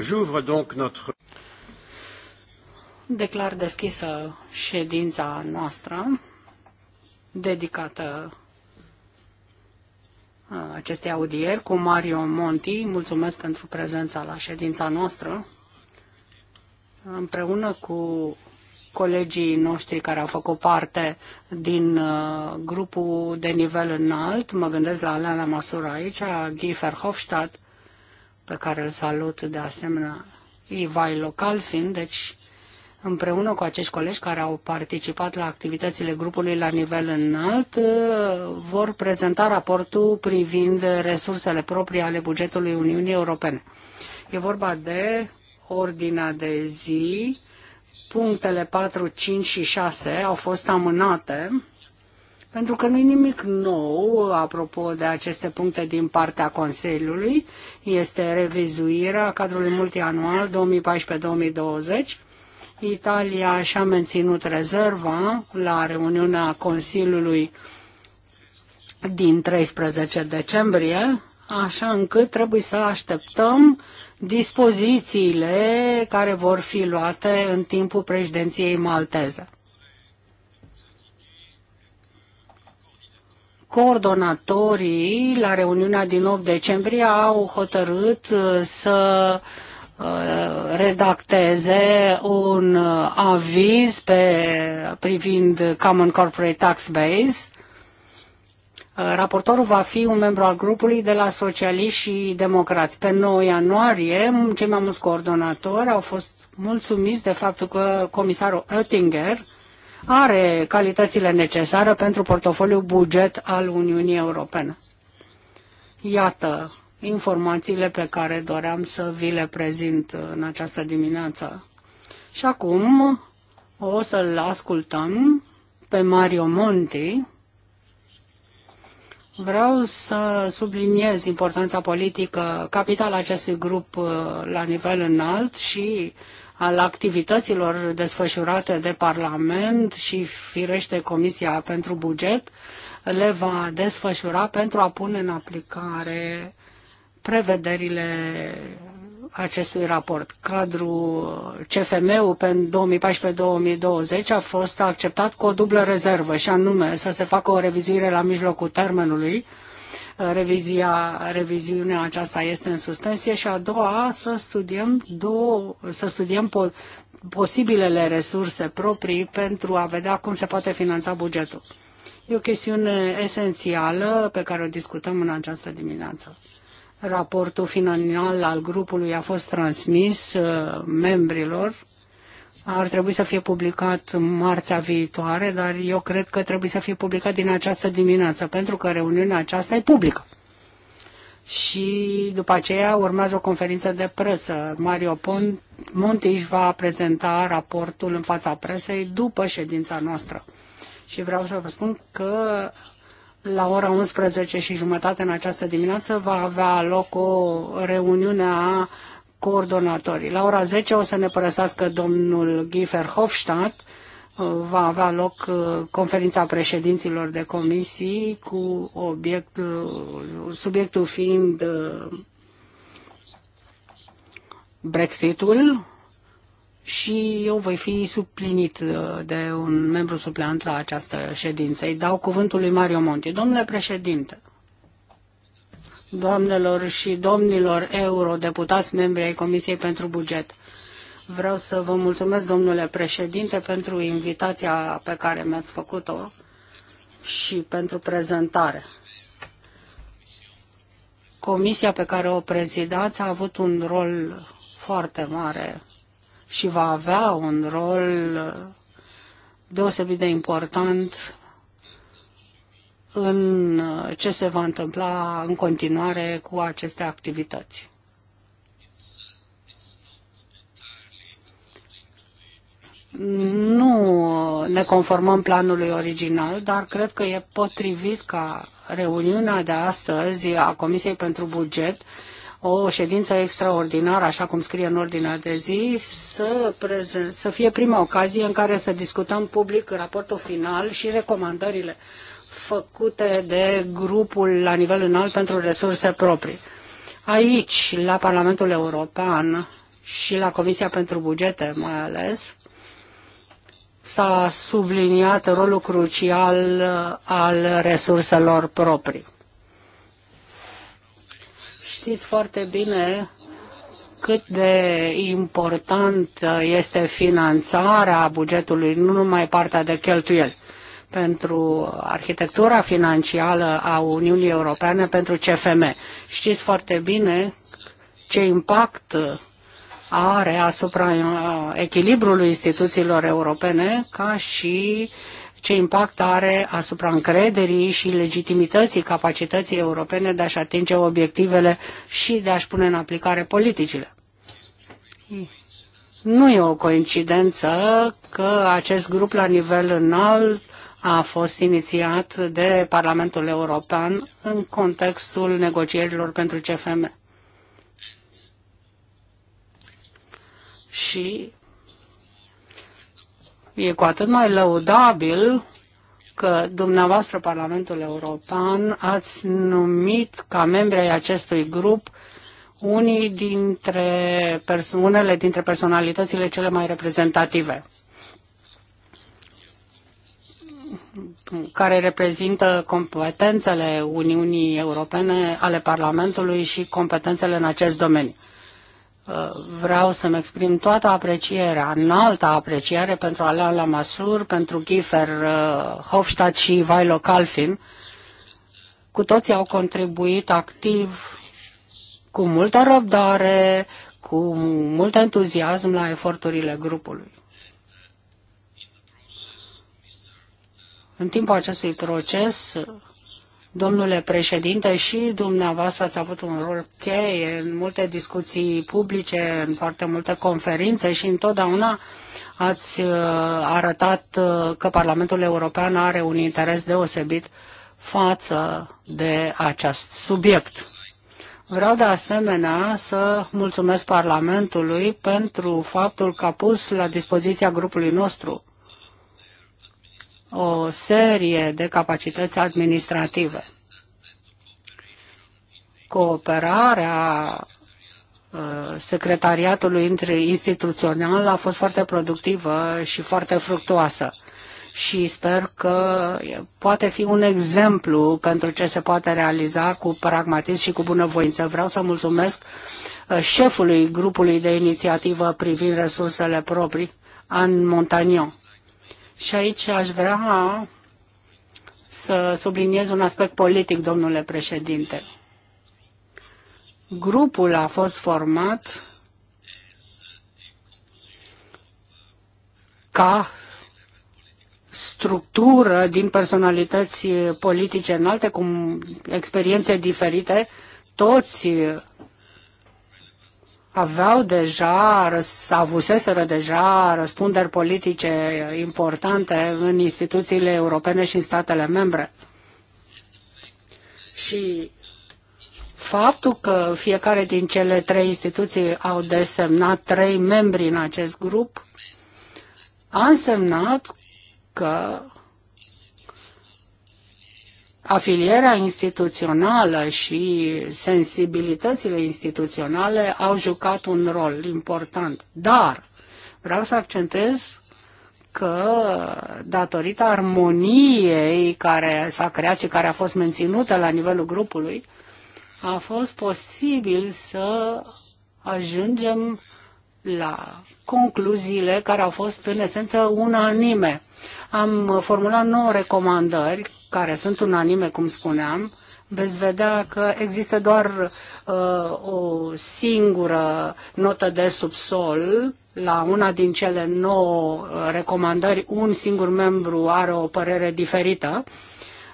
J'ouvre donc notre... Declar deschisă ședința noastră dedicată acestei audieri cu Mario Monti. Mulțumesc pentru prezența la ședința noastră. Împreună cu colegii noștri care au făcut parte din grupul de nivel înalt, mă gândesc la Alana masura aici, Guy Verhofstadt, pe care îl salut de asemenea Ivai Local fiind, deci împreună cu acești colegi care au participat la activitățile grupului la nivel înalt, vor prezenta raportul privind resursele proprii ale bugetului Uniunii Europene. E vorba de ordinea de zi, punctele 4, 5 și 6 au fost amânate pentru că nu e nimic nou apropo de aceste puncte din partea Consiliului. Este revizuirea cadrului multianual 2014-2020. Italia și-a menținut rezerva la reuniunea Consiliului din 13 decembrie, așa încât trebuie să așteptăm dispozițiile care vor fi luate în timpul președinției malteze. coordonatorii la reuniunea din 8 decembrie au hotărât uh, să uh, redacteze un uh, aviz pe, privind Common Corporate Tax Base. Raportorul va fi un membru al grupului de la Socialiști și Democrați. Pe 9 ianuarie, cei mai mulți coordonatori au fost mulțumiți de faptul că comisarul Oettinger are calitățile necesare pentru portofoliul buget al Uniunii Europene. Iată informațiile pe care doream să vi le prezint în această dimineață. Și acum o să-l ascultăm pe Mario Monti. Vreau să subliniez importanța politică capitală acestui grup uh, la nivel înalt și uh, al activităților desfășurate de Parlament și firește Comisia pentru Buget le va desfășura pentru a pune în aplicare prevederile acestui raport. Cadrul CFM-ul pentru 2014-2020 a fost acceptat cu o dublă rezervă și anume să se facă o revizuire la mijlocul termenului revizia, reviziunea aceasta este în suspensie și a doua să studiem, două, să studiem po- posibilele resurse proprii pentru a vedea cum se poate finanța bugetul. E o chestiune esențială pe care o discutăm în această dimineață. Raportul final al grupului a fost transmis uh, membrilor ar trebui să fie publicat marțea viitoare, dar eu cred că trebuie să fie publicat din această dimineață, pentru că reuniunea aceasta e publică. Și după aceea urmează o conferință de presă. Mario Monti își va prezenta raportul în fața presei după ședința noastră. Și vreau să vă spun că la ora 11 și jumătate în această dimineață va avea loc o reuniune a coordonatorii. La ora 10 o să ne părăsească domnul Giefer Hofstadt. Va avea loc uh, conferința președinților de comisii cu obiect, subiectul fiind uh, Brexitul și eu voi fi suplinit uh, de un membru supleant la această ședință. Îi dau cuvântul lui Mario Monti. Domnule președinte, doamnelor și domnilor eurodeputați, membri ai Comisiei pentru Buget. Vreau să vă mulțumesc, domnule președinte, pentru invitația pe care mi-ați făcut-o și pentru prezentare. Comisia pe care o prezidați a avut un rol foarte mare și va avea un rol deosebit de important în uh, ce se va întâmpla în continuare cu aceste activități. Nu uh, ne conformăm planului original, dar cred că e potrivit ca reuniunea de astăzi a Comisiei pentru Buget o ședință extraordinară, așa cum scrie în ordinea de zi, să, prezent, să fie prima ocazie în care să discutăm public raportul final și recomandările făcute de grupul la nivel înalt pentru resurse proprii. Aici, la Parlamentul European și la Comisia pentru Bugete mai ales, s-a subliniat rolul crucial al resurselor proprii. Știți foarte bine cât de important este finanțarea bugetului, nu numai partea de cheltuieli pentru arhitectura financiară a Uniunii Europene pentru CFM. Știți foarte bine ce impact are asupra uh, echilibrului instituțiilor europene ca și ce impact are asupra încrederii și legitimității capacității europene de a-și atinge obiectivele și de a-și pune în aplicare politicile. Nu e o coincidență că acest grup la nivel înalt a fost inițiat de Parlamentul European în contextul negocierilor pentru CFM. Și e cu atât mai lăudabil că dumneavoastră Parlamentul European ați numit ca membri ai acestui grup unii dintre perso- unele dintre personalitățile cele mai reprezentative. care reprezintă competențele Uniunii Europene ale Parlamentului și competențele în acest domeniu. Uh, vreau să-mi exprim toată aprecierea, înaltă apreciere pentru Alain Lamassur, pentru Giefer uh, Hofstadt și Vailo Calfin. Cu toții au contribuit activ, cu multă răbdare, cu mult entuziasm la eforturile grupului. În timpul acestui proces, domnule președinte, și dumneavoastră ați avut un rol cheie în multe discuții publice, în foarte multe conferințe și întotdeauna ați uh, arătat uh, că Parlamentul European are un interes deosebit față de acest subiect. Vreau de asemenea să mulțumesc Parlamentului pentru faptul că a pus la dispoziția grupului nostru o serie de capacități administrative. Cooperarea uh, secretariatului instituțional a fost foarte productivă și foarte fructuoasă și sper că poate fi un exemplu pentru ce se poate realiza cu pragmatism și cu bunăvoință. Vreau să mulțumesc uh, șefului grupului de inițiativă privind resursele proprii, Anne Montagnon. Și aici aș vrea să subliniez un aspect politic, domnule președinte. Grupul a fost format ca structură din personalități politice înalte, cu experiențe diferite, toți aveau deja, avuseseră deja răspunderi politice importante în instituțiile europene și în statele membre. Și faptul că fiecare din cele trei instituții au desemnat trei membri în acest grup a însemnat că afilierea instituțională și sensibilitățile instituționale au jucat un rol important. Dar vreau să accentuez că datorită armoniei care s-a creat și care a fost menținută la nivelul grupului, a fost posibil să ajungem la concluziile care au fost în esență unanime. Am formulat nouă recomandări care sunt unanime, cum spuneam. Veți vedea că există doar uh, o singură notă de subsol la una din cele nouă recomandări, un singur membru are o părere diferită.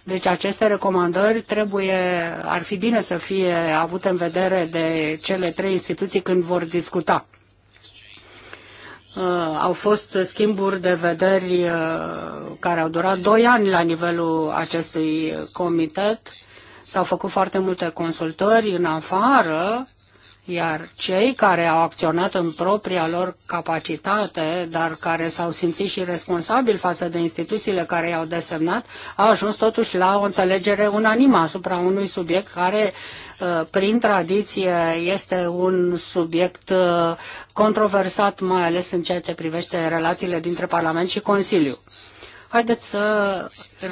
Deci aceste recomandări trebuie, ar fi bine să fie avute în vedere de cele trei instituții când vor discuta. Uh, au fost schimburi de vederi uh, care au durat doi ani la nivelul acestui comitet. S-au făcut foarte multe consultări în afară iar cei care au acționat în propria lor capacitate, dar care s-au simțit și responsabili față de instituțiile care i-au desemnat, au ajuns totuși la o înțelegere unanimă asupra unui subiect care, uh, prin tradiție, este un subiect uh, controversat, mai ales în ceea ce privește relațiile dintre Parlament și Consiliu. Haideți să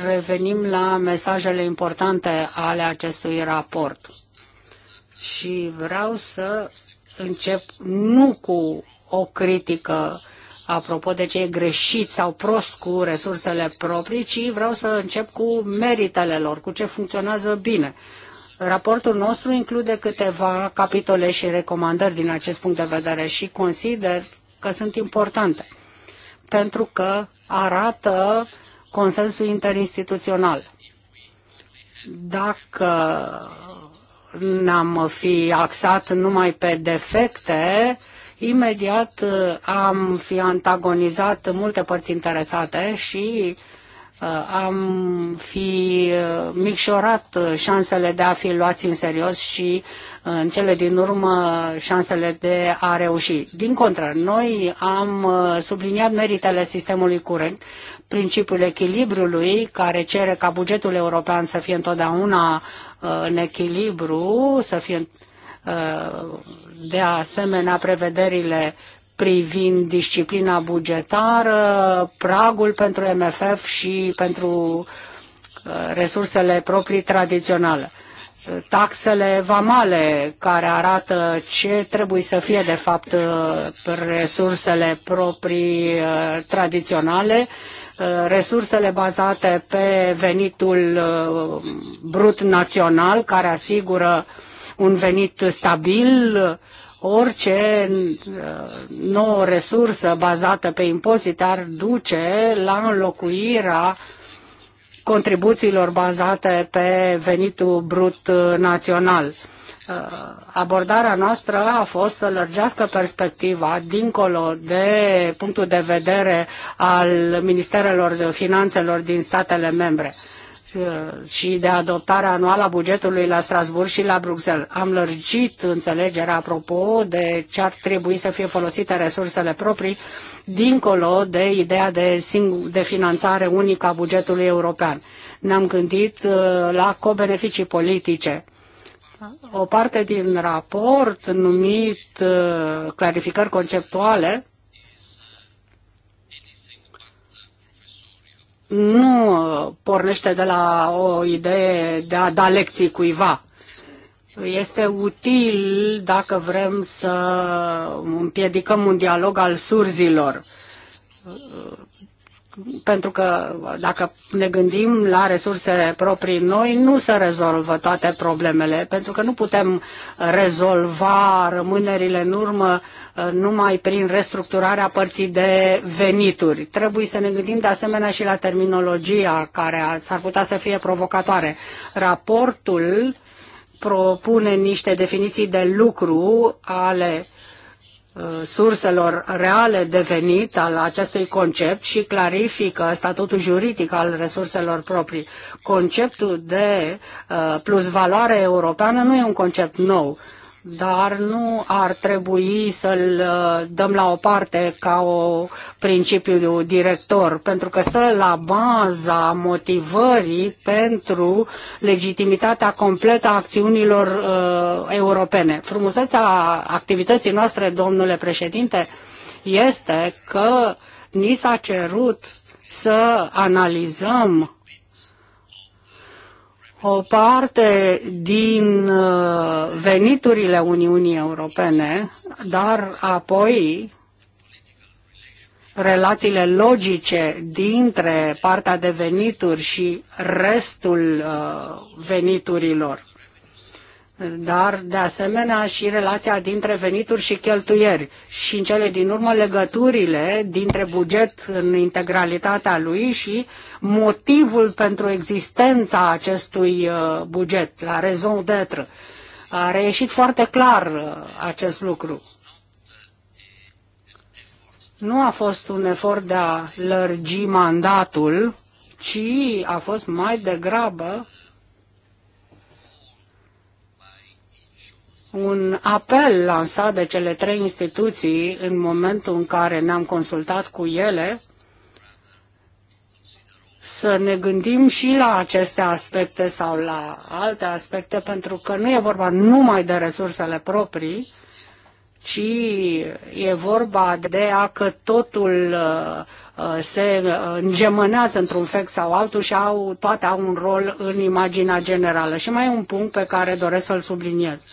revenim la mesajele importante ale acestui raport și vreau să încep nu cu o critică apropo de ce e greșit sau prost cu resursele proprii, ci vreau să încep cu meritele lor, cu ce funcționează bine. Raportul nostru include câteva capitole și recomandări din acest punct de vedere și consider că sunt importante, pentru că arată consensul interinstituțional. Dacă n-am fi axat numai pe defecte, imediat eh, am fi antagonizat multe părți interesate și Uh, am fi uh, micșorat uh, șansele de a fi luați în serios și în cele din urmă șansele de a reuși. Din contră, noi am subliniat meritele sistemului curent, principiul echilibrului care cere ca bugetul european să fie întotdeauna în echilibru, să fie de asemenea prevederile privind disciplina bugetară, pragul pentru MFF și pentru uh, resursele proprii tradiționale. Taxele vamale care arată ce trebuie să fie de fapt uh, resursele proprii uh, tradiționale, resursele bazate pe venitul brut național care asigură un venit stabil, orice uh, nouă resursă bazată pe impozit ar duce la înlocuirea contribuțiilor bazate pe venitul brut uh, național. Uh, abordarea noastră a fost să lărgească perspectiva dincolo de punctul de vedere al Ministerelor Finanțelor din statele membre Uh, și de adoptare anuală a bugetului la Strasburg și la Bruxelles. Am lărgit înțelegerea apropo de ce ar trebui să fie folosite resursele proprii dincolo de ideea de, sing- de finanțare unică a bugetului european. Ne-am gândit uh, la co-beneficii politice. O parte din raport numit uh, clarificări conceptuale nu pornește de la o idee de a da lecții cuiva. Este util dacă vrem să împiedicăm un dialog al surzilor pentru că dacă ne gândim la resursele proprii noi, nu se rezolvă toate problemele, pentru că nu putem rezolva rămânerile în urmă uh, numai prin restructurarea părții de venituri. Trebuie să ne gândim de asemenea și la terminologia care s-ar putea să fie provocatoare. Raportul propune niște definiții de lucru ale Uh, surselor reale de venit al acestui concept și clarifică statutul juridic al resurselor proprii. Conceptul de uh, plus valoare europeană nu e un concept nou dar nu ar trebui să-l uh, dăm la o parte ca o principiu director, pentru că stă la baza motivării pentru legitimitatea completă a acțiunilor uh, europene. Frumusețea activității noastre, domnule președinte, este că ni s-a cerut să analizăm o parte din uh, veniturile Uniunii Europene, dar apoi relațiile logice dintre partea de venituri și restul uh, veniturilor dar de asemenea și relația dintre venituri și cheltuieri și în cele din urmă legăturile dintre buget în integralitatea lui și motivul pentru existența acestui uh, buget, la raison d'être. A reieșit foarte clar uh, acest lucru. Nu a fost un efort de a lărgi mandatul, ci a fost mai degrabă un apel lansat de cele trei instituții în momentul în care ne-am consultat cu ele să ne gândim și la aceste aspecte sau la alte aspecte, pentru că nu e vorba numai de resursele proprii, ci e vorba de a că totul uh, uh, se uh, îngemânează într-un fel sau altul și au, toate au un rol în imaginea generală. Și mai e un punct pe care doresc să-l subliniez.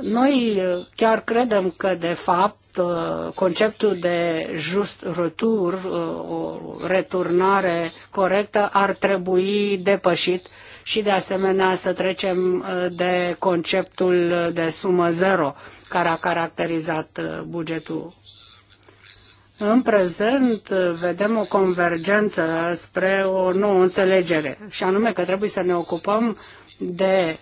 Noi chiar credem că, de fapt, uh, conceptul de just retur, uh, o returnare corectă, ar trebui depășit și, de asemenea, să trecem uh, de conceptul de sumă zero care a caracterizat bugetul în prezent vedem o convergență spre o nouă înțelegere, și anume că trebuie să ne ocupăm de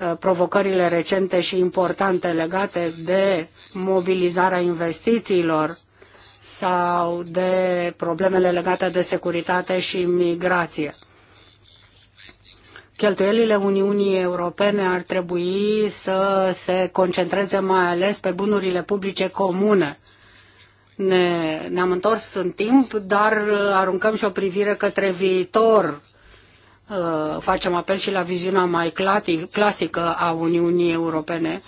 Uh, provocările recente și importante legate de mobilizarea investițiilor sau de problemele legate de securitate și migrație. Cheltuielile Uniunii Europene ar trebui să se concentreze mai ales pe bunurile publice comune. Ne, ne-am întors în timp, dar aruncăm și o privire către viitor Uh, facem apel și la viziunea mai clasică a Uniunii Europene,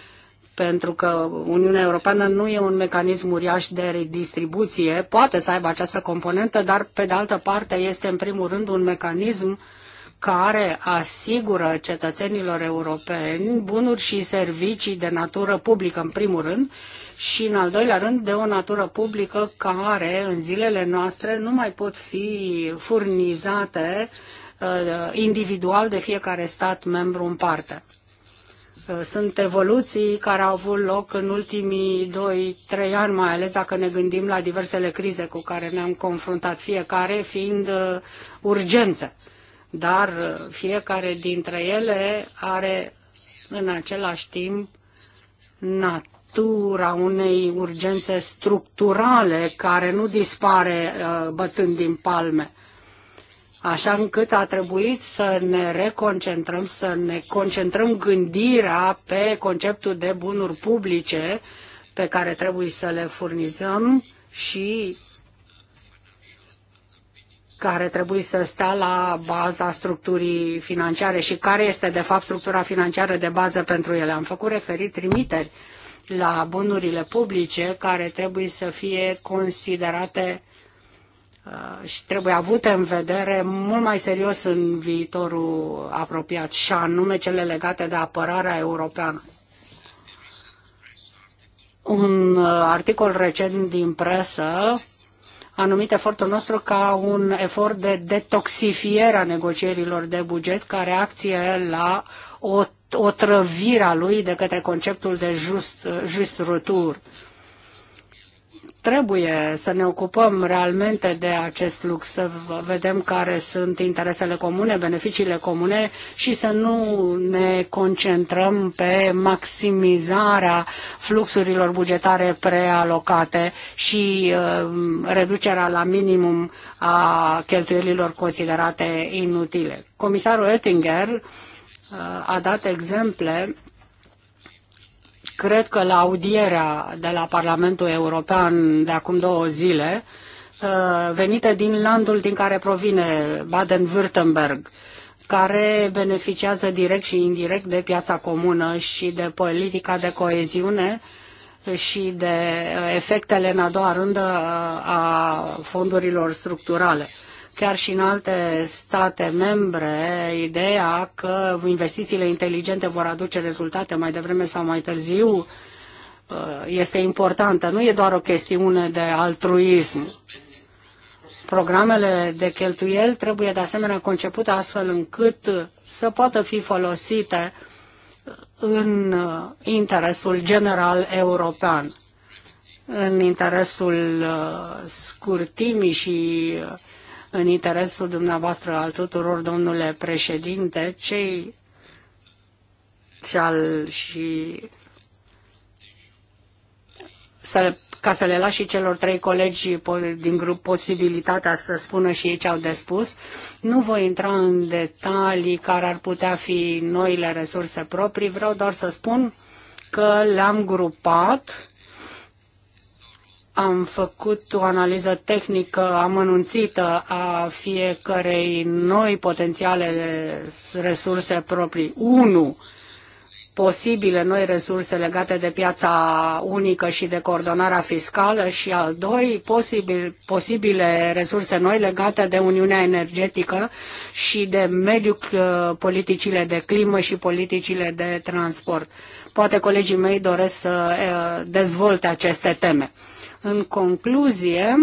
pentru că Uniunea Europeană nu e un mecanism uriaș de redistribuție, poate să aibă această componentă, dar pe de altă parte este în primul rând un mecanism care asigură cetățenilor europeni bunuri și servicii de natură publică în primul rând și în al doilea rând de o natură publică care în zilele noastre nu mai pot fi furnizate Uh, individual de fiecare stat membru în parte. Uh, sunt evoluții care au avut loc în ultimii 2-3 ani, mai ales dacă ne gândim la diversele crize cu care ne-am confruntat, fiecare fiind uh, urgență. Dar fiecare dintre ele are în același timp natura unei urgențe structurale care nu dispare bătând din palme așa încât a trebuit să ne reconcentrăm, să ne concentrăm gândirea pe conceptul de bunuri publice pe care trebuie să le furnizăm și care trebuie să stea la baza structurii financiare și care este de fapt structura financiară de bază pentru ele. Am făcut referit trimiteri la bunurile publice care trebuie să fie considerate Uh, și trebuie avute în vedere mult mai serios în viitorul apropiat și anume cele legate de apărarea europeană. Un uh, articol recent din presă a numit efortul nostru ca un efort de detoxifiere a negocierilor de buget ca reacție la o a lui de către conceptul de just, uh, just rutur trebuie să ne ocupăm realmente de acest flux, să vedem care sunt interesele comune, beneficiile comune și să nu ne concentrăm pe maximizarea fluxurilor bugetare prealocate și uh, reducerea la minimum a cheltuielilor considerate inutile. Comisarul Oettinger uh, a dat exemple Cred că la audierea de la Parlamentul European de acum două zile, uh, venită din landul din care provine Baden-Württemberg, care beneficiază direct și indirect de piața comună și de politica de coeziune și de uh, efectele în a doua rândă uh, a fondurilor structurale chiar și în alte state membre, ideea că investițiile inteligente vor aduce rezultate mai devreme sau mai târziu uh, este importantă. Nu e doar o chestiune de altruism. Programele de cheltuiel trebuie de asemenea concepute astfel încât să poată fi folosite în interesul general european, în interesul uh, scurtimii și uh, în interesul dumneavoastră al tuturor, domnule președinte, cei al și să, ca să le las și celor trei colegi din grup posibilitatea să spună și ei ce au de spus. Nu voi intra în detalii care ar putea fi noile resurse proprii, vreau doar să spun că le-am grupat am făcut o analiză tehnică amănunțită a fiecarei noi potențiale resurse proprii. 1 posibile noi resurse legate de piața unică și de coordonarea fiscală și al doi, posibil, posibile resurse noi legate de Uniunea Energetică și de mediu, uh, politicile de climă și politicile de transport. Poate colegii mei doresc să uh, dezvolte aceste teme. În concluzie,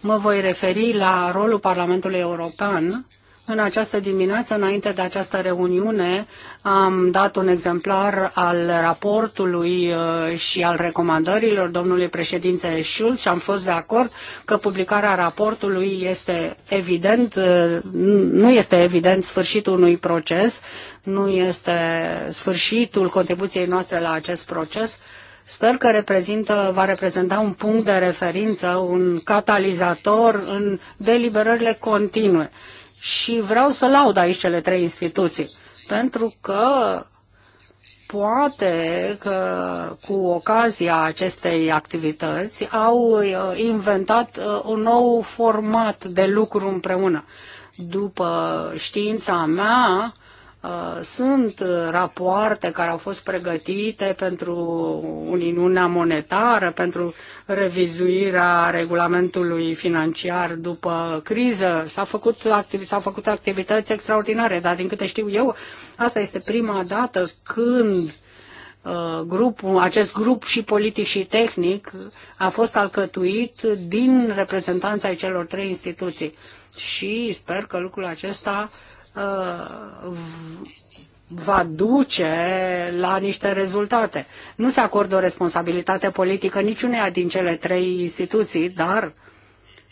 mă voi referi la rolul Parlamentului European. În această dimineață, înainte de această reuniune, am dat un exemplar al raportului uh, și al recomandărilor domnului președinte Schulz și am fost de acord că publicarea raportului este evident, uh, nu este evident sfârșitul unui proces, nu este sfârșitul contribuției noastre la acest proces, Sper că reprezintă, va reprezenta un punct de referință, un catalizator în deliberările continue. Și vreau să laud aici cele trei instituții, pentru că poate că cu ocazia acestei activități au uh, inventat uh, un nou format de lucru împreună. După știința mea, Uh, sunt uh, rapoarte care au fost pregătite pentru Uniunea Monetară, pentru revizuirea regulamentului financiar după criză. S-au făcut, activi- s-au făcut activități extraordinare, dar din câte știu eu, asta este prima dată când uh, grupul, acest grup și politic și tehnic a fost alcătuit din reprezentanța celor trei instituții. Și sper că lucrul acesta Uh, va duce la niște rezultate. Nu se acordă o responsabilitate politică niciuneia din cele trei instituții, dar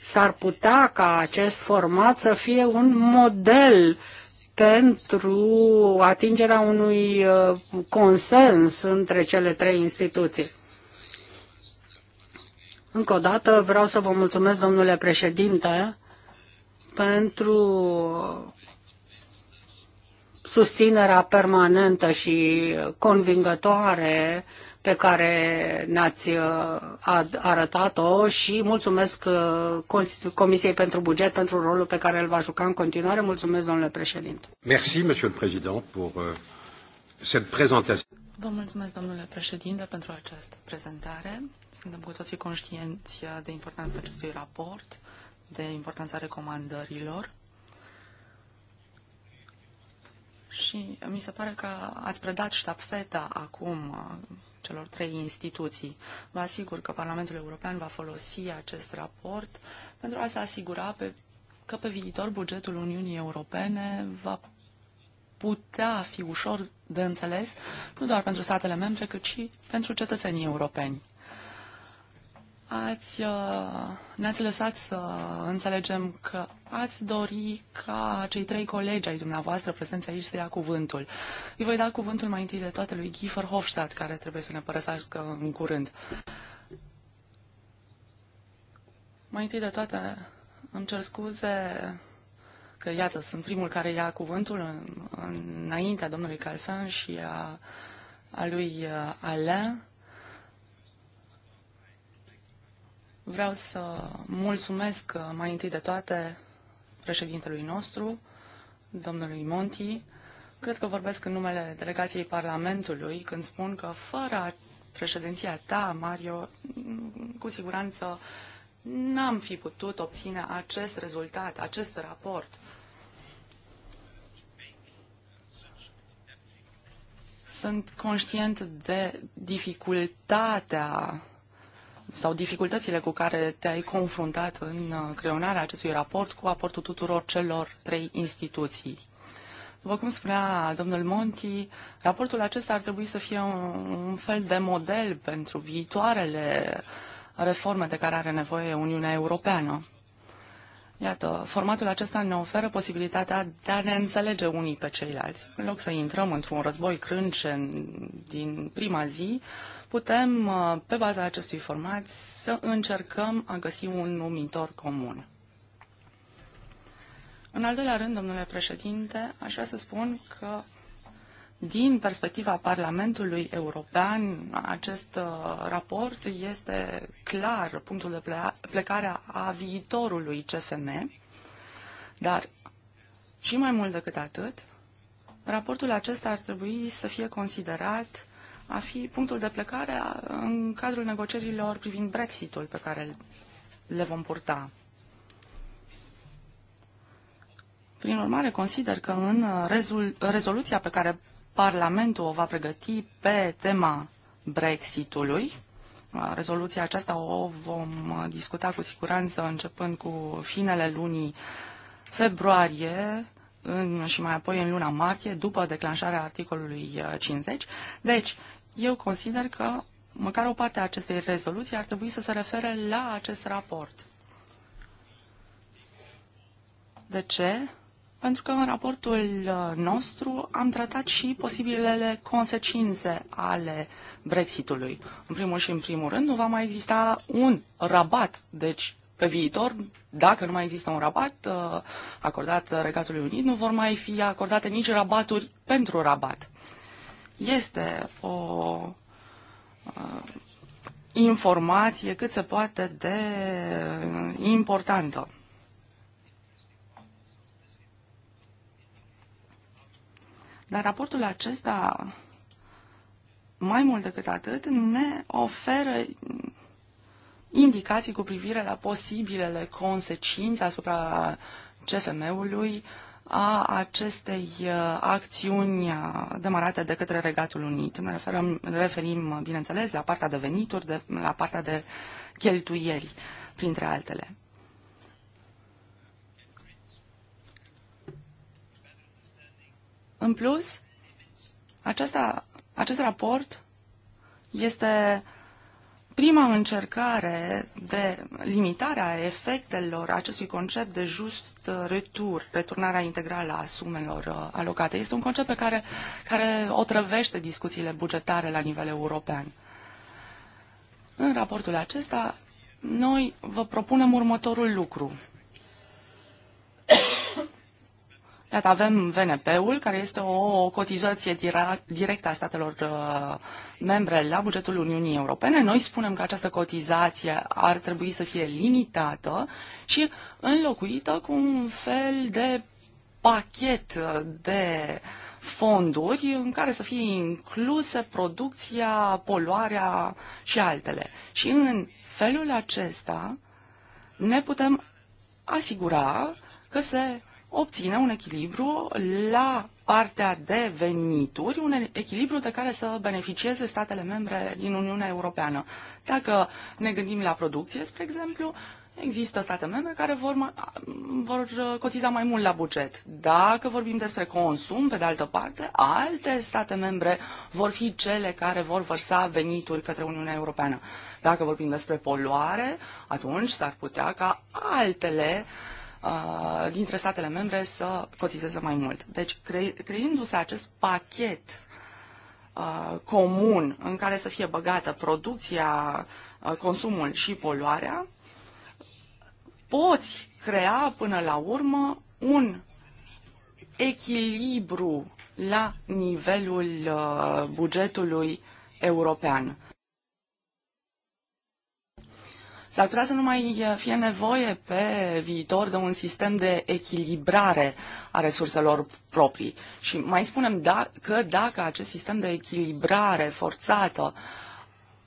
s-ar putea ca acest format să fie un model pentru atingerea unui uh, consens între cele trei instituții. Încă o dată vreau să vă mulțumesc, domnule președinte, pentru susținerea permanentă și convingătoare pe care ne-ați uh, arătat-o și mulțumesc uh, Comisiei pentru Buget pentru rolul pe care îl va juca în continuare. Mulțumesc, domnule președinte. Merci, monsieur le président, pour uh, cette présentation. Vă mulțumesc, domnule președinte, pentru această prezentare. Suntem cu toții conștienți de importanța acestui raport, de importanța recomandărilor. Și mi se pare că ați predat ștapfeta acum uh, celor trei instituții. Vă asigur că Parlamentul European va folosi acest raport pentru a se asigura pe, că pe viitor bugetul Uniunii Europene va putea fi ușor de înțeles, nu doar pentru statele membre, cât și pentru cetățenii europeni ați, uh, ne-ați lăsat să înțelegem că ați dori ca cei trei colegi ai dumneavoastră prezenți aici să ia cuvântul. Îi voi da cuvântul mai întâi de toate lui Giefer Hofstadt, care trebuie să ne părăsească în curând. Mai întâi de toate, îmi cer scuze că, iată, sunt primul care ia cuvântul în, înaintea domnului Calfan și a, a lui uh, Alain. Vreau să mulțumesc uh, mai întâi de toate președintelui nostru, domnului Monti. Cred că vorbesc în numele delegației Parlamentului când spun că fără președinția ta, Mario, mm, cu siguranță n-am fi putut obține acest rezultat, acest raport. Sunt conștient de dificultatea sau dificultățile cu care te-ai confruntat în uh, creionarea acestui raport cu aportul tuturor celor trei instituții. După cum spunea domnul Monti, raportul acesta ar trebui să fie un, un fel de model pentru viitoarele reforme de care are nevoie Uniunea Europeană. Iată, formatul acesta ne oferă posibilitatea de a ne înțelege unii pe ceilalți. În loc să intrăm într-un război crâncen din prima zi, putem, uh, pe baza acestui format, să încercăm a găsi un numitor comun. În al doilea rând, domnule președinte, aș vrea să spun că din perspectiva Parlamentului European, acest uh, raport este clar punctul de plecare a viitorului CFM, dar și mai mult decât atât, raportul acesta ar trebui să fie considerat a fi punctul de plecare în cadrul negocierilor privind Brexitul pe care le vom purta. Prin urmare, consider că în rezoluția pe care Parlamentul o va pregăti pe tema Brexitului. Rezoluția aceasta o vom discuta cu siguranță începând cu finele lunii februarie în, și mai apoi în luna martie, după declanșarea articolului 50. Uh, deci, eu consider că măcar o parte a acestei rezoluții ar trebui să se refere la acest raport. De ce? pentru că în raportul uh, nostru am tratat și posibilele consecințe ale Brexitului. În primul și în primul rând, nu va mai exista un rabat, deci pe viitor, dacă nu mai există un rabat uh, acordat Regatului Unit, nu vor mai fi acordate nici rabaturi pentru rabat. Este o uh, informație cât se poate de importantă. Dar raportul acesta, mai mult decât atât, ne oferă indicații cu privire la posibilele consecințe asupra CFM-ului a acestei uh, acțiuni uh, demarate de către Regatul Unit. Ne referăm, referim, bineînțeles, la partea de venituri, de, la partea de cheltuieli, printre altele. În plus, aceasta, acest raport este prima încercare de limitare a efectelor acestui concept de just retur, returnarea integrală a sumelor uh, alocate. Este un concept pe care, care o trăvește discuțiile bugetare la nivel european. În raportul acesta, noi vă propunem următorul lucru. Iată, avem VNP-ul, care este o cotizație directă a statelor uh, membre la bugetul Uniunii Europene. Noi spunem că această cotizație ar trebui să fie limitată și înlocuită cu un fel de pachet uh, de fonduri în care să fie incluse producția, poluarea și altele. Și în felul acesta ne putem asigura că se obține un echilibru la partea de venituri, un echilibru de care să beneficieze statele membre din Uniunea Europeană. Dacă ne gândim la producție, spre exemplu, Există state membre care vor, vor cotiza mai mult la buget. Dacă vorbim despre consum, pe de altă parte, alte state membre vor fi cele care vor vărsa venituri către Uniunea Europeană. Dacă vorbim despre poluare, atunci s-ar putea ca altele uh, Uh, dintre statele membre să cotizeze mai mult. Deci, cre- creându-se acest pachet uh, comun în care să fie băgată producția, uh, consumul și poluarea, poți crea până la urmă un echilibru la nivelul uh, bugetului european. S-ar putea să nu mai eh, fie nevoie pe viitor de un sistem de echilibrare a resurselor proprii. Și mai spunem da, că dacă acest sistem de echilibrare forțată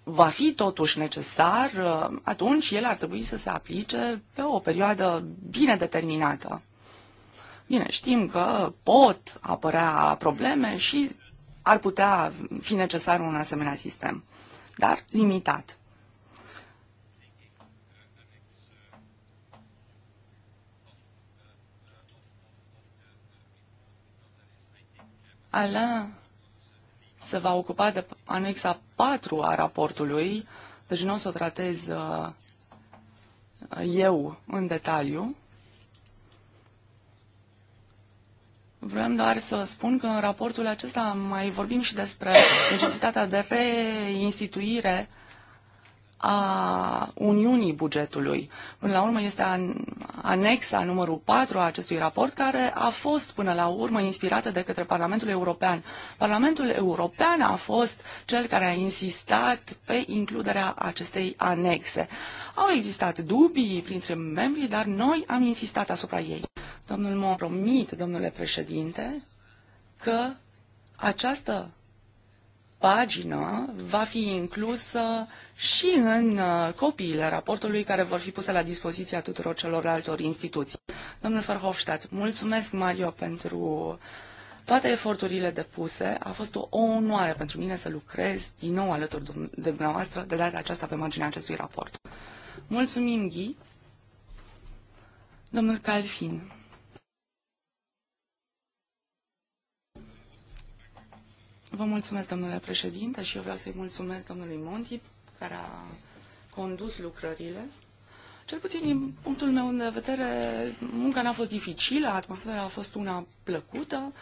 va fi totuși necesar, eh, atunci el ar trebui să se aplice pe o perioadă bine determinată. Bine, știm că pot apărea probleme și ar putea fi necesar un asemenea sistem, dar limitat. Alain se va ocupa de anexa 4 a raportului, deci nu o să o tratez uh, eu în detaliu. Vreau doar să spun că în raportul acesta mai vorbim și despre necesitatea de reinstituire a Uniunii bugetului. Până la urmă este anexa numărul 4 a acestui raport, care a fost până la urmă inspirată de către Parlamentul European. Parlamentul European a fost cel care a insistat pe includerea acestei anexe. Au existat dubii printre membrii, dar noi am insistat asupra ei. Domnul Mon promit, domnule președinte, că această pagină va fi inclusă și în uh, copiile raportului care vor fi puse la dispoziția tuturor celorlaltor instituții. Domnul Verhofstadt, mulțumesc, Mario, pentru toate eforturile depuse. A fost o onoare pentru mine să lucrez din nou alături de dumneavoastră de data aceasta pe marginea acestui raport. Mulțumim, Ghi. Domnul Calfin. Vă mulțumesc, domnule președinte, și eu vreau să-i mulțumesc domnului Monti care a condus lucrările. Cel puțin din punctul meu de vedere, munca n-a fost dificilă, atmosfera a fost una plăcută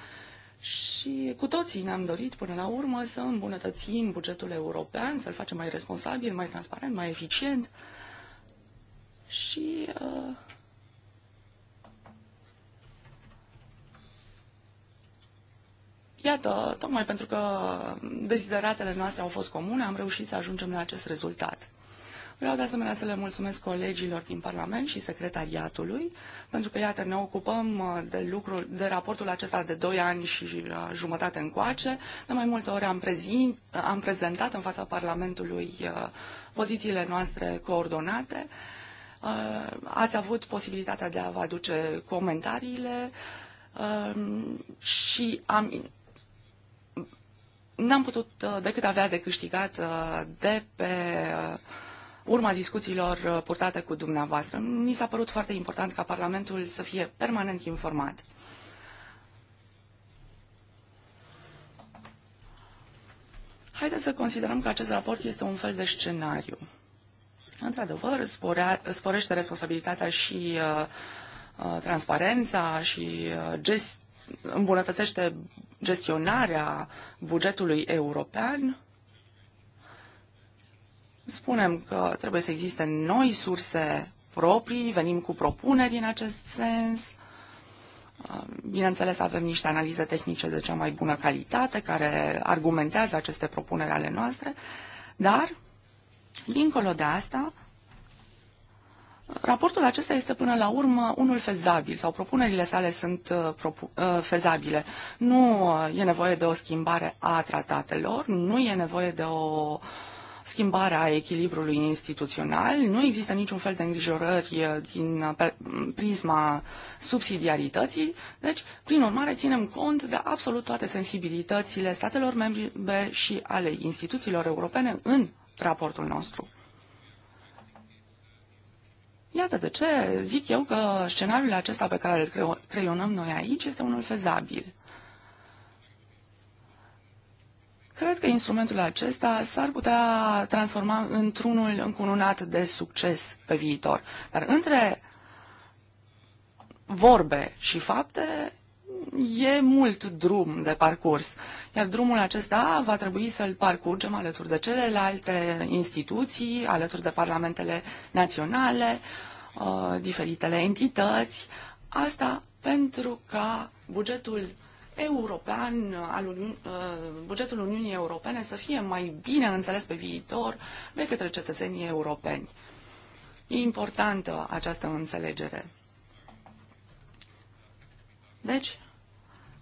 și cu toții ne-am dorit până la urmă să îmbunătățim bugetul european, să-l facem mai responsabil, mai transparent, mai eficient. Și uh, Iată, tocmai pentru că dezideratele noastre au fost comune, am reușit să ajungem la acest rezultat. Vreau de asemenea să le mulțumesc colegilor din Parlament și secretariatului, pentru că, iată, ne ocupăm uh, de, lucru, de raportul acesta de 2 ani și uh, jumătate încoace. De mai multe ori am, prezint, uh, am prezentat în fața Parlamentului pozițiile noastre coordonate. Ați avut posibilitatea de a vă aduce comentariile și am n-am putut uh, decât avea de câștigat uh, de pe uh, urma discuțiilor purtate cu dumneavoastră. Mi s-a părut foarte important ca Parlamentul să fie permanent informat. Haideți să considerăm că acest raport este un fel de scenariu. Într-adevăr, sporește responsabilitatea și uh, transparența și gest, îmbunătățește gestionarea bugetului european, spunem că trebuie să existe noi surse proprii, venim cu propuneri în acest sens. Bineînțeles, avem niște analize tehnice de cea mai bună calitate care argumentează aceste propuneri ale noastre, dar, dincolo de asta, Raportul acesta este până la urmă unul fezabil sau propunerile sale sunt uh, uh, fezabile. Nu uh, e nevoie de o schimbare a tratatelor, nu e nevoie de o schimbare a echilibrului instituțional, nu există niciun fel de îngrijorări din mm, prisma subsidiarității, deci, prin urmare, ținem cont de absolut toate sensibilitățile statelor membre și ale instituțiilor europene în raportul nostru. Iată de ce zic eu că scenariul acesta pe care îl creionăm noi aici este unul fezabil. Cred că instrumentul acesta s-ar putea transforma într-unul încununat de succes pe viitor. Dar între vorbe și fapte e mult drum de parcurs, iar drumul acesta va trebui să-l parcurgem alături de celelalte instituții, alături de parlamentele naționale, Uh, diferitele entități. Asta pentru ca bugetul european, al Uni- uh, bugetul Uniunii Europene să fie mai bine înțeles pe viitor de către cetățenii europeni. E importantă această înțelegere. Deci,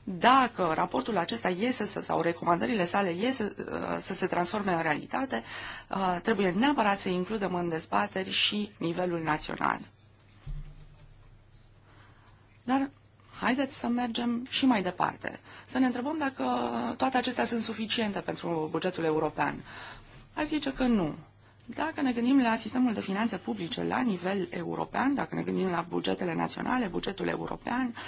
dacă raportul acesta iese sau recomandările sale iese uh, să se transforme în realitate, uh, trebuie neapărat să includem în dezbateri și nivelul național. Dar haideți să mergem și mai departe. Să ne întrebăm dacă toate acestea sunt suficiente pentru bugetul european. Aș zice că nu. Dacă ne gândim la sistemul de finanțe publice la nivel european, dacă ne gândim la bugetele naționale, bugetul european, uh,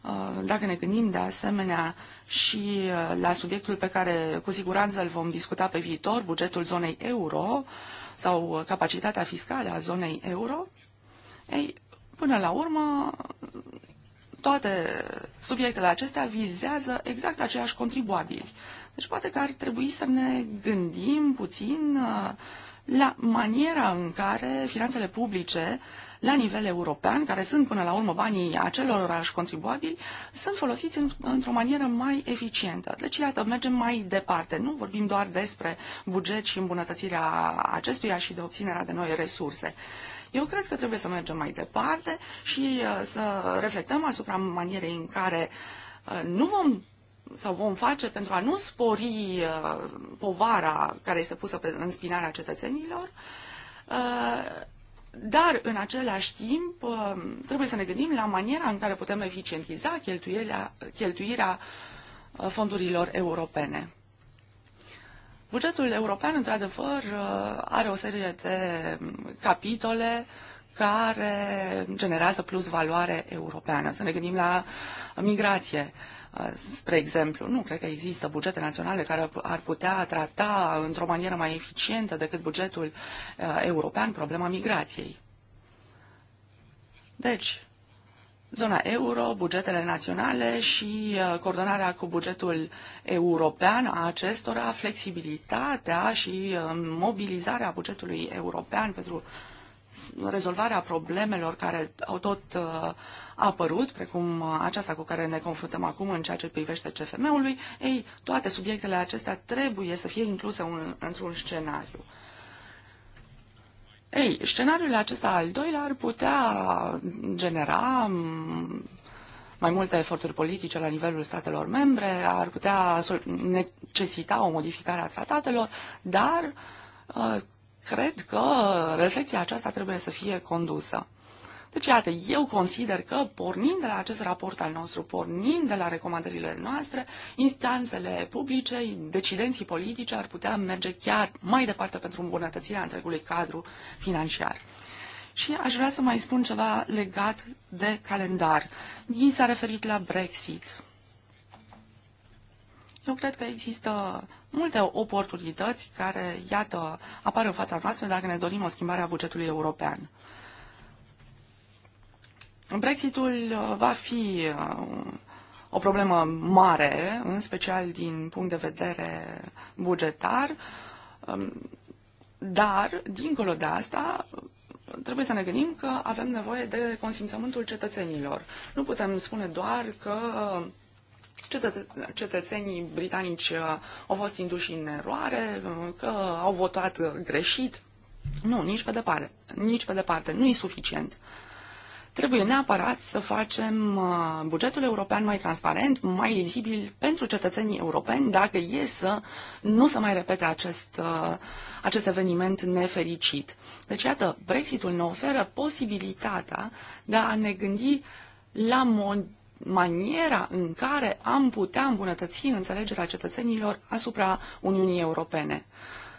Uh, dacă ne gândim de asemenea și uh, la subiectul pe care cu siguranță îl vom discuta pe viitor, bugetul zonei euro sau uh, capacitatea fiscală a zonei euro, ei, până la urmă, toate subiectele acestea vizează exact aceiași contribuabili. Deci poate că ar trebui să ne gândim puțin la maniera în care finanțele publice la nivel european, care sunt până la urmă banii acelorași contribuabili, sunt folosiți în, într-o manieră mai eficientă. Deci, iată, mergem mai departe. Nu vorbim doar despre buget și îmbunătățirea acestuia și de obținerea de noi resurse. Eu cred că trebuie să mergem mai departe și uh, să reflectăm asupra manierei în care uh, nu vom sau vom face pentru a nu spori uh, povara care este pusă pe, în spinarea cetățenilor, dar, în același timp, uh, trebuie să ne gândim la maniera în care putem eficientiza cheltuirea, cheltuirea uh, fondurilor europene. Bugetul european, într-adevăr, uh, are o serie de capitole care generează plus valoare europeană. Să ne gândim la migrație, spre exemplu. Nu, cred că există bugete naționale care ar putea trata într-o manieră mai eficientă decât bugetul uh, european problema migrației. Deci, zona euro, bugetele naționale și uh, coordonarea cu bugetul european a acestora, flexibilitatea și uh, mobilizarea bugetului european pentru uh, rezolvarea problemelor care au tot uh, apărut, precum uh, aceasta cu care ne confruntăm acum în ceea ce privește CFM-ului, ei, toate subiectele acestea trebuie să fie incluse un, într-un scenariu. Ei, scenariul acesta al doilea ar putea genera mm, mai multe eforturi politice la nivelul statelor membre, ar putea necesita o modificare a tratatelor, dar uh, Cred că reflexia aceasta trebuie să fie condusă. Deci, iată, eu consider că, pornind de la acest raport al nostru, pornind de la recomandările noastre, instanțele publice, decidenții politice ar putea merge chiar mai departe pentru îmbunătățirea întregului cadru financiar. Și aș vrea să mai spun ceva legat de calendar. Ghi s-a referit la Brexit. Eu cred că există multe oportunități care, iată, apar în fața noastră dacă ne dorim o schimbare a bugetului european. Brexitul uh, va fi uh, o problemă mare, în special din punct de vedere bugetar, um, dar, dincolo de asta, trebuie să ne gândim că avem nevoie de consimțământul cetățenilor. Nu putem spune doar că cetățenii britanici uh, au fost induși în eroare, uh, că au votat uh, greșit. Nu, nici pe departe. Nici pe departe. Nu e suficient. Trebuie neapărat să facem bugetul european mai transparent, mai lizibil pentru cetățenii europeni, dacă e să nu se mai repete acest, acest eveniment nefericit. Deci, iată, Brexitul ne oferă posibilitatea de a ne gândi la mod maniera în care am putea îmbunătăți înțelegerea cetățenilor asupra Uniunii Europene.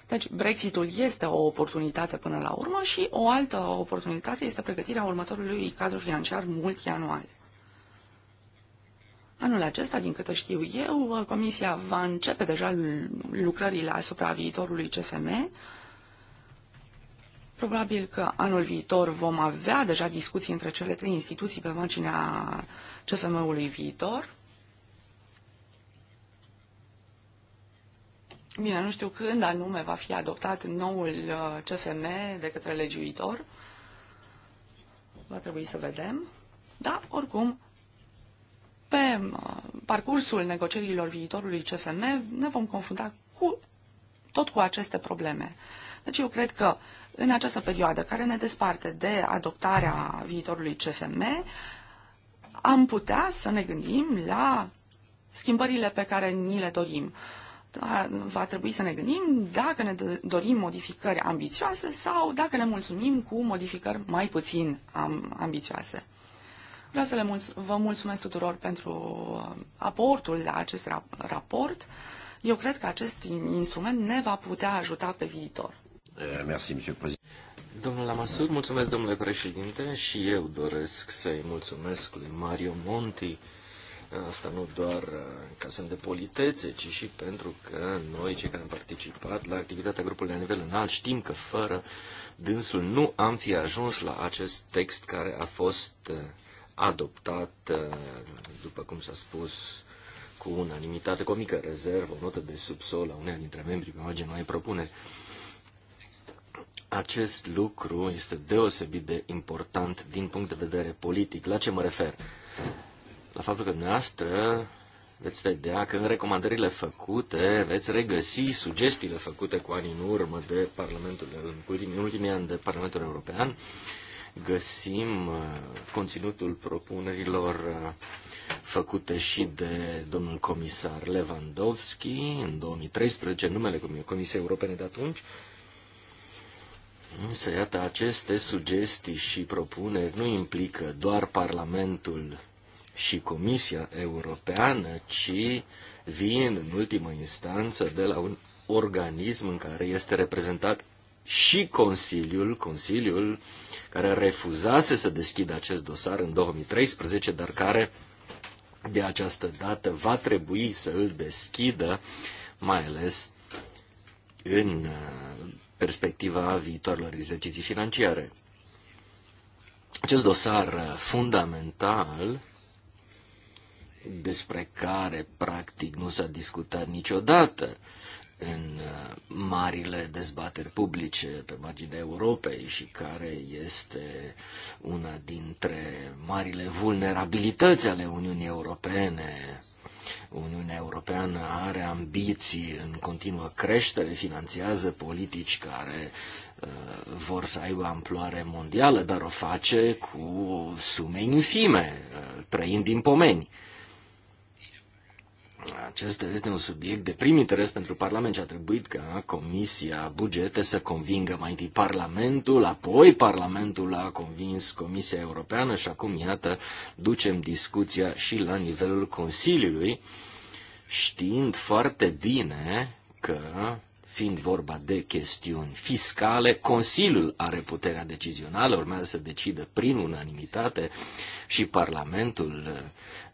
Deci Brexitul este o oportunitate până la urmă și o altă oportunitate este pregătirea următorului cadru financiar multianual. Anul acesta, din câte știu eu, Comisia va începe deja lucrările asupra viitorului CFM, Probabil că anul viitor vom avea deja discuții între cele trei instituții pe marginea CFM-ului viitor. Bine, nu știu când anume va fi adoptat noul uh, CFM de către legiuitor. Va trebui să vedem. Dar, oricum, pe uh, parcursul negocierilor viitorului CFM ne vom confrunta cu, tot cu aceste probleme. Deci eu cred că uh, în această perioadă care ne desparte de adoptarea viitorului CFM, am putea să ne gândim la schimbările pe care ni le dorim. Da, va trebui să ne gândim dacă ne dorim modificări ambițioase sau dacă ne mulțumim cu modificări mai puțin ambițioase. Vreau să le mulț- vă mulțumesc tuturor pentru uh, aportul la acest raport. Eu cred că acest instrument ne va putea ajuta pe viitor. Euh, merci, Monsieur le Président. Domnul mulțumesc, domnule președinte, și eu doresc să-i mulțumesc lui Mario Monti, asta nu doar uh, ca semn de politețe, ci și pentru că noi, cei care am participat la activitatea grupului la nivel înalt, știm că fără dânsul nu am fi ajuns la acest text care a fost uh, adoptat, uh, după cum s-a spus, cu unanimitate, cu o mică rezervă, o notă de subsol a unei dintre membrii pe marginea unei propuneri. Acest lucru este deosebit de important din punct de vedere politic. La ce mă refer? La faptul că dumneavoastră veți vedea că în recomandările făcute veți regăsi sugestiile făcute cu ani în urmă de Parlamentul, în ultimii ani de Parlamentul European, găsim uh, conținutul propunerilor uh, făcute și de domnul comisar Lewandowski în 2013, numele Comisiei Europene de atunci, Însă, iată, aceste sugestii și propuneri nu implică doar Parlamentul și Comisia Europeană, ci vin în ultimă instanță de la un organism în care este reprezentat și Consiliul, Consiliul care refuzase să deschidă acest dosar în 2013, dar care de această dată va trebui să îl deschidă, mai ales în perspectiva viitoarelor exerciții financiare. Acest dosar fundamental despre care practic nu s-a discutat niciodată în uh, marile dezbateri publice pe marginea Europei și care este una dintre marile vulnerabilități ale Uniunii Europene Uniunea Europeană are ambiții în continuă creștere, finanțează politici care uh, vor să aibă amploare mondială, dar o face cu sume infime, uh, trăind din pomeni. Acesta este un subiect de prim interes pentru Parlament și a trebuit ca Comisia Bugete să convingă mai întâi Parlamentul, apoi Parlamentul a convins Comisia Europeană și acum, iată, ducem discuția și la nivelul Consiliului, știind foarte bine că fiind vorba de chestiuni fiscale, Consiliul are puterea decizională, urmează să decidă prin unanimitate și Parlamentul uh,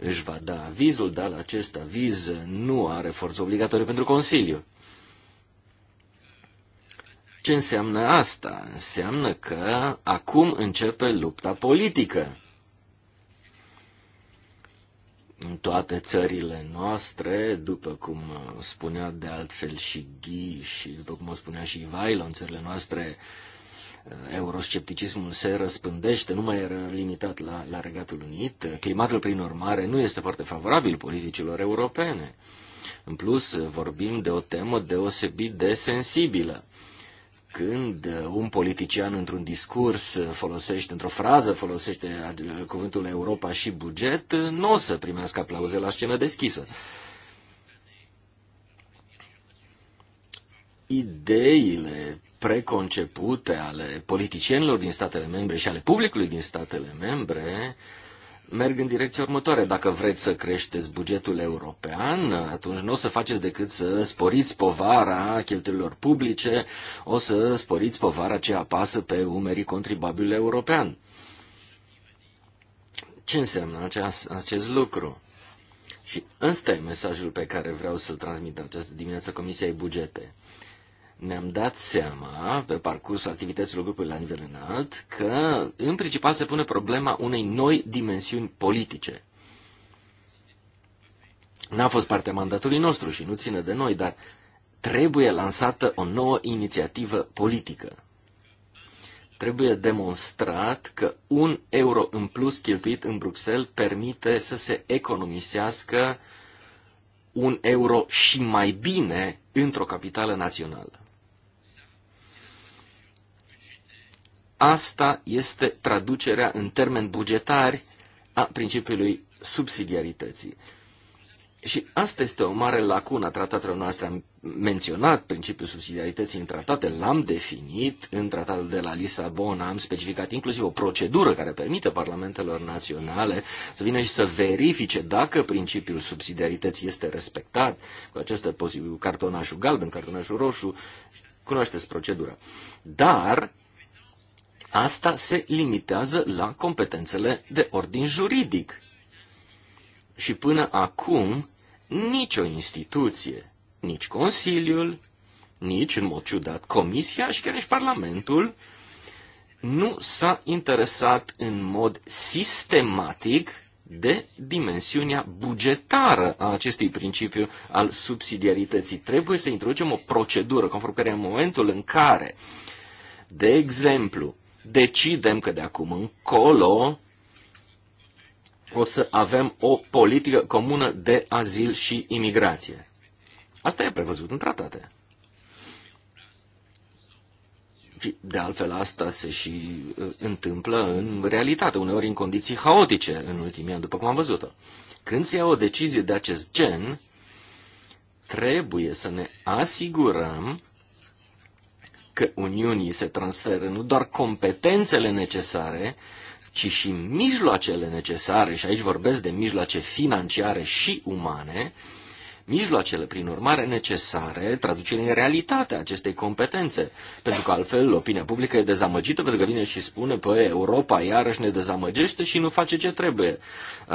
își va da avizul, dar acest aviz nu are forță obligatorie pentru Consiliu. Ce înseamnă asta? Înseamnă că acum începe lupta politică în toate țările noastre, după cum spunea de altfel și Ghi și după cum o spunea și Ivailo, în țările noastre eh, euroscepticismul se răspândește, nu mai era limitat la, la Regatul Unit. Climatul, prin urmare, nu este foarte favorabil politicilor europene. În plus, vorbim de o temă deosebit de sensibilă când un politician într-un discurs folosește, într-o frază folosește cuvântul Europa și buget, nu o să primească aplauze la scenă deschisă. Ideile preconcepute ale politicienilor din statele membre și ale publicului din statele membre uh, merg în direcția următoare. Dacă vreți să creșteți bugetul european, atunci nu o să faceți decât să sporiți povara cheltuielor publice, o să sporiți povara ce apasă pe umerii contribuabilului european. Ce înseamnă acest, acest lucru? Și ăsta e mesajul pe care vreau să-l transmit în această dimineață Comisiei Bugete ne-am dat seama, pe parcursul activităților grupului la nivel înalt, că în principal se pune problema unei noi dimensiuni politice. N-a fost partea mandatului nostru și nu ține de noi, dar trebuie lansată o nouă inițiativă politică. Trebuie demonstrat că un euro în plus cheltuit în Bruxelles permite să se economisească un euro și mai bine într-o capitală națională. Asta este traducerea în termeni bugetari a principiului subsidiarității. Și asta este o mare lacună a tratatelor noastre. Am menționat principiul subsidiarității în tratate, l-am definit în tratatul de la Lisabona, am specificat inclusiv o procedură care permite parlamentelor naționale să vină și să verifice dacă principiul subsidiarității este respectat cu acest posibil cartonașul galben, cartonașul roșu, cunoașteți procedura. Dar asta se limitează la competențele de ordin juridic. Și până acum, nicio instituție, nici Consiliul, nici, în mod ciudat, Comisia și chiar nici Parlamentul nu s-a interesat în mod sistematic de dimensiunea bugetară a acestui principiu al subsidiarității. Trebuie să introducem o procedură conform care în momentul în care, de exemplu, decidem că de acum încolo o să avem o politică comună de azil și imigrație. Asta e prevăzut în tratate. de altfel asta se și uh, întâmplă în realitate, uneori în condiții haotice în ultimii ani, după cum am văzut-o. Când se ia o decizie de acest gen, trebuie să ne asigurăm că Uniunii se transferă nu doar competențele necesare, ci și mijloacele necesare, și aici vorbesc de mijloace financiare și umane, mijloacele, prin urmare, necesare traducere în realitate acestei competențe. Pentru că altfel opinia publică e dezamăgită pentru că vine și spune, păi, Europa iarăși ne dezamăgește și nu face ce trebuie.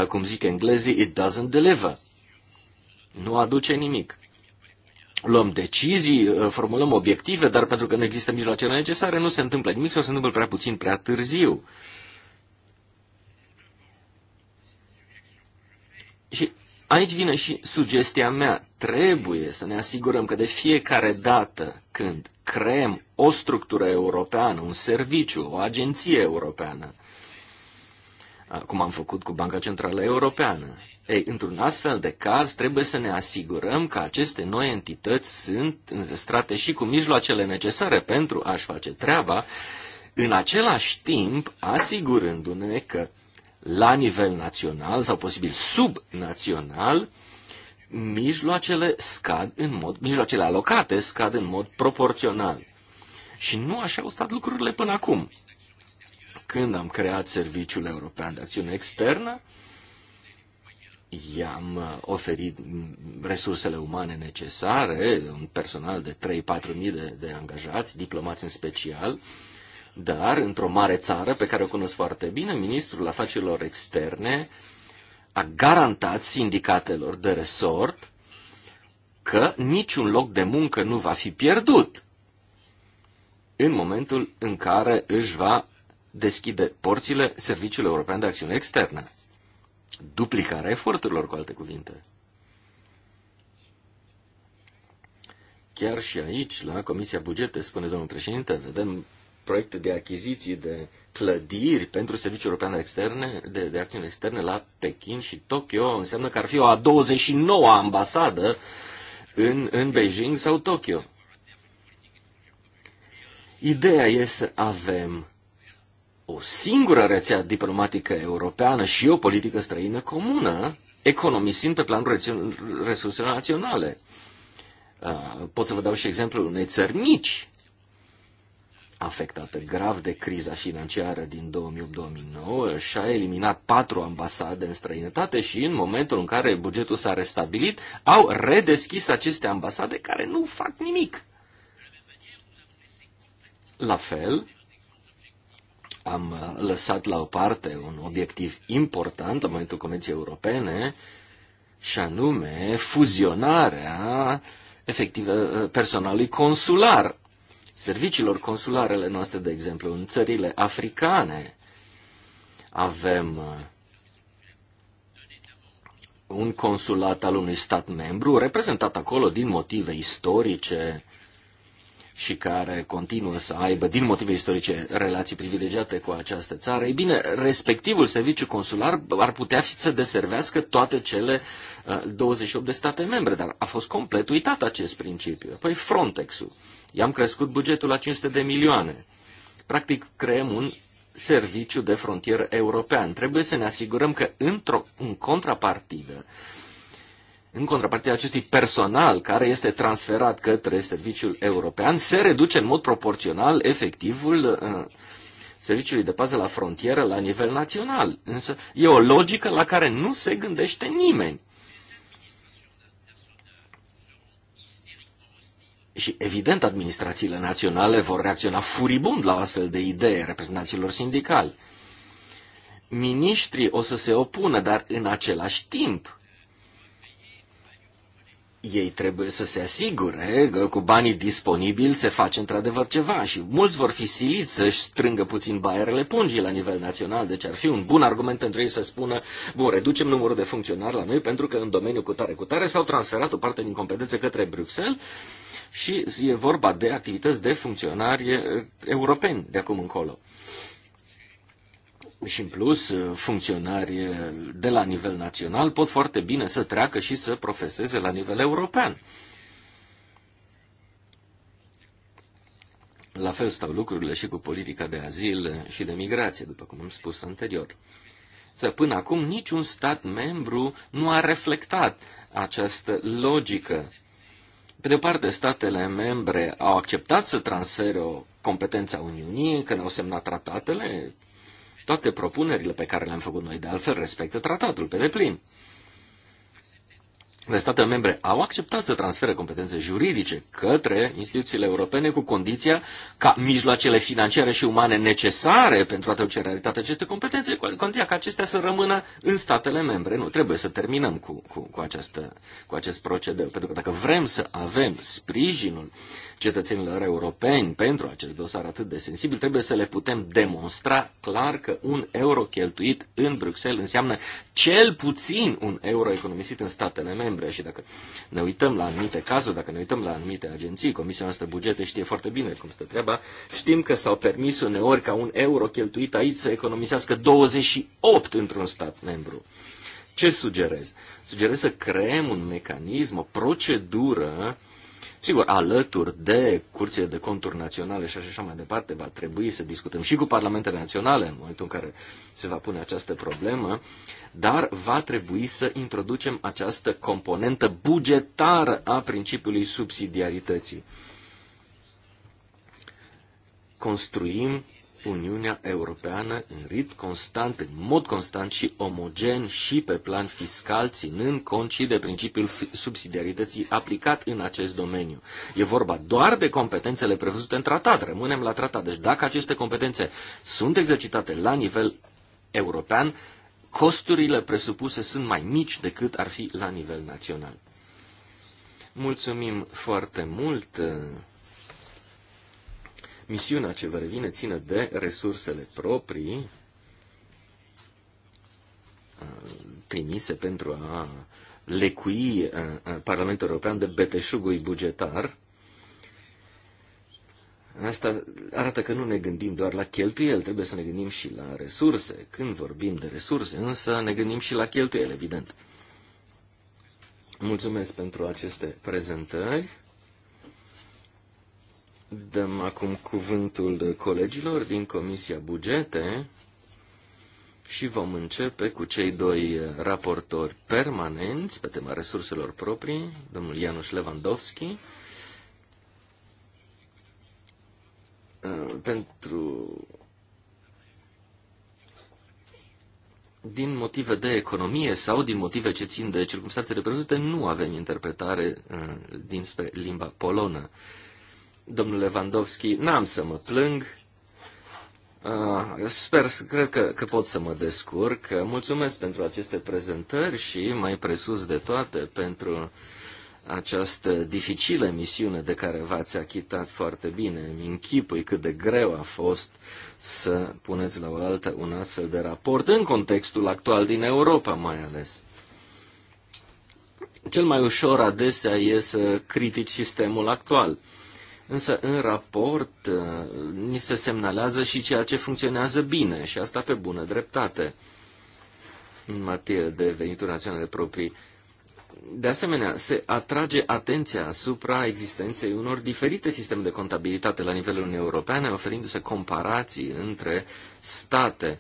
Cum zic englezii, it doesn't deliver. Nu aduce nimic luăm decizii, uh, formulăm obiective, dar pentru că nu există mijloacele necesare, nu se întâmplă nimic sau se întâmplă prea puțin, prea târziu. Și aici vine și sugestia mea. Trebuie să ne asigurăm că de fiecare dată când creăm o structură europeană, un serviciu, o agenție europeană, uh, cum am făcut cu Banca Centrală Europeană, ei, într-un astfel de caz, trebuie să ne asigurăm că aceste noi entități sunt înzestrate și cu mijloacele necesare pentru a-și face treaba, în același timp asigurându-ne că la nivel național sau posibil subnațional, mijloacele scad în mod, mijloacele alocate scad în mod proporțional. Și nu așa au stat lucrurile până acum. Când am creat Serviciul European de Acțiune Externă, i-am uh, oferit mm, resursele umane necesare, un personal de 3-4 mii de, de angajați, diplomați în special, dar într-o mare țară pe care o cunosc foarte bine, ministrul afacerilor externe a garantat sindicatelor de resort că niciun loc de muncă nu va fi pierdut în momentul în care își va deschide porțile Serviciul European de Acțiune Externă duplicarea eforturilor, cu alte cuvinte. Chiar și aici, la Comisia Bugete, spune domnul președinte, vedem proiecte de achiziții de clădiri pentru Serviciul European externe, de, de acțiuni externe la Pekin și Tokyo. Înseamnă că ar fi o a 29-a ambasadă în, în Beijing sau Tokyo. Ideea e să avem o singură rețea diplomatică europeană și o politică străină comună, economisind pe planul resurselor naționale. Uh, pot să vă dau și exemplul unei țări mici afectată grav de criza financiară din 2008-2009 și a eliminat patru ambasade în străinătate și în momentul în care bugetul s-a restabilit, au redeschis aceste ambasade care nu fac nimic. La fel, am uh, lăsat la o parte un obiectiv important la momentul Convenției Europene, și anume fuzionarea efectivă uh, personalului consular, serviciilor consularele noastre, de exemplu, în țările africane. Avem uh, un consulat al unui stat membru, reprezentat acolo din motive istorice, și care continuă să aibă, din motive istorice, relații privilegiate cu această țară, ei bine, respectivul serviciu consular ar putea fi să deservească toate cele 28 uh, de state membre, dar a fost complet uitat acest principiu. Păi Frontex-ul. I-am crescut bugetul la 500 de milioane. Practic, creăm un serviciu de frontieră european. Trebuie să ne asigurăm că, într-o în contrapartidă, uh, în contrapartida acestui personal care este transferat către serviciul european, se reduce în mod proporțional efectivul uh, serviciului de pază la frontieră la nivel național. Însă e o logică la care nu se gândește nimeni. Și evident, administrațiile naționale vor reacționa furibund la o astfel de idee reprezentanților sindicali. Ministrii o să se opună, dar în același timp ei trebuie să se asigure că cu banii disponibili se face într-adevăr ceva și mulți vor fi siliți să-și strângă puțin baierele pungii la nivel național, deci ar fi un bun argument pentru ei să spună, bun, reducem numărul de funcționari la noi pentru că în domeniul cu tare cu tare s-au transferat o parte din competențe către Bruxelles și e vorba de activități de funcționari europeni de acum încolo. Și în plus, uh, funcționari uh, de la nivel național pot foarte bine să treacă și să profeseze la nivel european. La fel stau lucrurile și cu politica de azil uh, și de migrație, după cum am spus anterior. Să până acum niciun stat membru nu a reflectat această logică. Pe de o parte, statele membre au acceptat să transfere o competență a Uniunii, când au semnat tratatele, toate propunerile pe care le-am făcut noi de altfel respectă tratatul pe deplin statele membre au acceptat să transfere competențe juridice către instituțiile europene cu condiția ca mijloacele financiare și umane necesare pentru a trece în realitate aceste competențe, cu condiția ca acestea să rămână în statele membre. Nu, trebuie să terminăm cu, cu, cu, această, cu acest procedeu, pentru că dacă vrem să avem sprijinul cetățenilor europeni pentru acest dosar atât de sensibil, trebuie să le putem demonstra clar că un euro cheltuit în Bruxelles înseamnă cel puțin un euro economisit în statele membre membre și dacă ne uităm la anumite cazuri, dacă ne uităm la anumite agenții, Comisia noastră bugete știe foarte bine cum stă treaba, știm că s-au permis uneori ca un euro cheltuit aici să economisească 28 într-un stat membru. Ce sugerez? Sugerez să creăm un mecanism, o procedură uh, Sigur, alături de curțile de conturi naționale și așa mai departe, va trebui să discutăm și cu parlamentele naționale în momentul în care se va pune această problemă, dar va trebui să introducem această componentă bugetară a principiului subsidiarității. Construim Uniunea Europeană în ritm constant, în mod constant și omogen și pe plan fiscal, ținând cont și de principiul subsidiarității aplicat în acest domeniu. E vorba doar de competențele prevăzute în tratat, rămânem la tratat. Deci dacă aceste competențe sunt exercitate la nivel european, costurile presupuse sunt mai mici decât ar fi la nivel național. Mulțumim foarte mult Misiunea ce vă revine ține de resursele proprii uh, trimise pentru a lecui uh, Parlamentul European de beteșugui bugetar. Asta arată că nu ne gândim doar la cheltuieli, trebuie să ne gândim și la resurse. Când vorbim de resurse, însă ne gândim și la cheltuieli, evident. Mulțumesc pentru aceste prezentări. Dăm acum cuvântul colegilor din Comisia Bugete și vom începe cu cei doi raportori permanenți pe tema resurselor proprii, domnul Ianuș Lewandowski, uh, pentru din motive de economie sau din motive ce țin de circunstanțele prevăzute, nu avem interpretare uh, dinspre limba polonă. Domnule Lewandowski, n-am să mă plâng. Sper, cred că, că pot să mă descurc. Mulțumesc pentru aceste prezentări și, mai presus de toate, pentru această dificilă misiune de care v-ați achitat foarte bine. Îmi închipui cât de greu a fost să puneți la oaltă un astfel de raport în contextul actual din Europa mai ales. Cel mai ușor adesea e să critici sistemul actual. Însă, în raport, uh, ni se semnalează și ceea ce funcționează bine, și asta pe bună dreptate, în materie de venituri naționale proprii. De asemenea, se atrage atenția asupra existenței unor diferite sisteme de contabilitate la nivelul Uniunii Europene, oferindu-se comparații între state.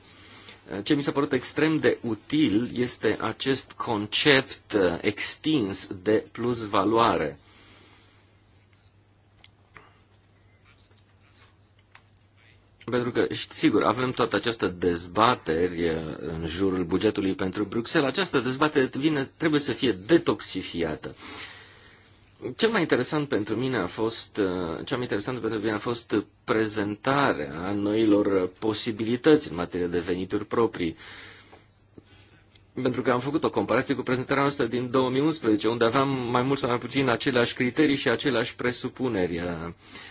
Uh, ce mi s-a părut extrem de util este acest concept uh, extins de plus valoare. Pentru că, sigur, avem toată această dezbatere în jurul bugetului pentru Bruxelles. Această dezbatere vine, trebuie să fie detoxifiată. Cel mai interesant pentru mine a fost, cel mai interesant pentru mine a fost prezentarea noilor posibilități în materie de venituri proprii. Uh, pentru că am făcut o comparație cu prezentarea noastră din 2011, unde aveam mai mult sau mai puțin aceleași criterii și aceleași presupuneri, eh,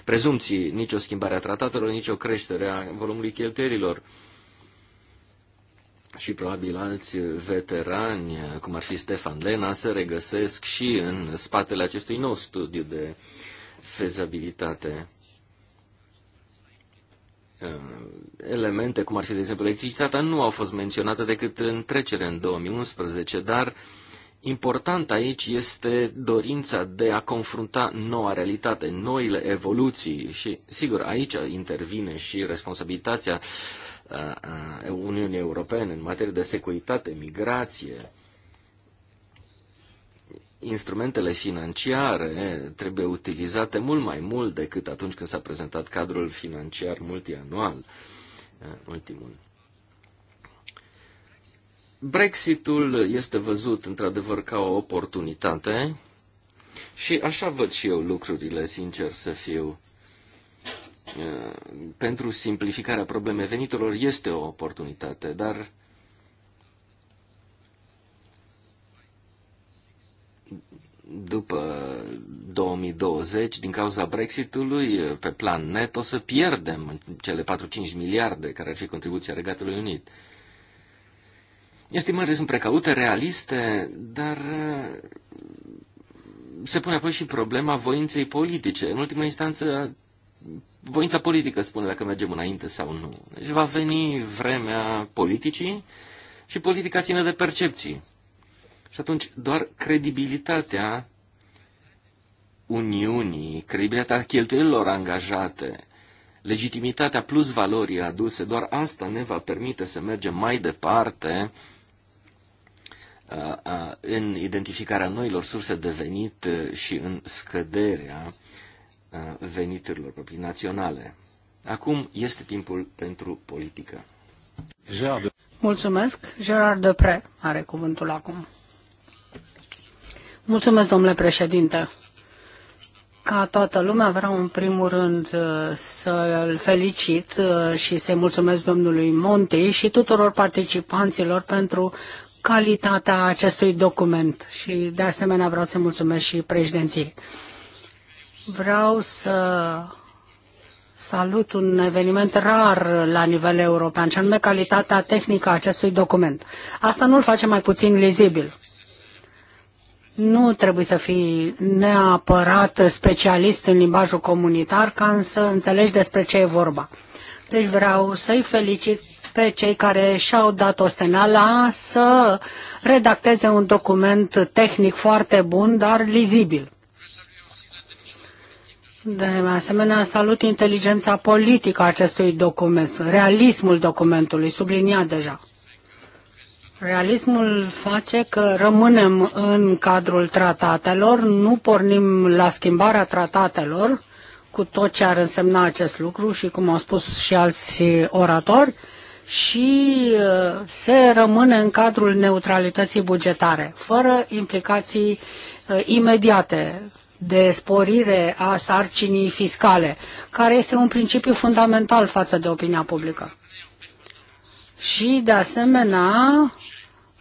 prezumții, nicio schimbare a tratatelor, nicio creștere a volumului cheltuierilor. Și probabil alți veterani, eh, cum ar fi Stefan Lena, se regăsesc și în spatele acestui nou studiu de fezabilitate. Uh, elemente, cum ar fi, de exemplu, electricitatea, nu au fost menționate decât în trecere în 2011, dar important aici este dorința de a confrunta noua realitate, noile evoluții și, sigur, aici intervine și responsabilitatea uh, uh, Uniunii Europene în materie de securitate, migrație, instrumentele financiare trebuie utilizate mult mai mult decât atunci când s-a prezentat cadrul financiar multianual, eh, ultimul. Brexitul este văzut într-adevăr ca o oportunitate și așa văd și eu lucrurile, sincer să fiu. Eh, pentru simplificarea problemei veniturilor este o oportunitate, dar după 2020, din cauza Brexitului, pe plan net, o să pierdem cele 4-5 miliarde care ar fi contribuția Regatului Unit. Estimările sunt precaute, realiste, dar uh, se pune apoi și problema voinței politice. În ultima instanță, voința politică spune dacă mergem înainte sau nu. Deci va veni vremea politicii și politica ține de percepții. Și atunci doar credibilitatea Uniunii, credibilitatea cheltuielilor angajate, legitimitatea plus valorii aduse, doar asta ne va permite să mergem mai departe în identificarea noilor surse de venit și în scăderea veniturilor proprii naționale. Acum este timpul pentru politică. Gerard. Mulțumesc. Gerard Depre are cuvântul acum. Mulțumesc, domnule președinte. Ca toată lumea, vreau în primul rând uh, să-l felicit uh, și să-i mulțumesc domnului Monti și tuturor participanților pentru calitatea acestui document și de asemenea vreau să mulțumesc și președinției. Vreau să salut un eveniment rar la nivel european, ce anume calitatea tehnică a acestui document. Asta nu îl face mai puțin lizibil nu trebuie să fii neapărat specialist în limbajul comunitar ca să înțelegi despre ce e vorba. Deci vreau să-i felicit pe cei care și-au dat la să redacteze un document tehnic foarte bun, dar lizibil. De asemenea, salut inteligența politică a acestui document, realismul documentului, subliniat deja. Realismul face că rămânem în cadrul tratatelor, nu pornim la schimbarea tratatelor, cu tot ce ar însemna acest lucru și cum au spus și alți oratori, și uh, se rămâne în cadrul neutralității bugetare, fără implicații uh, imediate de sporire a sarcinii fiscale, care este un principiu fundamental față de opinia publică și, de asemenea,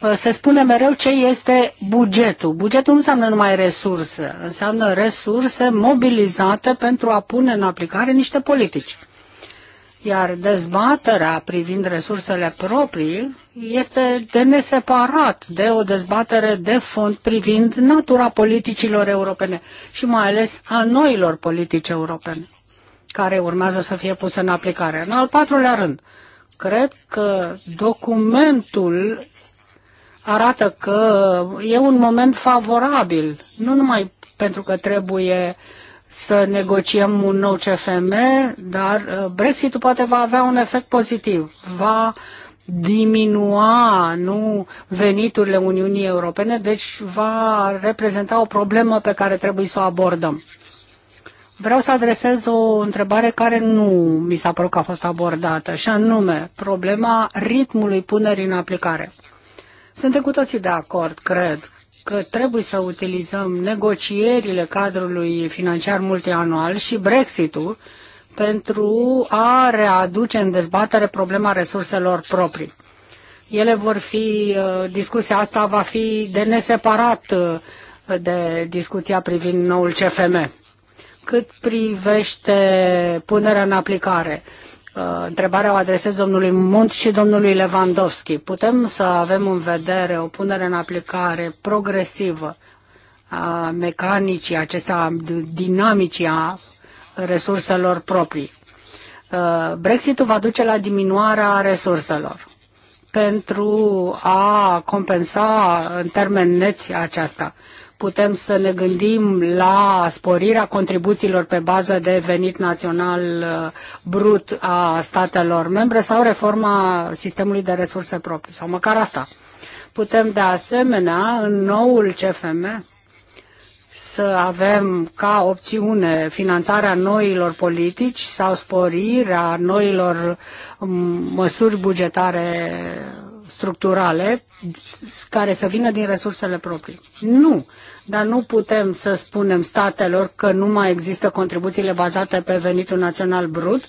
ă, se spune mereu ce este bugetul. Bugetul nu înseamnă numai resurse, înseamnă resurse mobilizate pentru a pune în aplicare niște politici. Iar dezbaterea privind resursele proprii este de neseparat de o dezbatere de fond privind natura politicilor europene și mai ales a noilor politici europene care urmează să fie puse în aplicare. În al patrulea rând, Cred că documentul arată că e un moment favorabil, nu numai pentru că trebuie să negociem un nou CFM, dar uh, Brexitul poate va avea un efect pozitiv. Va diminua nu veniturile Uniunii Europene, deci va reprezenta o problemă pe care trebuie să o abordăm. Vreau să adresez o întrebare care nu mi s-a părut că a fost abordată, și anume problema ritmului punerii în aplicare. Suntem cu toții de acord, cred, că trebuie să utilizăm negocierile cadrului financiar multianual și Brexitul pentru a readuce în dezbatere problema resurselor proprii. Ele vor fi, uh, discuția asta va fi de neseparat uh, de discuția privind noul CFM cât privește punerea în aplicare. Uh, întrebarea o adresez domnului Munt și domnului Lewandowski. Putem să avem în vedere o punere în aplicare progresivă a mecanicii acestea, dinamicii a resurselor proprii. Uh, Brexitul va duce la diminuarea resurselor pentru a compensa în termen neți aceasta putem să ne gândim la sporirea contribuțiilor pe bază de venit național uh, brut a statelor membre sau reforma sistemului de resurse proprii, sau măcar asta. Putem de asemenea, în noul CFM, să avem ca opțiune finanțarea noilor politici sau sporirea noilor um, măsuri bugetare structurale care să vină din resursele proprii. Nu, dar nu putem să spunem statelor că nu mai există contribuțiile bazate pe venitul național brut,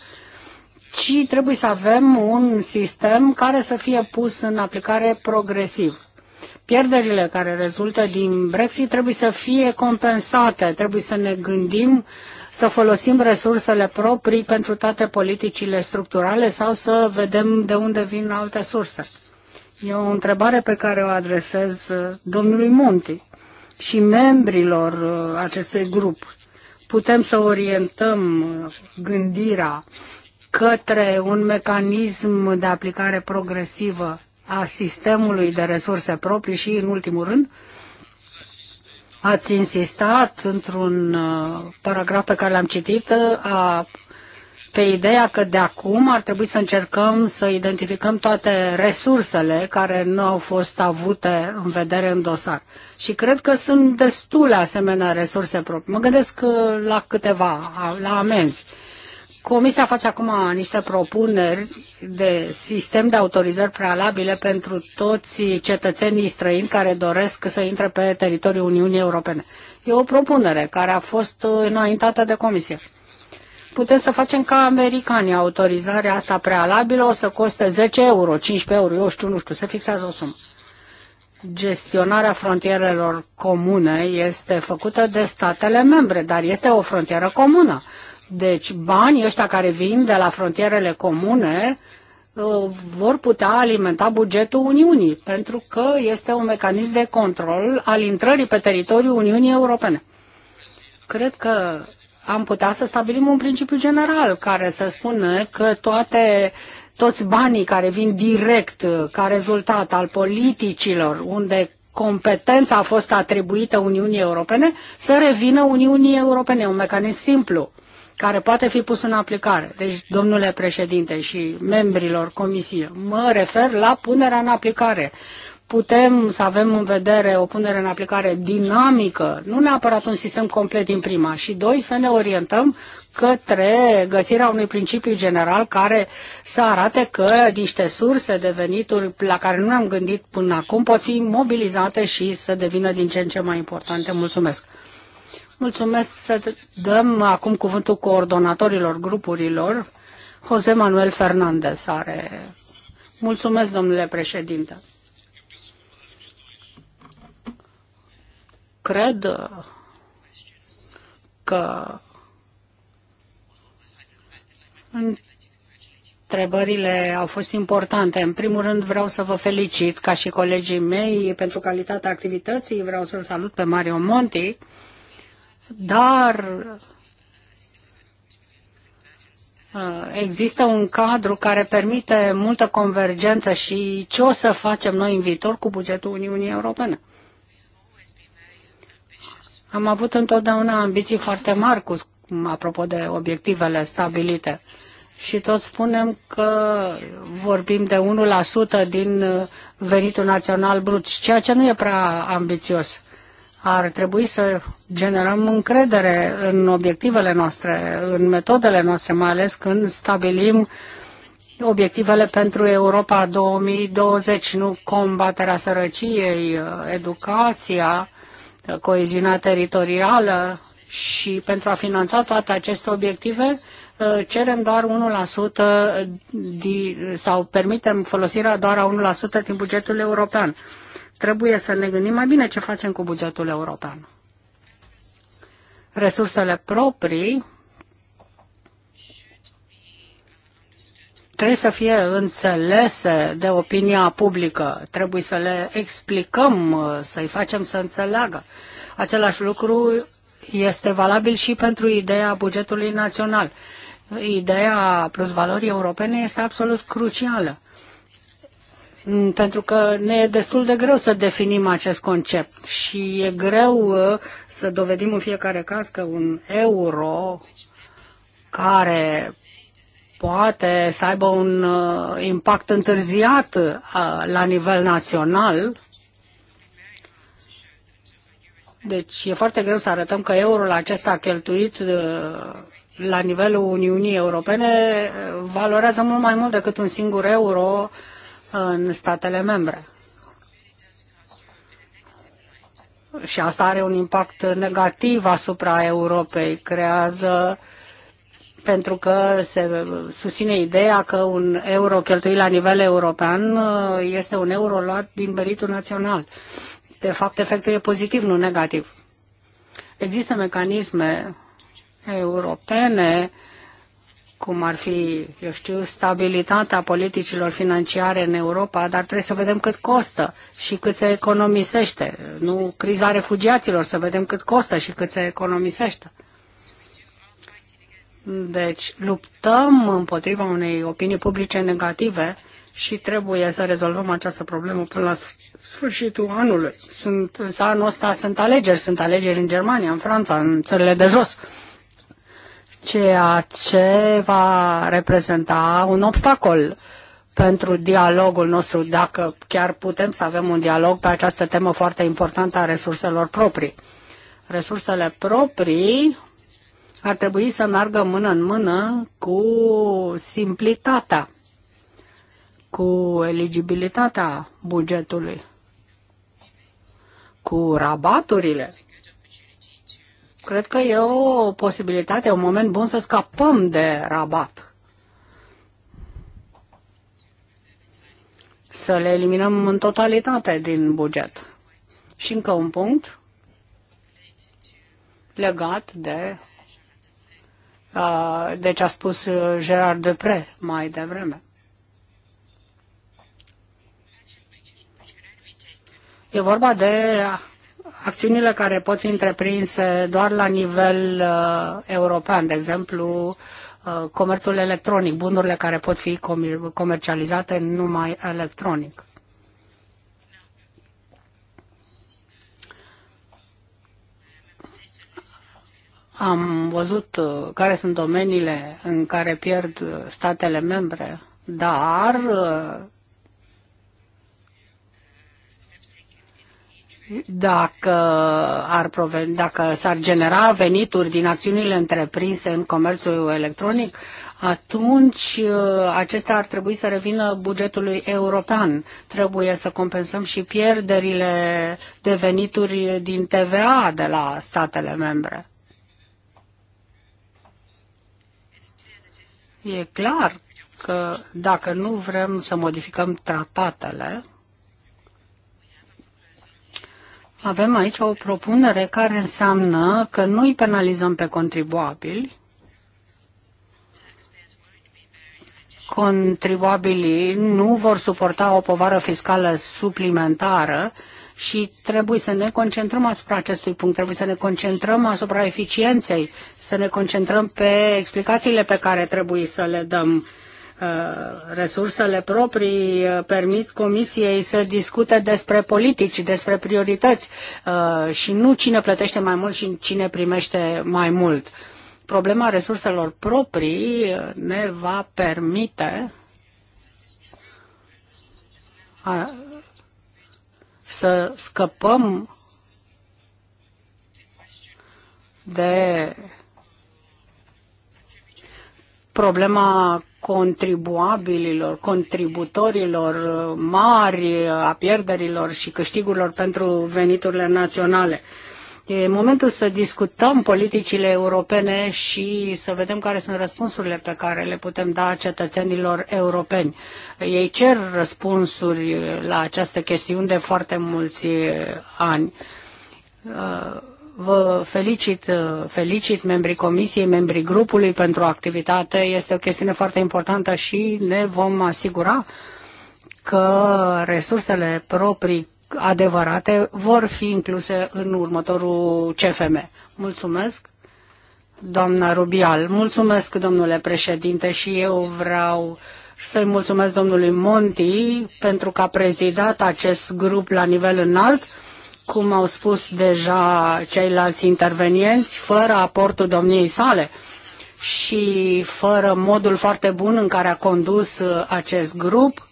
ci trebuie să avem un sistem care să fie pus în aplicare progresiv. Pierderile care rezultă din Brexit trebuie să fie compensate, trebuie să ne gândim să folosim resursele proprii pentru toate politicile structurale sau să vedem de unde vin alte surse. E o întrebare pe care o adresez uh, domnului Monti și membrilor uh, acestui grup. Putem să orientăm uh, gândirea către un mecanism de aplicare progresivă a sistemului de resurse proprii și, în ultimul rând, ați insistat într-un paragraf pe care l-am citit a pe ideea că de acum ar trebui să încercăm să identificăm toate resursele care nu au fost avute în vedere în dosar. Și cred că sunt destule asemenea resurse proprii. Mă gândesc uh, la câteva, la amenzi. Comisia face acum niște propuneri de sistem de autorizări prealabile pentru toți cetățenii străini care doresc să intre pe teritoriul Uniunii Europene. E o propunere care a fost uh, înaintată de Comisie putem să facem ca americanii autorizarea asta prealabilă, o să coste 10 euro, 15 euro, eu știu, nu știu, se fixează o sumă. Gestionarea frontierelor comune este făcută de statele membre, dar este o frontieră comună. Deci banii ăștia care vin de la frontierele comune uh, vor putea alimenta bugetul Uniunii, pentru că este un mecanism de control al intrării pe teritoriul Uniunii Europene. Cred că am putea să stabilim un principiu general care să spună că toate, toți banii care vin direct ca rezultat al politicilor unde competența a fost atribuită Uniunii Europene să revină Uniunii Europene, un mecanism simplu care poate fi pus în aplicare. Deci, domnule președinte și membrilor comisiei, mă refer la punerea în aplicare putem să avem în vedere o punere în aplicare dinamică, nu neapărat un sistem complet din prima, și doi, să ne orientăm către găsirea unui principiu general care să arate că niște surse de venituri la care nu ne-am gândit până acum pot fi mobilizate și să devină din ce în ce mai importante. Mulțumesc! Mulțumesc să dăm acum cuvântul coordonatorilor grupurilor. José Manuel Fernandez are. Mulțumesc, domnule președinte. cred că Întrebările au fost importante. În primul rând vreau să vă felicit ca și colegii mei pentru calitatea activității. Vreau să-l salut pe Mario Monti. Dar uh, există un cadru care permite multă convergență și ce o să facem noi în viitor cu bugetul Uniunii Europene. Am avut întotdeauna ambiții foarte mari cu, apropo de obiectivele stabilite și tot spunem că vorbim de 1% din venitul național brut, ceea ce nu e prea ambițios. Ar trebui să generăm încredere în obiectivele noastre, în metodele noastre, mai ales când stabilim obiectivele pentru Europa 2020, nu combaterea sărăciei, educația, coeziunea teritorială și pentru a finanța toate aceste obiective uh, cerem doar 1% sau permitem folosirea doar a 1% din bugetul european. Trebuie să ne gândim mai bine ce facem cu bugetul european. Resursele proprii trebuie să fie înțelese de opinia publică, trebuie să le explicăm, să-i facem să înțeleagă. Același lucru este valabil și pentru ideea bugetului național. Ideea plus valori europene este absolut crucială pentru că ne e destul de greu să definim acest concept și e greu uh, să dovedim în fiecare caz că un euro care poate să aibă un uh, impact întârziat uh, la nivel național. Deci e foarte greu să arătăm că eurul acesta cheltuit uh, la nivelul Uniunii Europene valorează mult mai mult decât un singur euro în statele membre. Și asta are un impact negativ asupra Europei, creează uh, pentru că se susține ideea că un euro cheltuit la nivel european uh, este un euro luat din beritul național. De fapt, efectul e pozitiv, nu negativ. Există mecanisme europene cum ar fi, eu știu, stabilitatea politicilor financiare în Europa, dar trebuie să vedem cât costă și cât se economisește. Nu criza refugiaților, să vedem cât costă și cât se economisește. Deci luptăm împotriva unei opinii publice negative și trebuie să rezolvăm această problemă până la sfârșitul anului. Sunt, să anul ăsta sunt alegeri, sunt alegeri în Germania, în Franța, în țările de jos, ceea ce va reprezenta un obstacol pentru dialogul nostru, dacă chiar putem să avem un dialog pe această temă foarte importantă a resurselor proprii. Resursele proprii ar trebui să meargă mână în mână cu simplitatea, cu eligibilitatea bugetului, cu rabaturile. Cred că e o posibilitate, un moment bun să scapăm de rabat. Să le eliminăm în totalitate din buget. Și încă un punct legat de deci a spus uh, Gerard Depre mai devreme. E vorba de acțiunile care pot fi întreprinse doar la nivel uh, european, de exemplu, uh, comerțul electronic, bunurile care pot fi comercializate numai electronic. Am văzut uh, care sunt domeniile în care pierd uh, statele membre, dar uh, dacă ar proveni, dacă s-ar genera venituri din acțiunile întreprinse în comerțul electronic, atunci acestea ar trebui să revină bugetului european. Trebuie să compensăm și pierderile de venituri din TVA de la statele membre. E clar că dacă nu vrem să modificăm tratatele, avem aici o propunere care înseamnă că nu îi penalizăm pe contribuabili, contribuabilii nu vor suporta o povară fiscală suplimentară și trebuie să ne concentrăm asupra acestui punct, trebuie să ne concentrăm asupra eficienței, să ne concentrăm pe explicațiile pe care trebuie să le dăm. Uh, resursele proprii uh, permit Comisiei să discute despre politici, despre priorități uh, și nu cine plătește mai mult și cine primește mai mult. Problema resurselor proprii ne va permite să scăpăm de problema contribuabililor, contributorilor mari, a pierderilor și câștigurilor pentru veniturile naționale. E momentul să discutăm politicile europene și să vedem care sunt răspunsurile pe care le putem da cetățenilor europeni. Ei cer răspunsuri la această chestiune de foarte mulți ani. Vă felicit, felicit membrii comisiei, membrii grupului pentru activitate. Este o chestiune foarte importantă și ne vom asigura că resursele proprii adevărate vor fi incluse în următorul CFM. Mulțumesc, doamna Rubial. Mulțumesc, domnule președinte, și eu vreau să-i mulțumesc domnului Monti pentru că a prezidat acest grup la nivel înalt, cum au spus deja ceilalți intervenienți, fără aportul domniei sale și fără modul foarte bun în care a condus uh, acest grup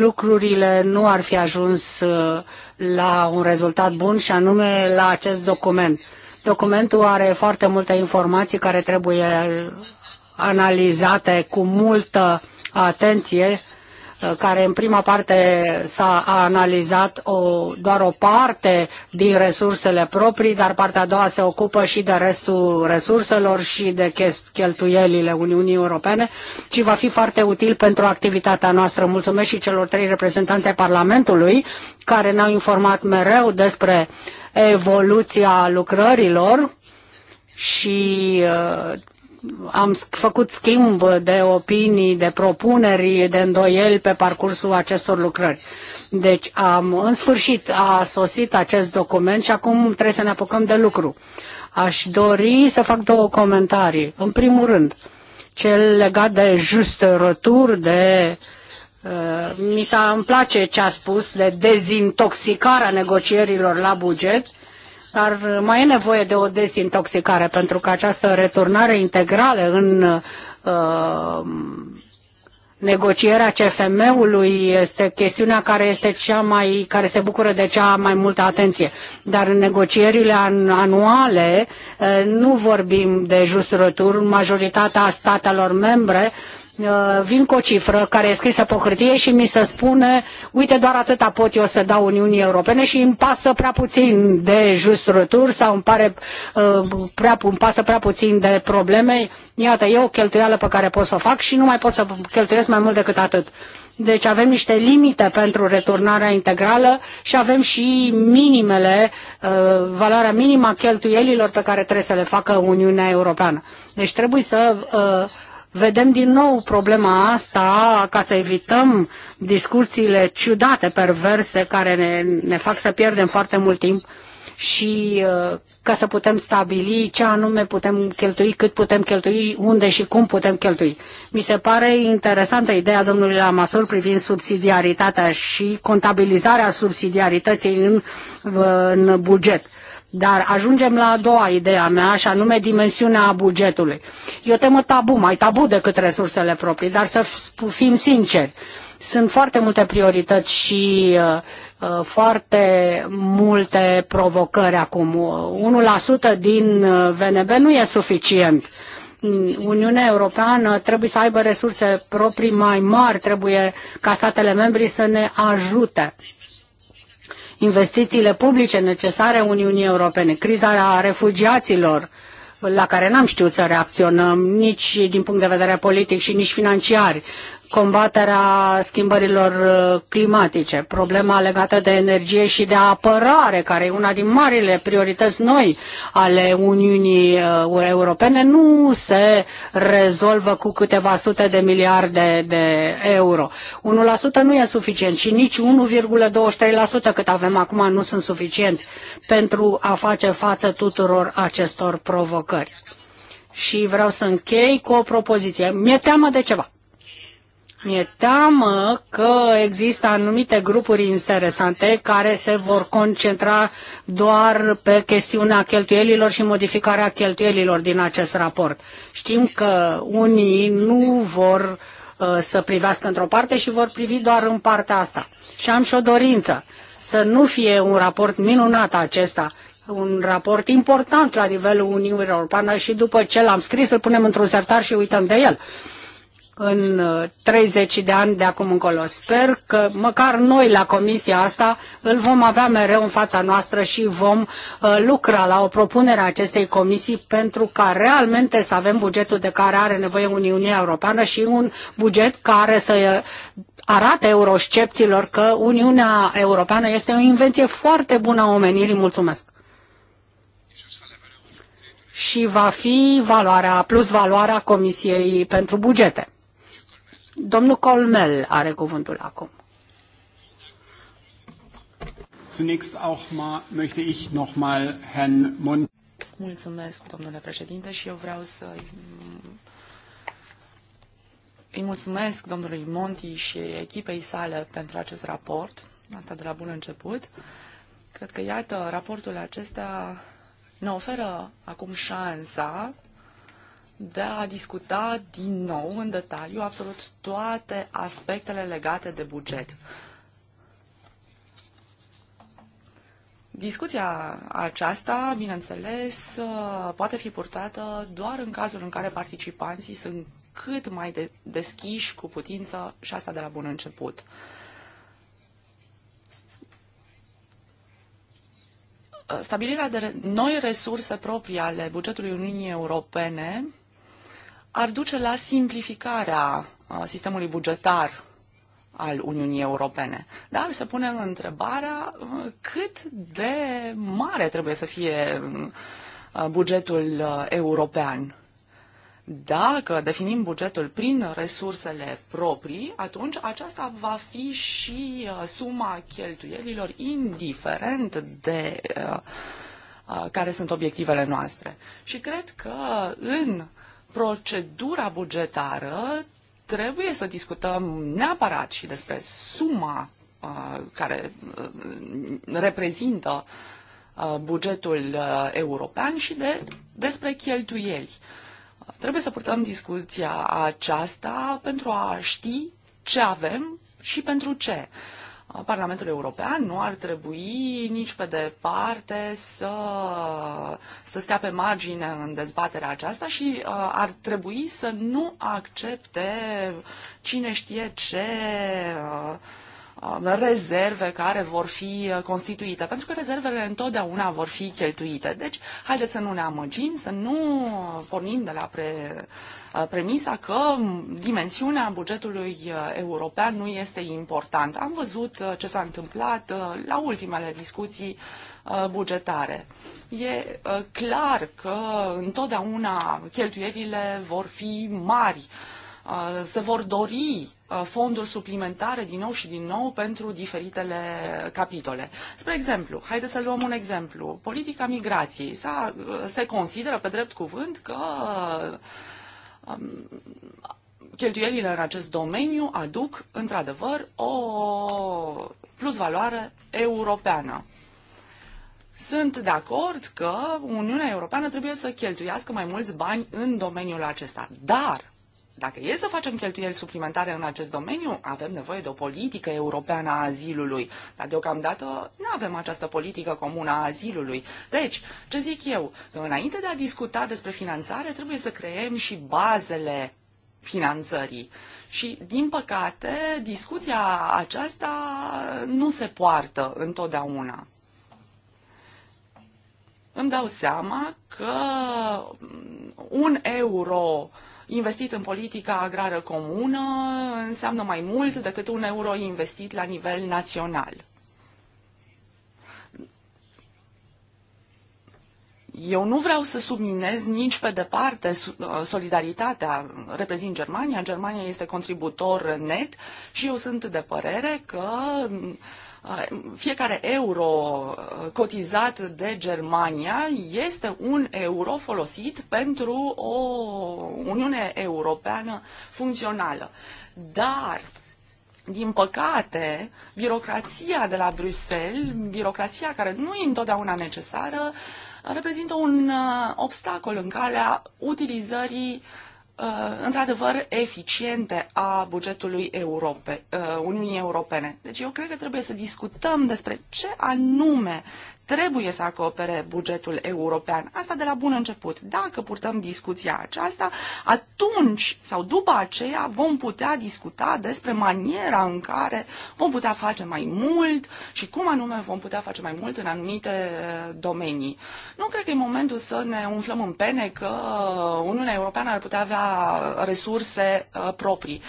lucrurile nu ar fi ajuns uh, la un rezultat bun și anume la acest document. Documentul are foarte multe informații care trebuie analizate cu multă atenție care în prima parte s-a analizat o, doar o parte din resursele proprii, dar partea a doua se ocupă și de restul resurselor și de cheltuielile Uniunii Europene, ci va fi foarte util pentru activitatea noastră. Mulțumesc și celor trei reprezentanți ai Parlamentului care ne-au informat mereu despre evoluția lucrărilor și uh, am făcut schimb de opinii, de propuneri, de îndoieli pe parcursul acestor lucrări. Deci am, în sfârșit a sosit acest document și acum trebuie să ne apucăm de lucru. Aș dori să fac două comentarii. În primul rând, cel legat de just rătur, de uh, mi s-a îmi place ce a spus de dezintoxicarea negocierilor la buget, uh, dar mai e nevoie de o dezintoxicare, pentru că această returnare integrală în uh, negocierea CFM-ului este chestiunea care este cea mai, care se bucură de cea mai multă atenție. Dar în negocierile anuale uh, nu vorbim de just retur, majoritatea statelor membre Uh, vin cu o cifră care e scrisă pe hârtie și mi se spune, uite, doar atâta pot eu să dau Uniunii Europene și îmi pasă prea puțin de justrături sau îmi, pare, uh, prea, îmi pasă prea puțin de probleme. Iată, e o cheltuială pe care pot să o fac și nu mai pot să cheltuiesc mai mult decât atât. Deci avem niște limite pentru returnarea integrală și avem și minimele, uh, valoarea minimă a cheltuielilor pe care trebuie să le facă Uniunea Europeană. Deci trebuie să vedem din nou problema asta ca să evităm discuțiile ciudate, perverse, care ne, ne fac să pierdem foarte mult timp și uh, ca să putem stabili ce anume putem cheltui, cât putem cheltui, unde și cum putem cheltui. Mi se pare interesantă ideea domnului Lamasur privind subsidiaritatea și contabilizarea subsidiarității în, uh, în buget. Dar ajungem la a doua idee a mea, și anume dimensiunea bugetului. Eu temă tabu, mai tabu decât resursele proprii, dar să fim sinceri. Sunt foarte multe priorități și uh, uh foarte multe provocări acum. 1% din uh, VNB nu e suficient. Uniunea Europeană trebuie să aibă resurse proprii mai mari, trebuie ca statele membri să ne ajute investițiile publice necesare Uniunii Europene, criza refugiaților, la care n-am știut să reacționăm nici din punct de vedere politic și nici financiar combaterea schimbărilor uh, climatice, problema legată de energie și de apărare, care e una din marile priorități noi ale Uniunii uh, Europene, nu se rezolvă cu câteva sute de miliarde de euro. 1% nu e suficient și nici 1,23% cât avem acum nu sunt suficienți pentru a face față tuturor acestor provocări. Și vreau să închei cu o propoziție. Mi-e teamă de ceva mi-e teamă că există anumite grupuri interesante care se vor concentra doar pe chestiunea cheltuielilor și modificarea cheltuielilor din acest raport. Știm că unii nu vor uh, să privească într-o parte și vor privi doar în partea asta. Și am și o dorință să nu fie un raport minunat acesta, un raport important la nivelul Uniunii Europene și după ce l-am scris îl punem într-un sertar și uităm de el în 30 uh, de ani de acum încolo. Sper că măcar noi la comisia asta îl vom avea mereu în fața noastră și vom uh, lucra la o propunere a acestei comisii pentru ca realmente să avem bugetul de care are nevoie Uniunea Europeană și un buget care să uh, arate euroscepților că Uniunea Europeană este o invenție foarte bună a omenirii. Mulțumesc! și va fi valoarea, plus valoarea Comisiei pentru bugete. Domnul Colmel are cuvântul acum. Zunächst auch mal möchte ich noch mal Herrn Mon Mulțumesc, domnule președinte, și eu vreau să îi mulțumesc domnului Monti și echipei sale pentru acest raport, asta de la bun început. Cred că, iată, raportul acesta ne oferă acum șansa de a discuta din nou în detaliu absolut toate aspectele legate de buget. Discuția aceasta, bineînțeles, uh, poate fi purtată doar în cazul în care participanții sunt cât mai de- deschiși cu putință și asta de la bun început. Stabilirea de noi resurse proprii ale bugetului Uniunii Europene ar duce la simplificarea sistemului bugetar al Uniunii Europene. Dar se pune întrebarea cât de mare trebuie să fie bugetul european. Dacă definim bugetul prin resursele proprii, atunci aceasta va fi și suma cheltuielilor, indiferent de care sunt obiectivele noastre. Și cred că în procedura bugetară, trebuie să discutăm neapărat și despre suma uh, care uh, reprezintă uh, bugetul uh, european și de, despre cheltuieli. Uh, trebuie să purtăm discuția aceasta pentru a ști ce avem și pentru ce. Uh, Parlamentul European nu ar trebui nici pe departe să, să stea pe margine în dezbaterea aceasta și uh, ar trebui să nu accepte cine știe ce uh, rezerve care vor fi constituite, pentru că rezervele întotdeauna vor fi cheltuite. Deci, haideți să nu ne amăgim, să nu pornim de la pre, Uh, premisa că dimensiunea bugetului uh, european nu este importantă. Am văzut uh, ce s-a întâmplat la ultimele discuții bugetare. E clar că întotdeauna cheltuierile vor fi mari se vor dori fonduri suplimentare din nou și din nou pentru diferitele capitole. Spre exemplu, haideți să luăm un exemplu. Politica migrației. Se consideră pe drept cuvânt că cheltuielile în acest domeniu aduc, într-adevăr, o plusvaloare europeană. Sunt de acord că Uniunea Europeană trebuie să cheltuiască mai mulți bani în domeniul acesta, dar dacă e să facem cheltuieli suplimentare în acest domeniu, avem nevoie de o politică europeană a azilului. Dar deocamdată nu avem această politică comună a azilului. Deci, ce zic eu? Înainte de a discuta despre finanțare, trebuie să creem și bazele finanțării. Și, din păcate, discuția aceasta nu se poartă întotdeauna îmi dau seama că un euro investit în politica agrară comună înseamnă mai mult decât un euro investit la nivel național. Eu nu vreau să subminez nici pe departe solidaritatea. Reprezint Germania, Germania este contributor net și eu sunt de părere că uh, fiecare euro uh, cotizat de Germania este un euro folosit pentru o Uniune Europeană funcțională. Dar din păcate, birocrația de la Bruxelles, birocrația care nu e întotdeauna necesară, reprezintă un uh, obstacol în calea utilizării uh, Uh, într-adevăr eficiente a bugetului Europe, uh, Uniunii Europene. Deci eu cred că trebuie să discutăm despre ce anume trebuie să acopere bugetul european. Asta de la bun început. Dacă purtăm discuția aceasta, atunci sau după aceea vom putea discuta despre maniera în care vom putea face mai mult și cum anume vom putea face mai mult în anumite uh, domenii. Nu cred că e momentul să ne umflăm în pene că Uniunea Europeană ar putea avea resurse uh, proprii.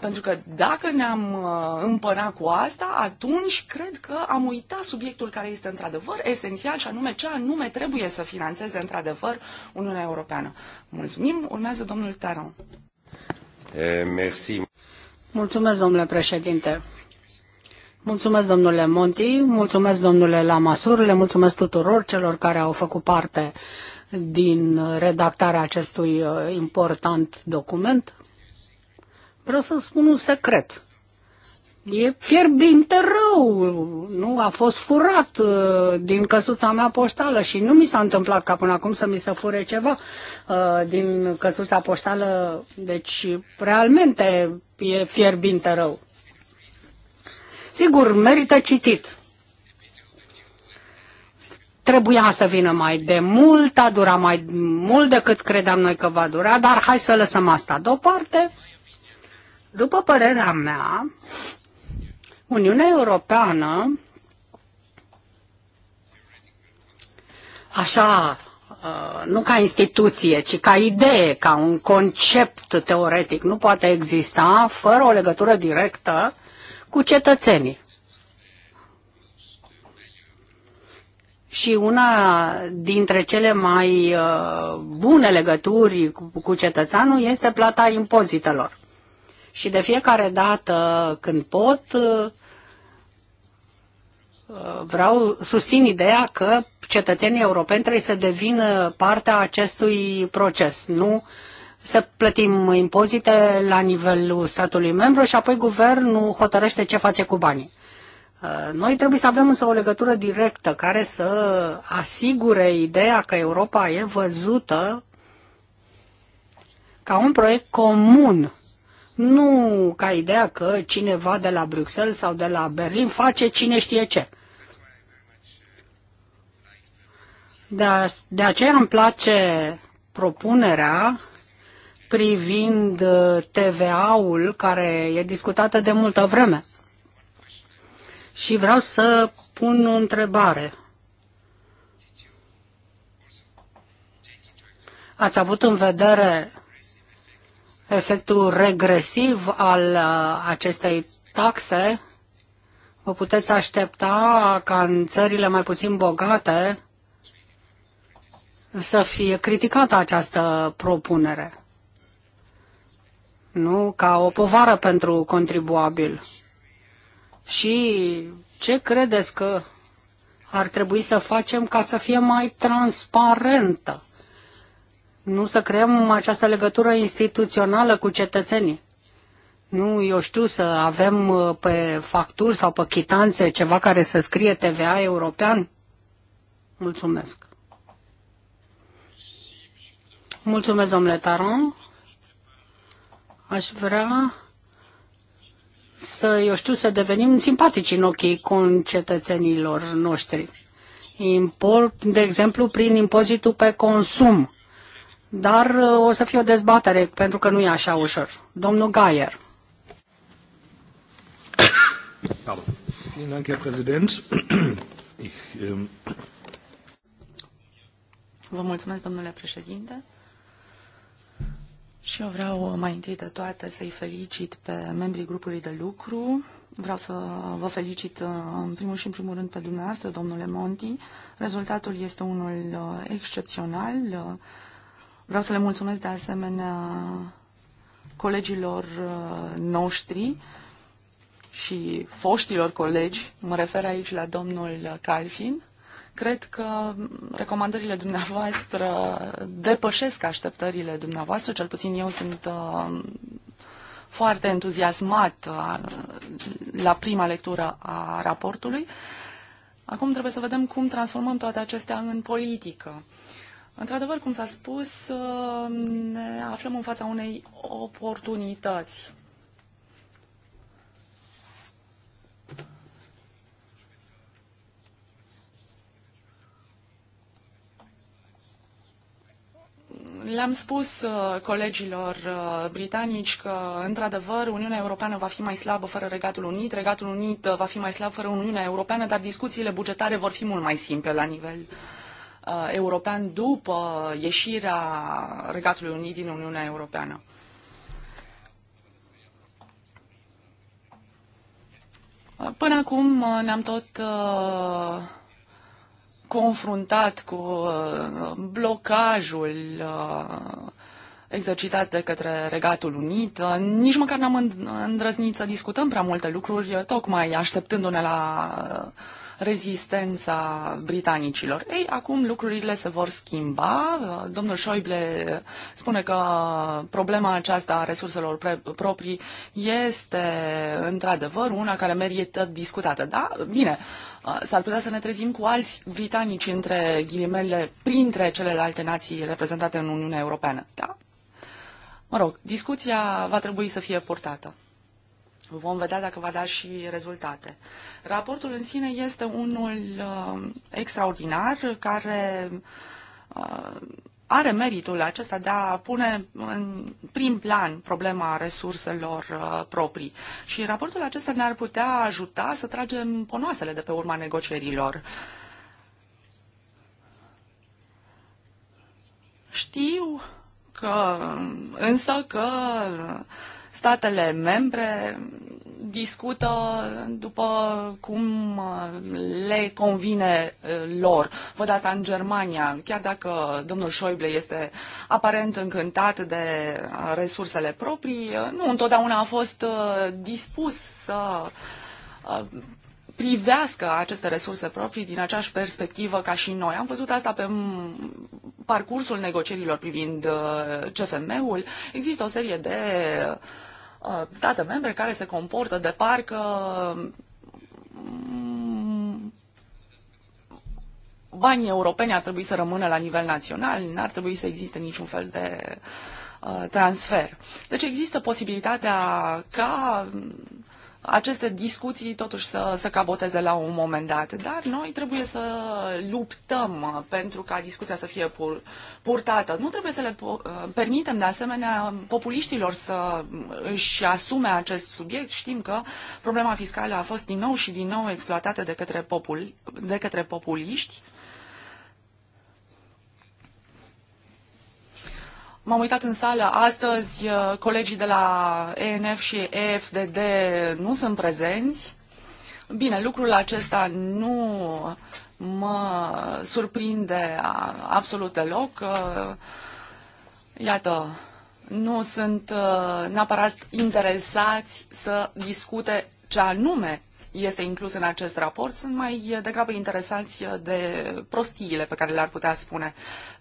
Pentru că dacă ne-am uh, împăna cu asta, atunci cred că am uitat subiectul care este într-adevăr esențial și anume ce anume trebuie să financeze într-adevăr Uniunea Europeană. Mulțumim. Urmează domnul Taron. Merci. Mulțumesc, domnule președinte. Mulțumesc, domnule Monti, mulțumesc, domnule Lamasur, le mulțumesc tuturor celor care au făcut parte din redactarea acestui uh, important document. Vreau să spun un secret. E fierbinte rău. Nu a fost furat uh, din căsuța mea poștală și nu mi s-a întâmplat ca până acum să mi se fure ceva uh, din căsuța poștală. Deci, realmente e fierbinte rău. Sigur, merită citit. Trebuia să vină mai de mult, a durat mai mult decât credeam noi că va dura, dar hai să lăsăm asta deoparte după părerea mea, Uniunea Europeană, așa, uh, nu ca instituție, ci ca idee, ca un concept teoretic, nu poate exista fără o legătură directă cu cetățenii. Și una dintre cele mai uh, bune legături cu cetățeanul este plata impozitelor și de fiecare dată când pot, uh, vreau, susțin ideea că cetățenii europeni trebuie să devină partea acestui proces, nu să plătim impozite la nivelul statului membru și apoi guvernul hotărăște ce face cu banii. Uh, noi trebuie să avem însă o legătură directă care să asigure ideea că Europa e văzută ca un proiect comun nu ca ideea că cineva de la Bruxelles sau de la Berlin face cine știe ce. De, a, de aceea îmi place propunerea privind uh, TVA-ul care e discutată de multă vreme. Și vreau să pun o întrebare. Ați avut în vedere efectul regresiv al uh, acestei taxe, vă puteți aștepta ca în țările mai puțin bogate să fie criticată această propunere, nu ca o povară pentru contribuabil. Și ce credeți că ar trebui să facem ca să fie mai transparentă? Nu să creăm această legătură instituțională cu cetățenii. Nu, eu știu, să avem uh, pe facturi sau pe chitanțe ceva care să scrie TVA european? Mulțumesc. Mulțumesc, domnule Taron. Aș vrea să, eu știu, să devenim simpatici în ochii concetățenilor noștri. Import, de exemplu, prin impozitul pe consum dar uh, o să fie o dezbatere, pentru că nu e așa ușor. Domnul Gaier. Vă mulțumesc, domnule președinte. Și eu vreau uh, mai întâi de toate să-i felicit pe membrii grupului de lucru. Vreau să vă felicit uh, în primul și în primul rând pe dumneavoastră, domnule Monti. Rezultatul este unul excepțional Vreau să le mulțumesc de asemenea colegilor uh, noștri și foștilor colegi, mă refer aici la domnul Calfin. Cred că recomandările dumneavoastră depășesc așteptările dumneavoastră, cel puțin eu sunt uh, foarte entuziasmat uh, la prima lectură a raportului. Acum trebuie să vedem cum transformăm toate acestea în politică. Într-adevăr, cum s-a spus, uh, ne aflăm în fața unei oportunități. Le-am spus uh, colegilor uh, britanici că, într-adevăr, Uniunea Europeană va fi mai slabă fără Regatul Unit, Regatul Unit va fi mai slab fără Uniunea Europeană, dar discuțiile bugetare vor fi mult mai simple la nivel uh, Uh, european după ieșirea Regatului Unit din Uniunea Europeană. Uh, până acum uh, ne-am tot confruntat cu blocajul exercitat de către Regatul Unit. Nici măcar n-am îndrăznit să discutăm prea multe lucruri, tocmai așteptându-ne la uh, rezistența britanicilor. Ei, acum lucrurile se vor schimba. Domnul Schäuble spune că problema aceasta a resurselor proprii este într-adevăr una care merită discutată. Da? Bine, s-ar putea să ne trezim cu alți britanici între ghilimele printre celelalte nații reprezentate în Uniunea Europeană. Da? Mă rog, discuția va trebui să fie portată. Vom vedea dacă va da și rezultate. Raportul în sine este unul uh, extraordinar care uh, are meritul acesta de a pune în prim plan problema resurselor uh, proprii. Și raportul acesta ne-ar putea ajuta să tragem ponoasele de pe urma negocierilor. Știu că, însă că uh, statele membre discută după cum uh, le convine uh, lor. Văd asta în Germania, chiar dacă domnul Schäuble este aparent încântat de resursele proprii, uh, nu întotdeauna a fost dispus să privească aceste resurse proprii din aceeași perspectivă ca și noi. Am văzut asta pe parcursul negocierilor privind uh, CFM-ul. Există o serie de uh, state membre care se comportă de parcă mm, banii europeni ar trebui să rămână la nivel național, n-ar trebui să existe niciun fel de uh, transfer. Deci există posibilitatea ca aceste discuții totuși să, să caboteze la un moment dat. Dar noi trebuie să luptăm pentru ca discuția să fie pur, purtată. Nu trebuie să le uh, permitem de asemenea populiștilor să își asume acest subiect. Știm că problema fiscală a fost din nou și din nou exploatată de către, popul, de către populiști. Uh, M-am uitat în sală astăzi, uh, colegii de la ENF și EFDD nu sunt prezenți. Bine, lucrul acesta nu mă surprinde absolut deloc. Uh, iată, nu sunt uh, neapărat interesați să discute ce anume este inclus în acest raport, sunt mai degrabă interesați de prostiile pe care le-ar putea spune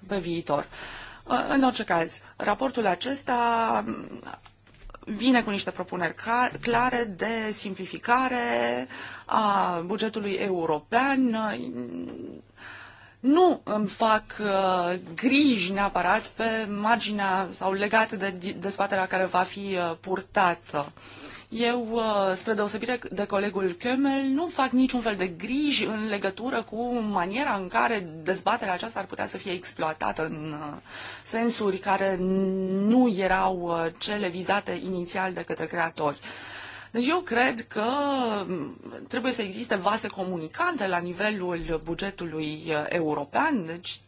pe viitor. Uh, în orice caz, raportul acesta vine cu niște propuneri clare de simplificare a bugetului european. Nu îmi fac uh, griji neapărat pe marginea sau legat de dezbaterea care va fi uh, purtată. Eu, uh, spre deosebire de colegul Kemmel, nu fac niciun fel de griji în legătură cu maniera în care dezbaterea aceasta ar putea să fie exploatată în uh, sensuri care nu erau uh, cele vizate inițial de către creatori. Deci eu cred că um, trebuie să existe vase comunicante la nivelul bugetului european, deci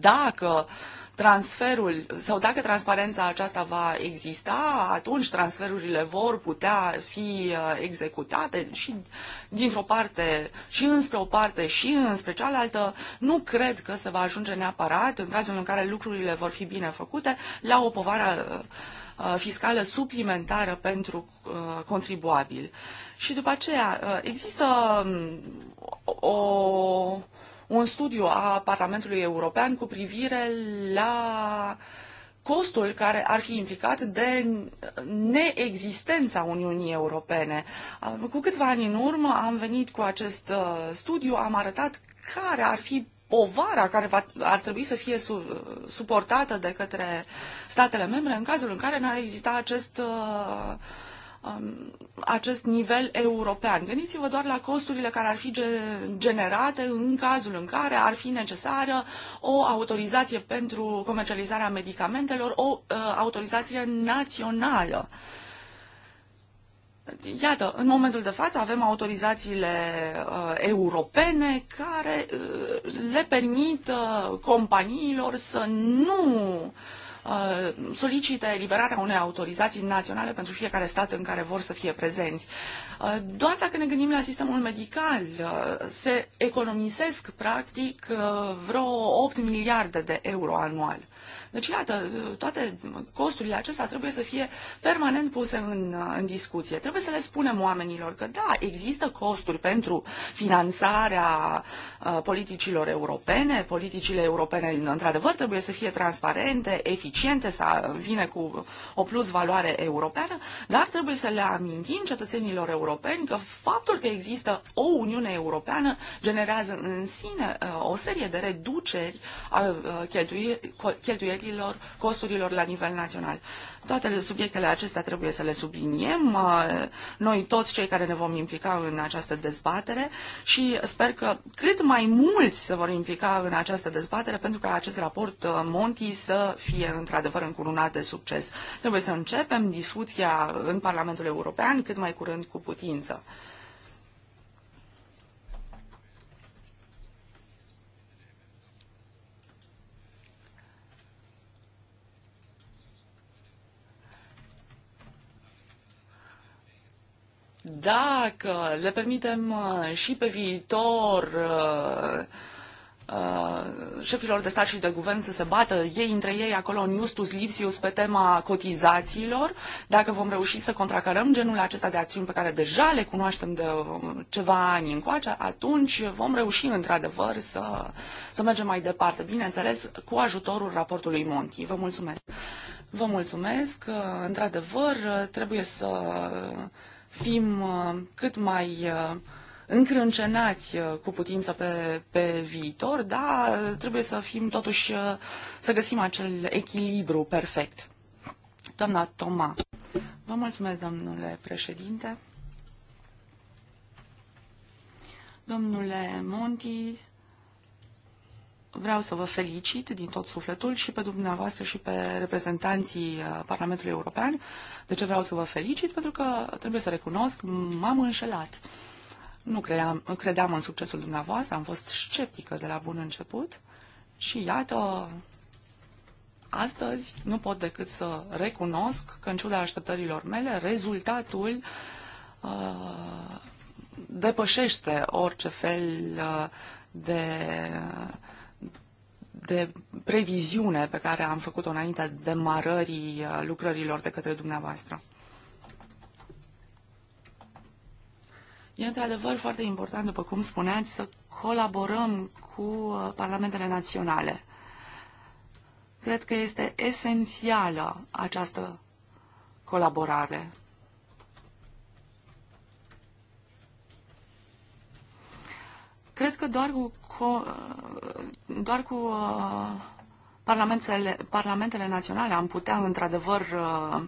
dacă uh, transferul sau dacă transparența aceasta va exista, atunci transferurile vor putea fi uh, executate și dintr-o parte și înspre o parte și înspre cealaltă. Nu cred că se va ajunge neapărat, în cazul în care lucrurile vor fi bine făcute, la o povară uh, uh, fiscală suplimentară pentru contribuabil. Și după aceea există um, o un studiu a Parlamentului European cu privire la costul care ar fi implicat de neexistența Uniunii Europene. Cu câțiva ani în urmă am venit cu acest uh, studiu, am arătat care ar fi povara care va, ar trebui să fie su, suportată de către statele membre în cazul în care n-ar exista acest uh, Um, acest nivel european. Gândiți-vă doar la costurile care ar fi generate în cazul în care ar fi necesară o autorizație pentru comercializarea medicamentelor, o uh, autorizație națională. Iată, în momentul de față avem autorizațiile uh, europene care uh, le permit uh, companiilor să nu uh, Uh, solicite eliberarea unei autorizații naționale pentru fiecare stat în care vor să fie prezenți. Uh, doar dacă ne gândim la sistemul medical, uh, se economisesc practic vreo 8 miliarde de euro anual. Deci, iată, toate costurile acestea trebuie să fie permanent puse în, în discuție. Trebuie să le spunem oamenilor că, da, există costuri pentru finanțarea uh, politicilor europene. Politicile europene, într-adevăr, trebuie să fie transparente, eficiente, să vină cu o plus valoare europeană, dar trebuie să le amintim cetățenilor europeni că faptul că există o Uniune Europeană generează în sine uh, o serie de reduceri a uh, uh cheltuielii costurilor, costurilor la nivel național. Toate subiectele acestea trebuie să le subliniem, uh, noi toți cei care ne vom implica în această dezbatere și sper că cât mai mulți se vor implica în această dezbatere pentru ca acest raport uh, Monti să fie într-adevăr încurunat de succes. Trebuie să începem discuția în Parlamentul European cât mai curând cu putință. Dacă le permitem uh, și pe viitor uh, uh, șefilor de stat și de guvern să se bată ei între ei acolo în Justus Lipsius pe tema cotizațiilor, dacă vom reuși să contracarăm genul acesta de acțiuni pe care deja le cunoaștem de ceva ani încoace, atunci vom reuși într-adevăr să, să mergem mai departe, bineînțeles cu ajutorul raportului Monti. Vă mulțumesc! Vă mulțumesc! Într-adevăr, trebuie să fim uh, cât mai uh, încrâncenați uh, cu putință pe, pe viitor, dar trebuie să fim totuși, să găsim acel echilibru perfect. Doamna Toma. Vă mulțumesc, domnule președinte. Domnule Monti, vreau să vă felicit din tot sufletul și pe dumneavoastră și pe reprezentanții uh, Parlamentului European. De ce vreau să vă felicit? Pentru că, trebuie să recunosc, m-am înșelat. Nu cream, credeam în succesul dumneavoastră, am fost sceptică de la bun început și iată, astăzi nu pot decât să recunosc că, în ciuda așteptărilor mele, rezultatul uh, depășește orice fel uh, de uh, de previziune pe care am făcut-o înainte demarării uh, lucrărilor de către dumneavoastră. E într-adevăr foarte important, după cum spuneați, să colaborăm cu uh, parlamentele naționale. Cred că este esențială această colaborare. Cred că doar cu doar cu uh, parlamentele, parlamentele naționale am putea, într-adevăr, uh,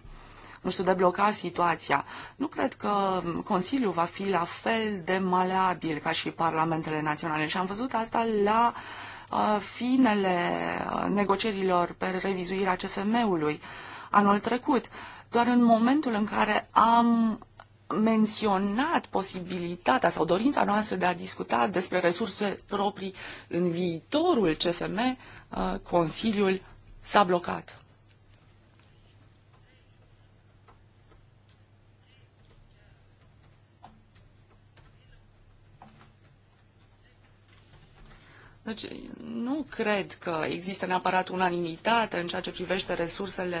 nu știu, debloca situația. Nu cred că Consiliul va fi la fel de maleabil ca și parlamentele naționale și am văzut asta la uh, finele negocierilor pe revizuirea CFM-ului anul trecut. Doar în momentul în care am menționat posibilitatea sau dorința noastră de a discuta despre resurse proprii în viitorul CFM, uh, Consiliul s-a blocat. Deci nu cred că există neapărat unanimitate în ceea ce privește resursele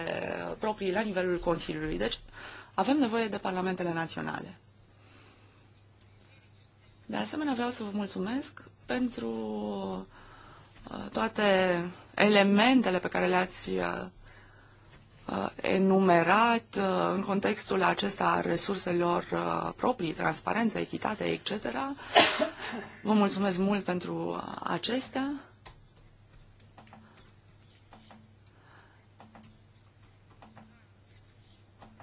proprii la nivelul Consiliului. Deci uh, avem nevoie de parlamentele naționale. De asemenea, vreau să vă mulțumesc pentru uh, toate elementele pe care le-ați uh, uh, enumerat în contextul acesta a resurselor proprii, transparență, echitate, etc. Vă mulțumesc mult pentru acestea.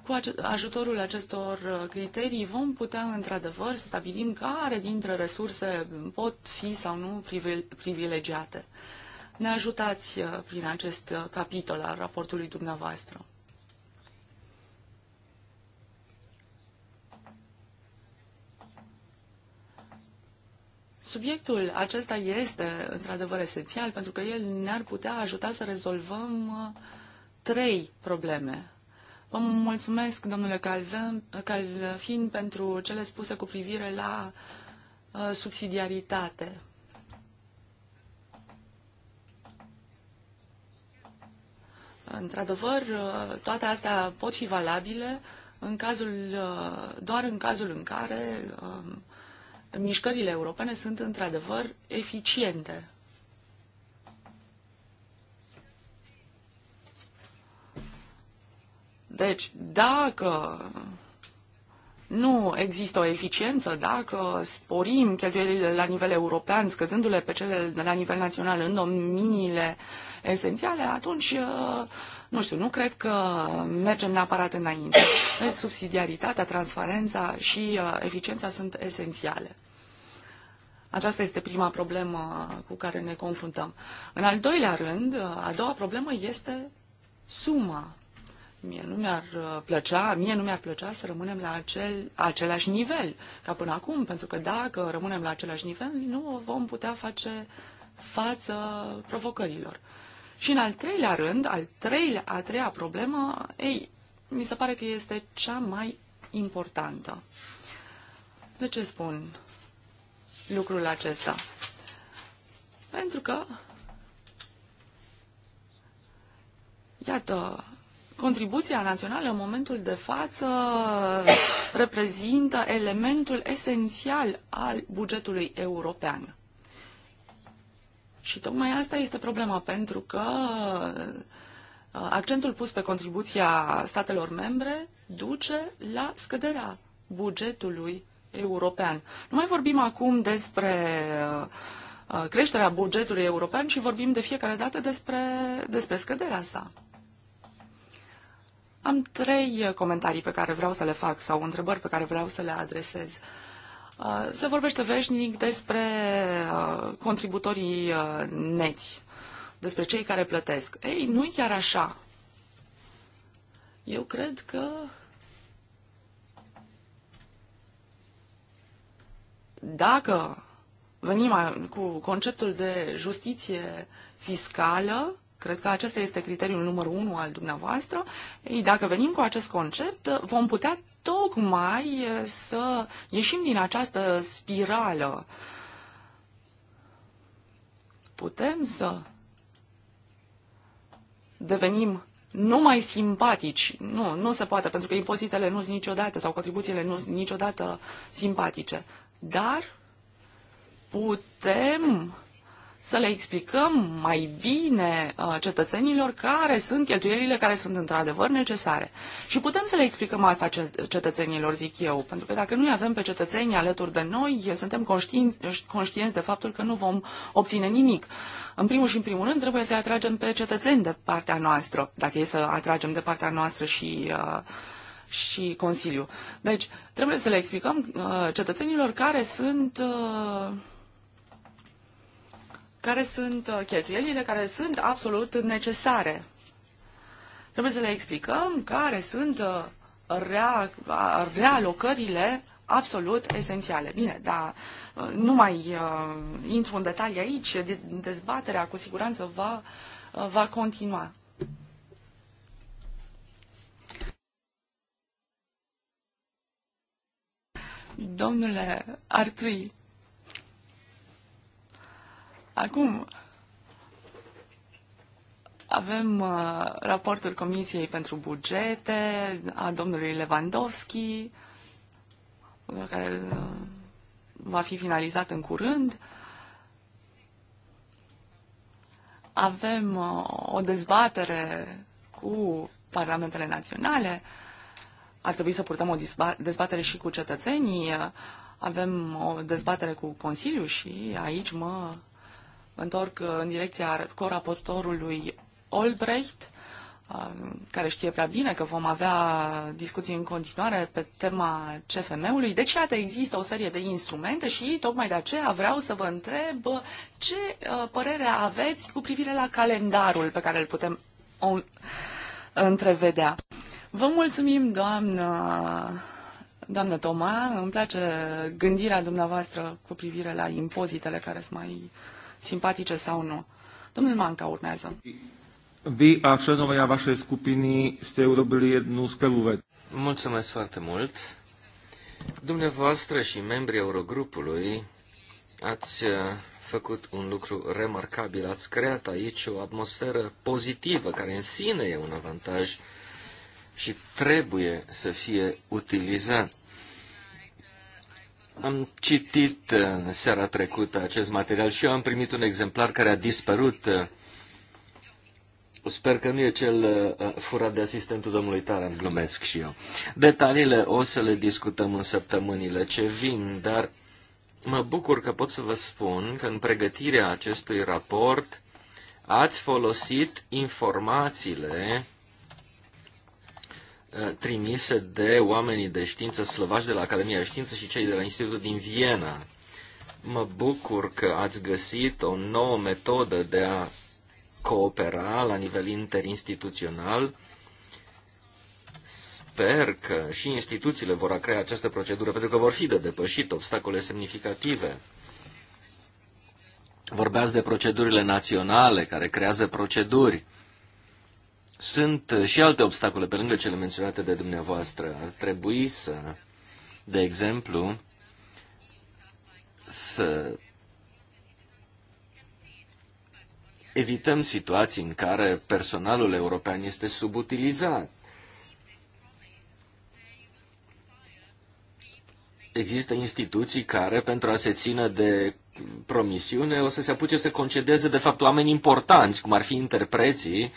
Cu ajutorul acestor uh, criterii vom putea într-adevăr să stabilim care dintre resurse pot fi sau nu privilegiate. Ne ajutați uh, prin acest uh, capitol al raportului dumneavoastră. Subiectul acesta este într-adevăr esențial pentru că el ne-ar putea ajuta să rezolvăm trei probleme Vă mulțumesc, domnule Calvin, Calvin, pentru cele spuse cu privire la uh, subsidiaritate. Într-adevăr, uh, toate astea pot fi valabile în cazul, uh, doar în cazul în care um, mișcările europene sunt într-adevăr eficiente. Deci, dacă nu există o eficiență dacă sporim cheltuielile la nivel european, scăzându-le pe cele la nivel național în domeniile esențiale, atunci, uh, nu știu, nu cred că mergem neapărat înainte. Deci, subsidiaritatea, transparența și uh, eficiența sunt esențiale. Aceasta este prima problemă cu care ne confruntăm. În al doilea rând, uh, a doua problemă este suma Mie nu mi-ar uh, plăcea, mie nu mi-ar plăcea să rămânem la acel, același nivel ca până acum, pentru că dacă rămânem la același nivel, nu vom putea face față provocărilor. Și în al treilea rând, al treilea, a treia problemă, ei, mi se pare că este cea mai importantă. De ce spun lucrul acesta? Pentru că, iată, Contribuția națională în momentul de față reprezintă elementul esențial al bugetului european. Și tocmai asta este problema, pentru că uh, accentul pus pe contribuția statelor membre duce la scăderea bugetului european. Nu mai vorbim acum despre uh, creșterea bugetului european, ci vorbim de fiecare dată despre, despre scăderea sa. Am trei comentarii pe care vreau să le fac sau întrebări pe care vreau să le adresez. Uh, se vorbește veșnic despre uh, contributorii uh, neți, despre cei care plătesc. Ei, nu-i chiar așa. Eu cred că dacă venim cu conceptul de justiție fiscală, Cred că acesta este criteriul numărul unu al dumneavoastră. Ei, dacă venim cu acest concept, vom putea tocmai eh, să ieșim din această spirală. Putem să devenim nu mai simpatici. Nu, nu se poate, pentru că impozitele nu sunt niciodată sau contribuțiile nu sunt niciodată simpatice. Dar putem să le explicăm mai bine uh, cetățenilor care sunt cheltuielile care sunt într-adevăr necesare. Și putem să le explicăm asta cetățenilor, zic eu, pentru că dacă nu avem pe cetățenii alături de noi, suntem conștienți, conștienți de faptul că nu vom obține nimic. În primul și în primul rând trebuie să-i atragem pe cetățeni de partea noastră, dacă e să atragem de partea noastră și uh, și Consiliu. Deci, trebuie să le explicăm uh, cetățenilor care sunt uh, care sunt uh, cheltuielile care sunt absolut necesare. Trebuie să le explicăm care sunt uh, rea, realocările absolut esențiale. Bine, dar uh, nu mai uh, intru în detalii aici, dezbaterea cu siguranță va, uh, va continua. Domnule Artui, Acum, avem uh, raportul Comisiei pentru Bugete a domnului Lewandowski, care uh, va fi finalizat în curând. Avem uh, o dezbatere cu parlamentele naționale. Ar trebui să purtăm o dezbatere și cu cetățenii. Avem o dezbatere cu Consiliul și aici mă întorc uh, în direcția coraportorului Olbrecht, um, care știe prea bine că vom avea discuții în continuare pe tema CFM-ului. Deci, iată, există o serie de instrumente și tocmai de aceea vreau să vă întreb uh, ce uh, părere aveți cu privire la calendarul pe care îl putem întrevedea. Vă mulțumim, doamnă, doamnă Toma. Îmi place gândirea dumneavoastră cu privire la impozitele care sunt mai simpatice sau nu. Domnul Manca urmează. Vi a členovia vašej skupiny ste urobili jednu skvelú vec. Mulțumesc foarte mult. Dumneavoastră și membrii Eurogrupului ați uh, făcut un lucru remarcabil. Ați creat aici o atmosferă pozitivă, care în sine e un avantaj și trebuie să fie utilizat. Am citit în seara trecută acest material și eu am primit un exemplar care a dispărut. Sper că nu e cel uh, furat de asistentul domnului Tarant, glumesc și eu. Detaliile o să le discutăm în săptămânile ce vin, dar mă bucur că pot să vă spun că în pregătirea acestui raport ați folosit informațiile Eh, trimise de oamenii de știință slovaci de la Academia de Știință și cei de la Institutul din Viena. Mă bucur că ați găsit o nouă metodă de a coopera la nivel interinstituțional. Sper că și instituțiile vor crea această procedură, pentru că vor fi de depășit obstacole semnificative. Vorbeați de procedurile naționale care creează proceduri. Sunt uh, și alte obstacole pe lângă cele menționate de dumneavoastră. Ar trebui să, de exemplu, să evităm situații în care personalul european este subutilizat. Există instituții care, pentru a se țină de promisiune, o să se apuce să concedeze, de fapt, oameni importanți, cum ar fi interpreții,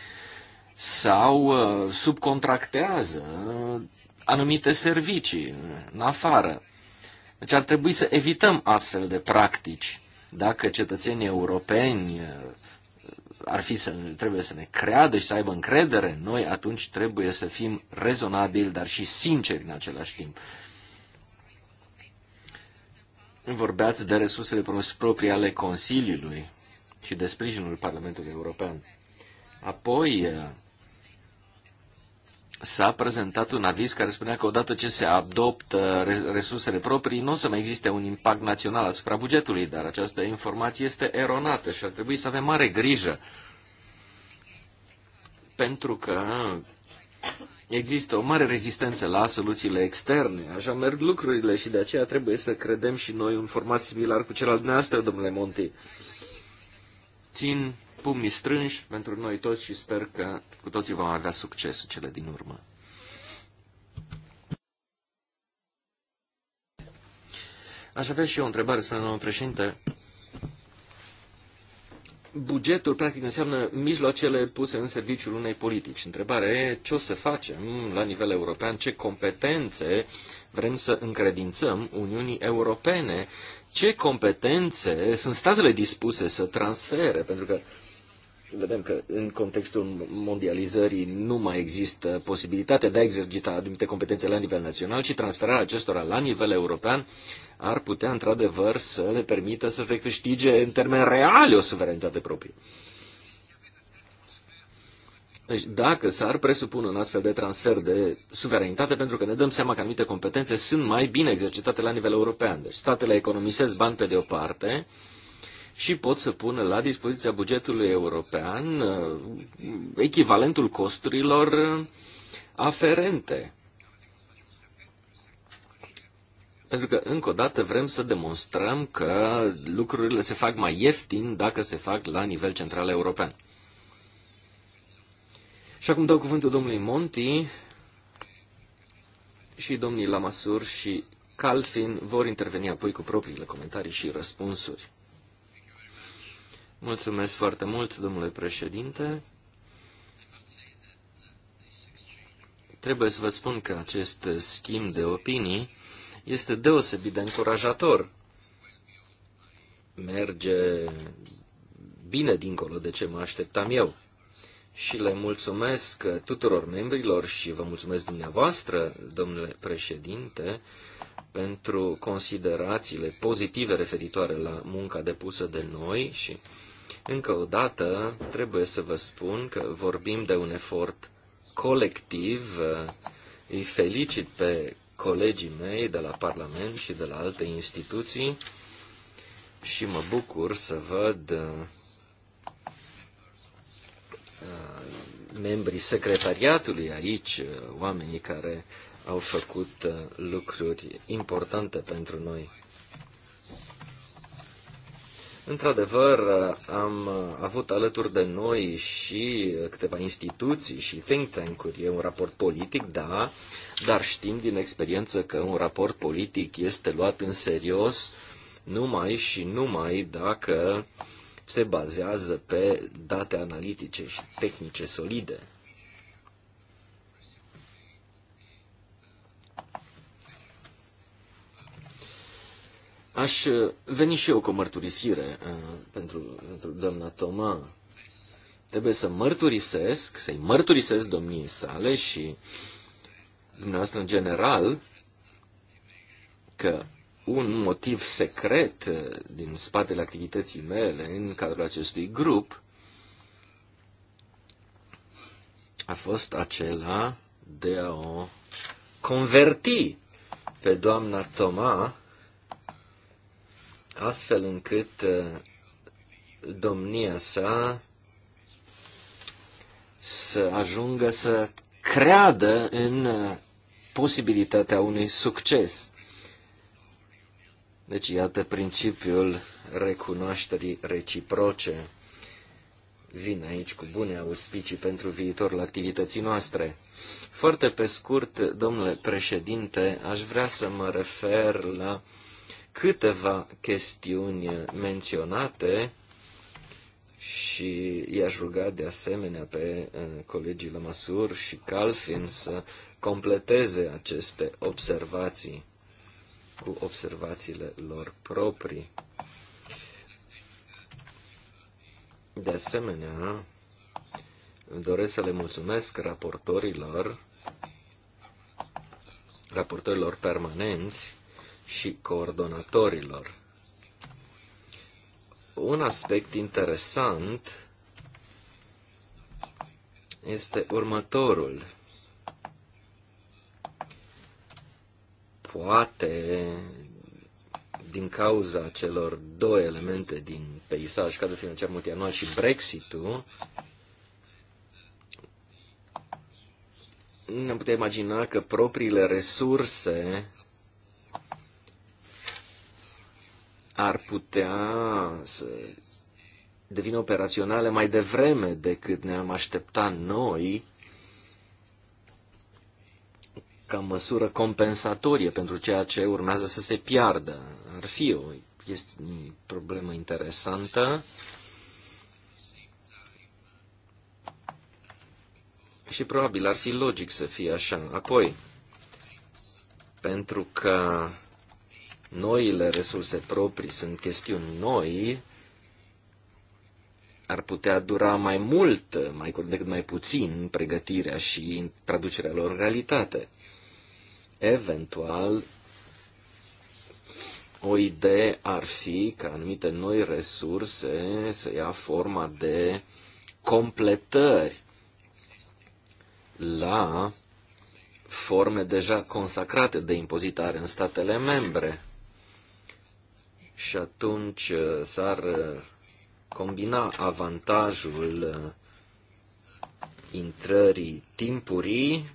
sau uh, subcontractează anumite servicii în afară. Deci ar trebui să evităm astfel de practici. Dacă cetățenii europeni uh, ar fi să, trebuie să ne creadă și să aibă încredere noi, atunci trebuie să fim rezonabili, dar și sinceri în același timp. Vorbeați de resursele proprii ale Consiliului și de sprijinul Parlamentului European. Apoi, uh, s-a prezentat un aviz care spunea că odată ce se adoptă resursele proprii, nu o să mai existe un impact național asupra bugetului, dar această informație este eronată și ar trebui să avem mare grijă. Pentru că există o mare rezistență la soluțiile externe, așa merg lucrurile și de aceea trebuie să credem și noi un format similar cu cel al dumneavoastră, domnule Monti. Țin pumnii strânși pentru noi toți și sper că cu toții vom avea succes cele din urmă. Aș avea și eu o întrebare spre domnul președinte. Bugetul, practic, înseamnă mijloacele puse în serviciul unei politici. Întrebarea e ce o să facem la nivel european, ce competențe vrem să încredințăm Uniunii Europene ce competențe sunt statele dispuse să transfere, pentru că vedem că în contextul mondializării nu mai există posibilitatea de a exercita anumite competențe la nivel național, ci transferarea acestora la nivel european ar putea într-adevăr să le permită să recâștige în termeni reale o suveranitate proprie. Deci dacă s-ar presupune un astfel de transfer de suveranitate, pentru că ne dăm seama că anumite competențe sunt mai bine exercitate la nivel european. Deci statele economisesc bani pe de o parte și pot să pună la dispoziția bugetului european uh, echivalentul costurilor uh, aferente. Pentru că, încă o dată, vrem să demonstrăm că lucrurile se fac mai ieftin dacă se fac la nivel central european. Și acum dau cuvântul domnului Monti și domnii Lamasur și Calfin vor interveni apoi cu propriile comentarii și răspunsuri. Mulțumesc foarte mult, domnule președinte. Trebuie să vă spun că acest schimb de opinii este deosebit de încurajator. Merge bine dincolo de ce mă așteptam eu și le mulțumesc tuturor membrilor și vă mulțumesc dumneavoastră, domnule președinte, pentru considerațiile pozitive referitoare la munca depusă de noi și încă o dată trebuie să vă spun că vorbim de un efort colectiv. Îi felicit pe colegii mei de la Parlament și de la alte instituții și mă bucur să văd Uh, membrii secretariatului aici, uh, oamenii care au făcut uh, lucruri importante pentru noi. Într-adevăr, am avut alături de noi și câteva instituții și think tank-uri. E un raport politic, da, dar știm din experiență că un raport politic este luat în serios numai și numai dacă uh, se bazează pe date analitice și tehnice solide. Aș uh, veni și eu cu o mărturisire uh, pentru, pentru doamna Toma. Trebuie să mărturisesc, să-i mărturisesc domniei sale și dumneavoastră în general că un motiv secret eh, din spatele activității mele în cadrul acestui grup a fost acela de a o converti pe doamna Toma astfel încât eh, domnia sa să ajungă să creadă în eh, posibilitatea unui succes. Deci, iată principiul recunoașterii reciproce. Vin aici cu bune auspicii pentru viitorul activității noastre. Foarte pe scurt, domnule președinte, aș vrea să mă refer la câteva chestiuni menționate și i-aș ruga de asemenea pe uh, colegii Lămăsur și Calfin să completeze aceste observații cu observațiile lor proprii. De asemenea, doresc să le mulțumesc raportorilor, raportorilor permanenți și coordonatorilor. Un aspect interesant este următorul. poate, din cauza celor două elemente din peisaj, cadrul financiar multianual și Brexit-ul, ne putea imagina că propriile resurse ar putea să devină operaționale mai devreme decât ne-am aștepta noi, ca măsură compensatorie pentru ceea ce urmează să se piardă. Ar fi o este o problemă interesantă. Și probabil ar fi logic să fie așa. Apoi, pentru că noile resurse proprii sunt chestiuni noi, ar putea dura mai mult mai, decât mai puțin pregătirea și traducerea lor în realitate. Eventual, o idee ar fi ca anumite noi resurse să ia forma de completări la forme deja consacrate de impozitare în statele membre. Și atunci uh, s-ar uh, combina avantajul uh, intrării timpurii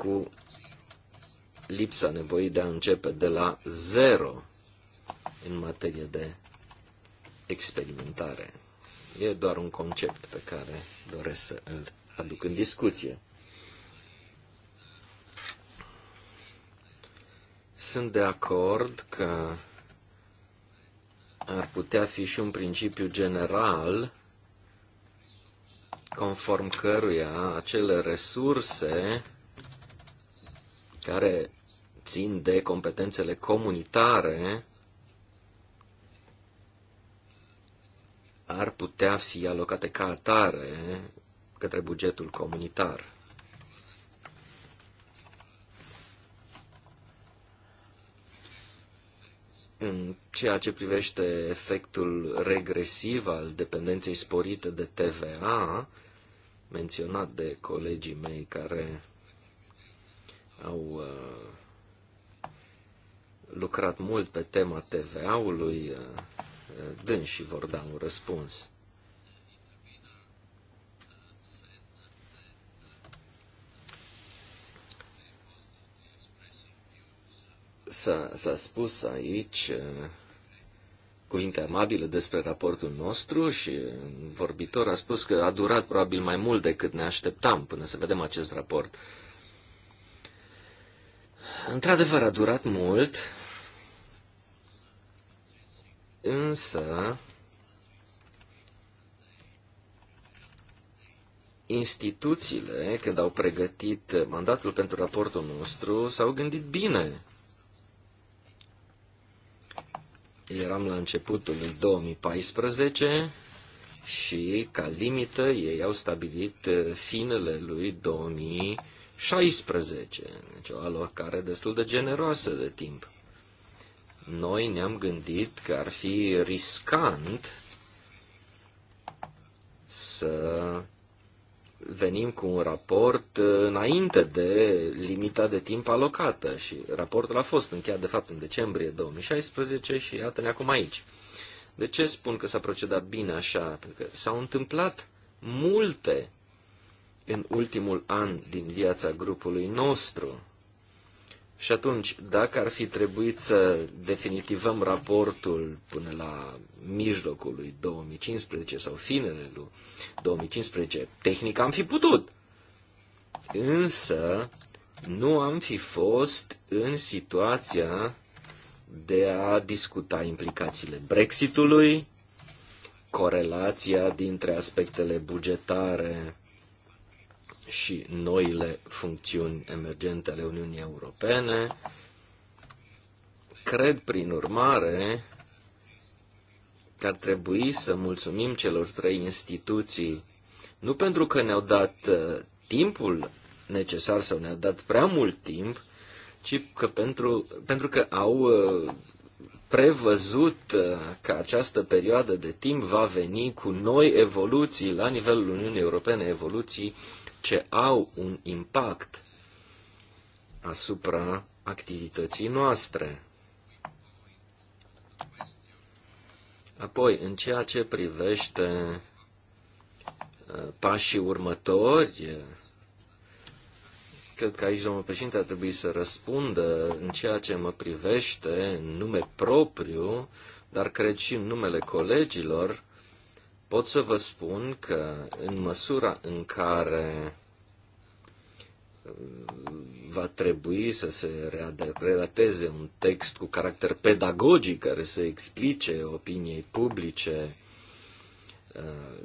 cu lipsa nevoii de a începe de la zero în materie de experimentare. E doar un concept pe care doresc să îl aduc în discuție. Sunt de acord că ar putea fi și un principiu general conform căruia acele resurse care țin de competențele comunitare ar putea fi alocate ca atare către bugetul comunitar. În ceea ce privește efectul regresiv al dependenței sporite de TVA, menționat de colegii mei care au uh, lucrat mult pe tema TVA-ului, uh, uh, dâns și vor da un răspuns. S-a, spus aici cuvinte amabile despre raportul nostru și vorbitor a spus că a durat probabil mai mult decât ne așteptam până să vedem acest raport. Uh, Într-adevăr, a durat mult, însă instituțiile, când au pregătit mandatul pentru raportul nostru, s-au gândit bine. Eram la începutul lui 2014 și, ca limită, ei au stabilit eh, finele lui 2014. 16, deci o alocare destul de generoasă de timp. Noi ne-am gândit că ar fi riscant să venim cu un raport înainte de limita de timp alocată și raportul a fost încheiat de fapt în decembrie 2016 și iată-ne acum aici. De ce spun că s-a procedat bine așa? Pentru că s-au întâmplat multe în ultimul an din viața grupului nostru. Și atunci, dacă ar fi trebuit să definitivăm raportul până la mijlocul lui 2015 sau finele lui 2015, tehnic am fi putut. Însă, nu am fi fost în situația de a discuta implicațiile Brexitului, corelația dintre aspectele bugetare și noile funcțiuni emergente ale Uniunii Europene. Cred, prin urmare, că ar trebui să mulțumim celor trei instituții, nu pentru că ne-au dat uh, timpul necesar sau ne-au dat prea mult timp, ci că pentru, pentru că au uh, prevăzut uh, că această perioadă de timp va veni cu noi evoluții la nivelul Uniunii Europene, evoluții ce au un impact asupra activității noastre. Apoi, în ceea ce privește uh, pașii următori, uh, cred că aici domnul președinte ar trebui să răspundă în ceea ce mă privește în nume propriu, dar cred și în numele colegilor, pot să vă spun că în măsura în care uh, va trebui să se relateze un text cu caracter pedagogic care să explice opiniei publice uh,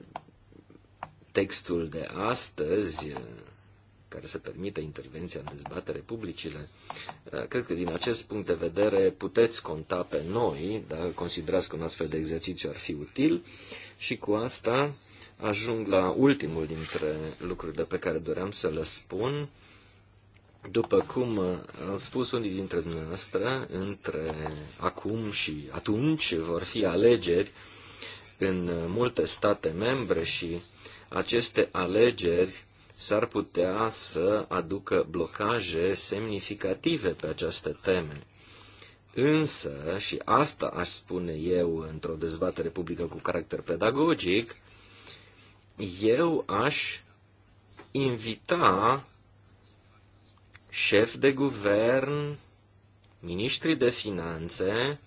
textul de astăzi, uh, care să permită intervenția în dezbatere publicile. Cred că din acest punct de vedere puteți conta pe noi, dacă considerați că un astfel de exercițiu ar fi util. Și cu asta ajung la ultimul dintre lucrurile pe care doream să le spun. După cum uh, au spus unii dintre dumneavoastră, între acum și atunci vor fi alegeri în uh, multe state membre și aceste alegeri s-ar putea să aducă blocaje semnificative pe aceste teme. Însă, și asta aș spune eu într-o dezbatere publică cu caracter pedagogic, eu aș invita șef de guvern, ministrii de finanțe,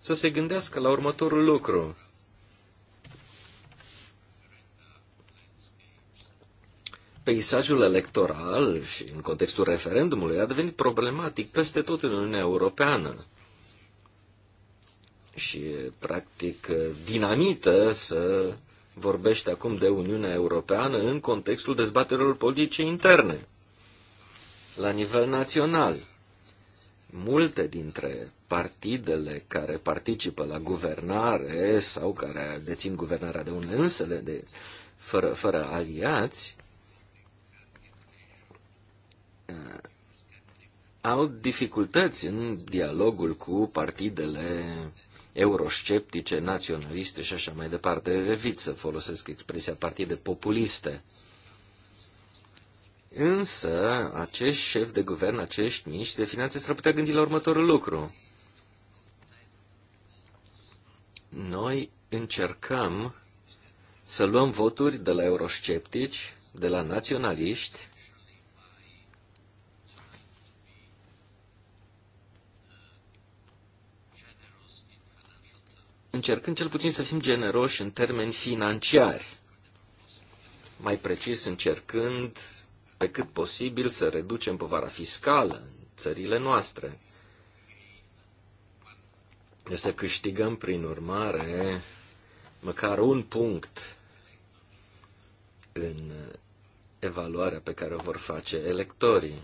să se gândească la următorul lucru. peisajul electoral și în contextul referendumului a devenit problematic peste tot în Uniunea Europeană. Și practic dinamită să vorbește acum de Uniunea Europeană în contextul dezbaterilor politice interne, la nivel național. Multe dintre partidele care participă la guvernare sau care dețin guvernarea de unele însele, de, fără, fără aliați, Uh, au dificultăți în dialogul cu partidele eurosceptice, naționaliste și așa mai departe. Revit să folosesc expresia partide populiste. Însă, acești șef de guvern, acești miniștri de finanțe s-ar putea gândi la următorul lucru. Noi încercăm să luăm voturi de la eurosceptici, de la naționaliști, încercând cel puțin să fim generoși în termeni financiari, mai precis încercând pe cât posibil să reducem povara fiscală în țările noastre. Să câștigăm, prin urmare, măcar un punct în evaluarea pe care o vor face electorii.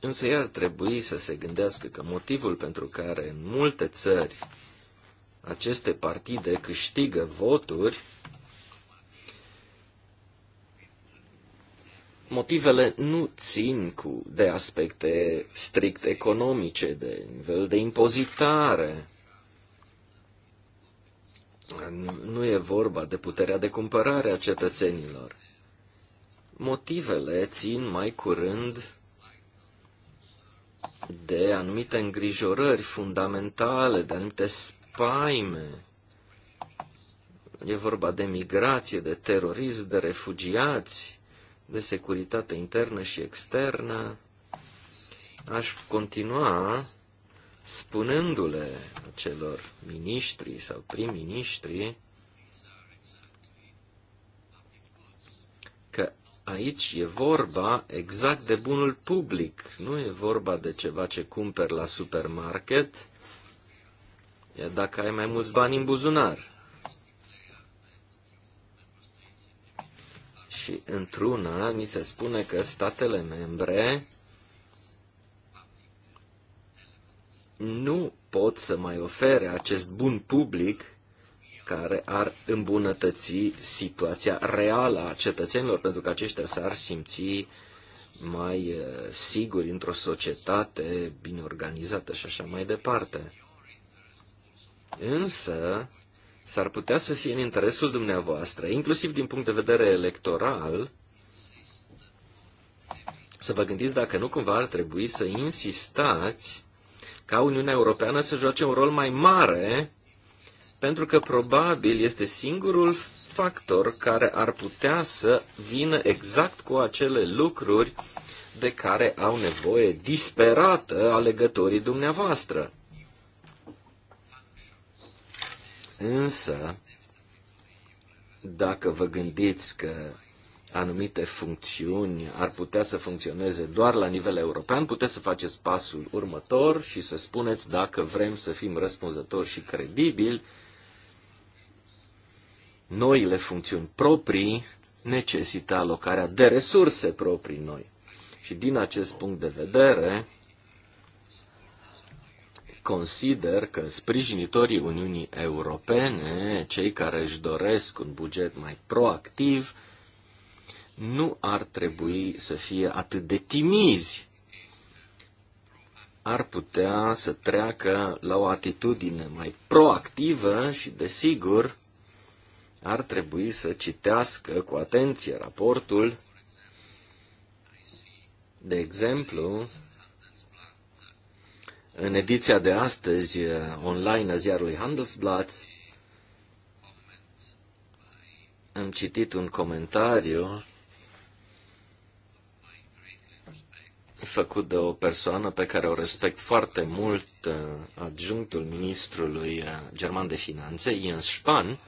Însă ea ar trebui să se gândească că motivul pentru care în multe țări aceste partide câștigă voturi, motivele nu țin cu de aspecte strict economice, de nivel de impozitare. Nu e vorba de puterea de cumpărare a cetățenilor. Motivele țin mai curând de anumite îngrijorări fundamentale, de anumite spaime. E vorba de migrație, de terorism, de refugiați, de securitate internă și externă. Aș continua spunându-le acelor miniștri sau prim-miniștri Aici e vorba exact de bunul public, nu e vorba de ceva ce cumperi la supermarket, e dacă ai mai mulți bani în buzunar. Și într-una ni se spune că statele membre nu pot să mai ofere acest bun public care ar îmbunătăți situația reală a cetățenilor, pentru că aceștia s-ar simți mai eh, siguri într-o societate bine organizată și așa mai departe. Însă, s-ar putea să fie în interesul dumneavoastră, inclusiv din punct de vedere electoral, să vă gândiți dacă nu cumva ar trebui să insistați ca Uniunea Europeană să joace un rol mai mare pentru că probabil este singurul factor care ar putea să vină exact cu acele lucruri de care au nevoie disperată alegătorii dumneavoastră. Însă, dacă vă gândiți că anumite funcțiuni ar putea să funcționeze doar la nivel european, puteți să faceți pasul următor și să spuneți dacă vrem să fim răspunzători și credibili, noile funcțiuni proprii necesită alocarea de resurse proprii noi. Și din acest punct de vedere, consider că sprijinitorii Uniunii Europene, cei care își doresc un buget mai proactiv, nu ar trebui să fie atât de timizi. Ar putea să treacă la o atitudine mai proactivă și, desigur, ar trebui să citească cu atenție raportul. De exemplu, în ediția de astăzi eh, online a ziarului Handelsblatt, am citit un comentariu făcut de o persoană pe care o respect foarte mult, eh, adjunctul ministrului eh, german de finanțe, Jens Spahn,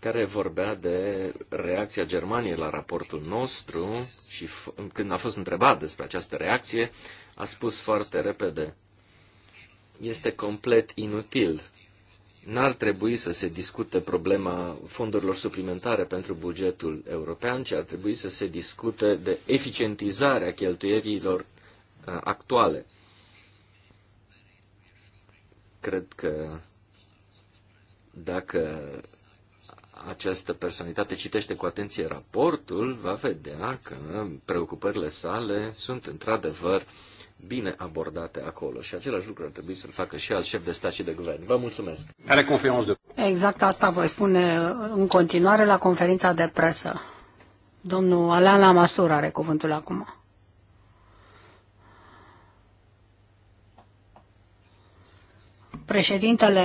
care vorbea de reacția Germaniei la raportul nostru și când a fost întrebat despre această reacție, a spus foarte repede, este complet inutil. N-ar trebui să se discute problema fondurilor suplimentare pentru bugetul european, ci ar trebui să se discute de eficientizarea cheltuierilor uh, actuale. Cred că dacă această personalitate citește cu atenție raportul, va vedea că preocupările sale sunt într-adevăr bine abordate acolo și același lucru ar trebui să-l facă și alt șef de stat și de guvern. Vă mulțumesc! Exact asta voi spune în continuare la conferința de presă. Domnul Alan Lamasur are cuvântul acum. Președintele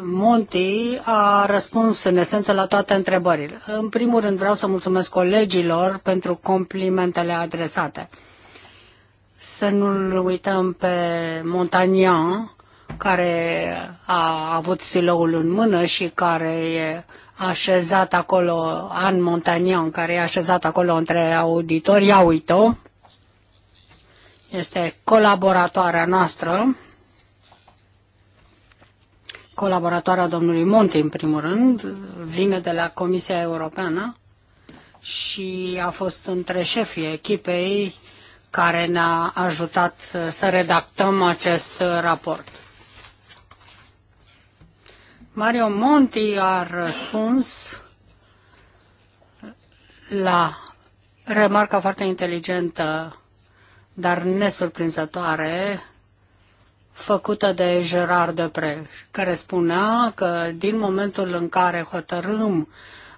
Monti a răspuns în esență la toate întrebările. În primul rând vreau să mulțumesc colegilor pentru complimentele adresate. Să nu-l uităm pe Montagnan, care a avut stiloul în mână și care e așezat acolo, An Montagnan, care e așezat acolo între auditori, ia uite-o, este colaboratoarea noastră colaboratoare a domnului Monti, în primul rând, vine de la Comisia Europeană și a fost între șefii echipei care ne-a ajutat să redactăm acest raport. Mario Monti a răspuns la remarca foarte inteligentă, dar nesurprinzătoare, făcută de Gerard Depre, care spunea că din momentul în care hotărâm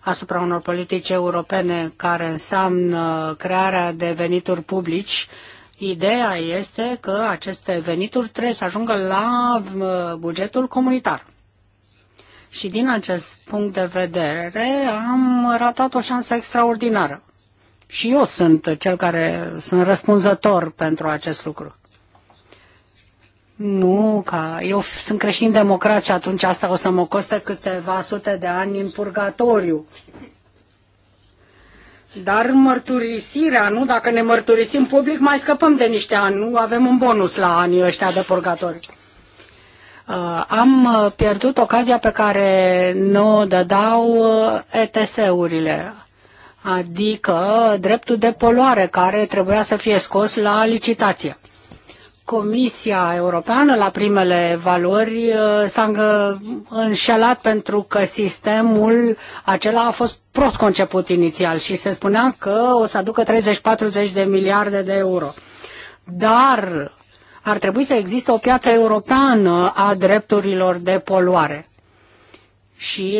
asupra unor politici europene care înseamnă crearea de venituri publici, ideea este că aceste venituri trebuie să ajungă la uh, bugetul comunitar. Și din acest punct de vedere am ratat o șansă extraordinară. Și eu sunt cel care sunt răspunzător pentru acest lucru. Nu, ca eu sunt creștin democrat și atunci asta o să mă costă câteva sute de ani în purgatoriu. Dar mărturisirea, nu? Dacă ne mărturisim public, mai scăpăm de niște ani, nu? Avem un bonus la anii ăștia de purgatori. Uh, am uh, pierdut ocazia pe care nu o dădau uh, ETS-urile, adică dreptul de poluare care trebuia să fie scos la licitație. Comisia Europeană la primele valori uh, s-a înșelat pentru că sistemul acela a fost prost conceput inițial și se spunea că o să aducă 30-40 de miliarde de euro. Dar ar trebui să existe o piață europeană a drepturilor de poluare și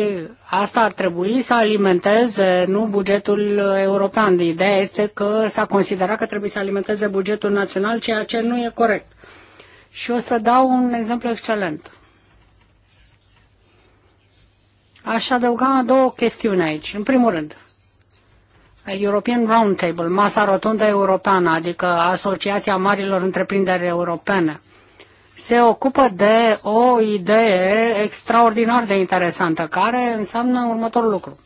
asta ar trebui să alimenteze, nu bugetul european. Ideea este că s-a considerat că trebuie să alimenteze bugetul național, ceea ce nu e corect. Și o să dau un exemplu excelent. Aș adăuga două chestiuni aici. În primul rând, European Roundtable, masa rotundă europeană, adică Asociația Marilor Întreprinderi Europene, se ocupă de o idee extraordinar de interesantă, care înseamnă următorul lucru.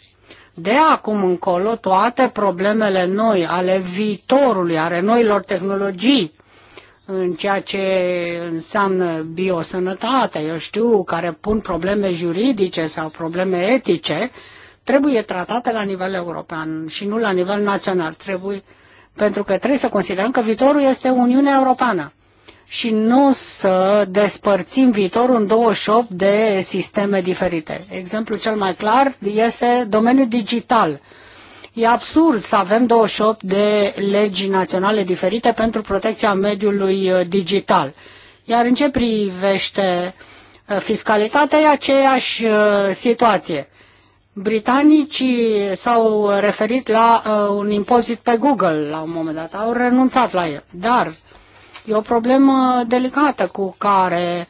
De acum încolo, toate problemele noi ale viitorului, ale noilor tehnologii, în ceea ce înseamnă biosănătate, eu știu, care pun probleme juridice sau probleme etice, trebuie tratate la nivel european și nu la nivel național. Trebuie, pentru că trebuie să considerăm că viitorul este Uniunea Europeană și nu să despărțim viitorul în 28 de sisteme diferite. Exemplul cel mai clar este domeniul digital. E absurd să avem 28 de legi naționale diferite pentru protecția mediului uh, digital. Iar în ce privește uh, fiscalitatea, e aceeași uh, situație. Britanicii s-au referit la un impozit pe Google la un moment dat, au renunțat la el. Dar E o problemă delicată cu care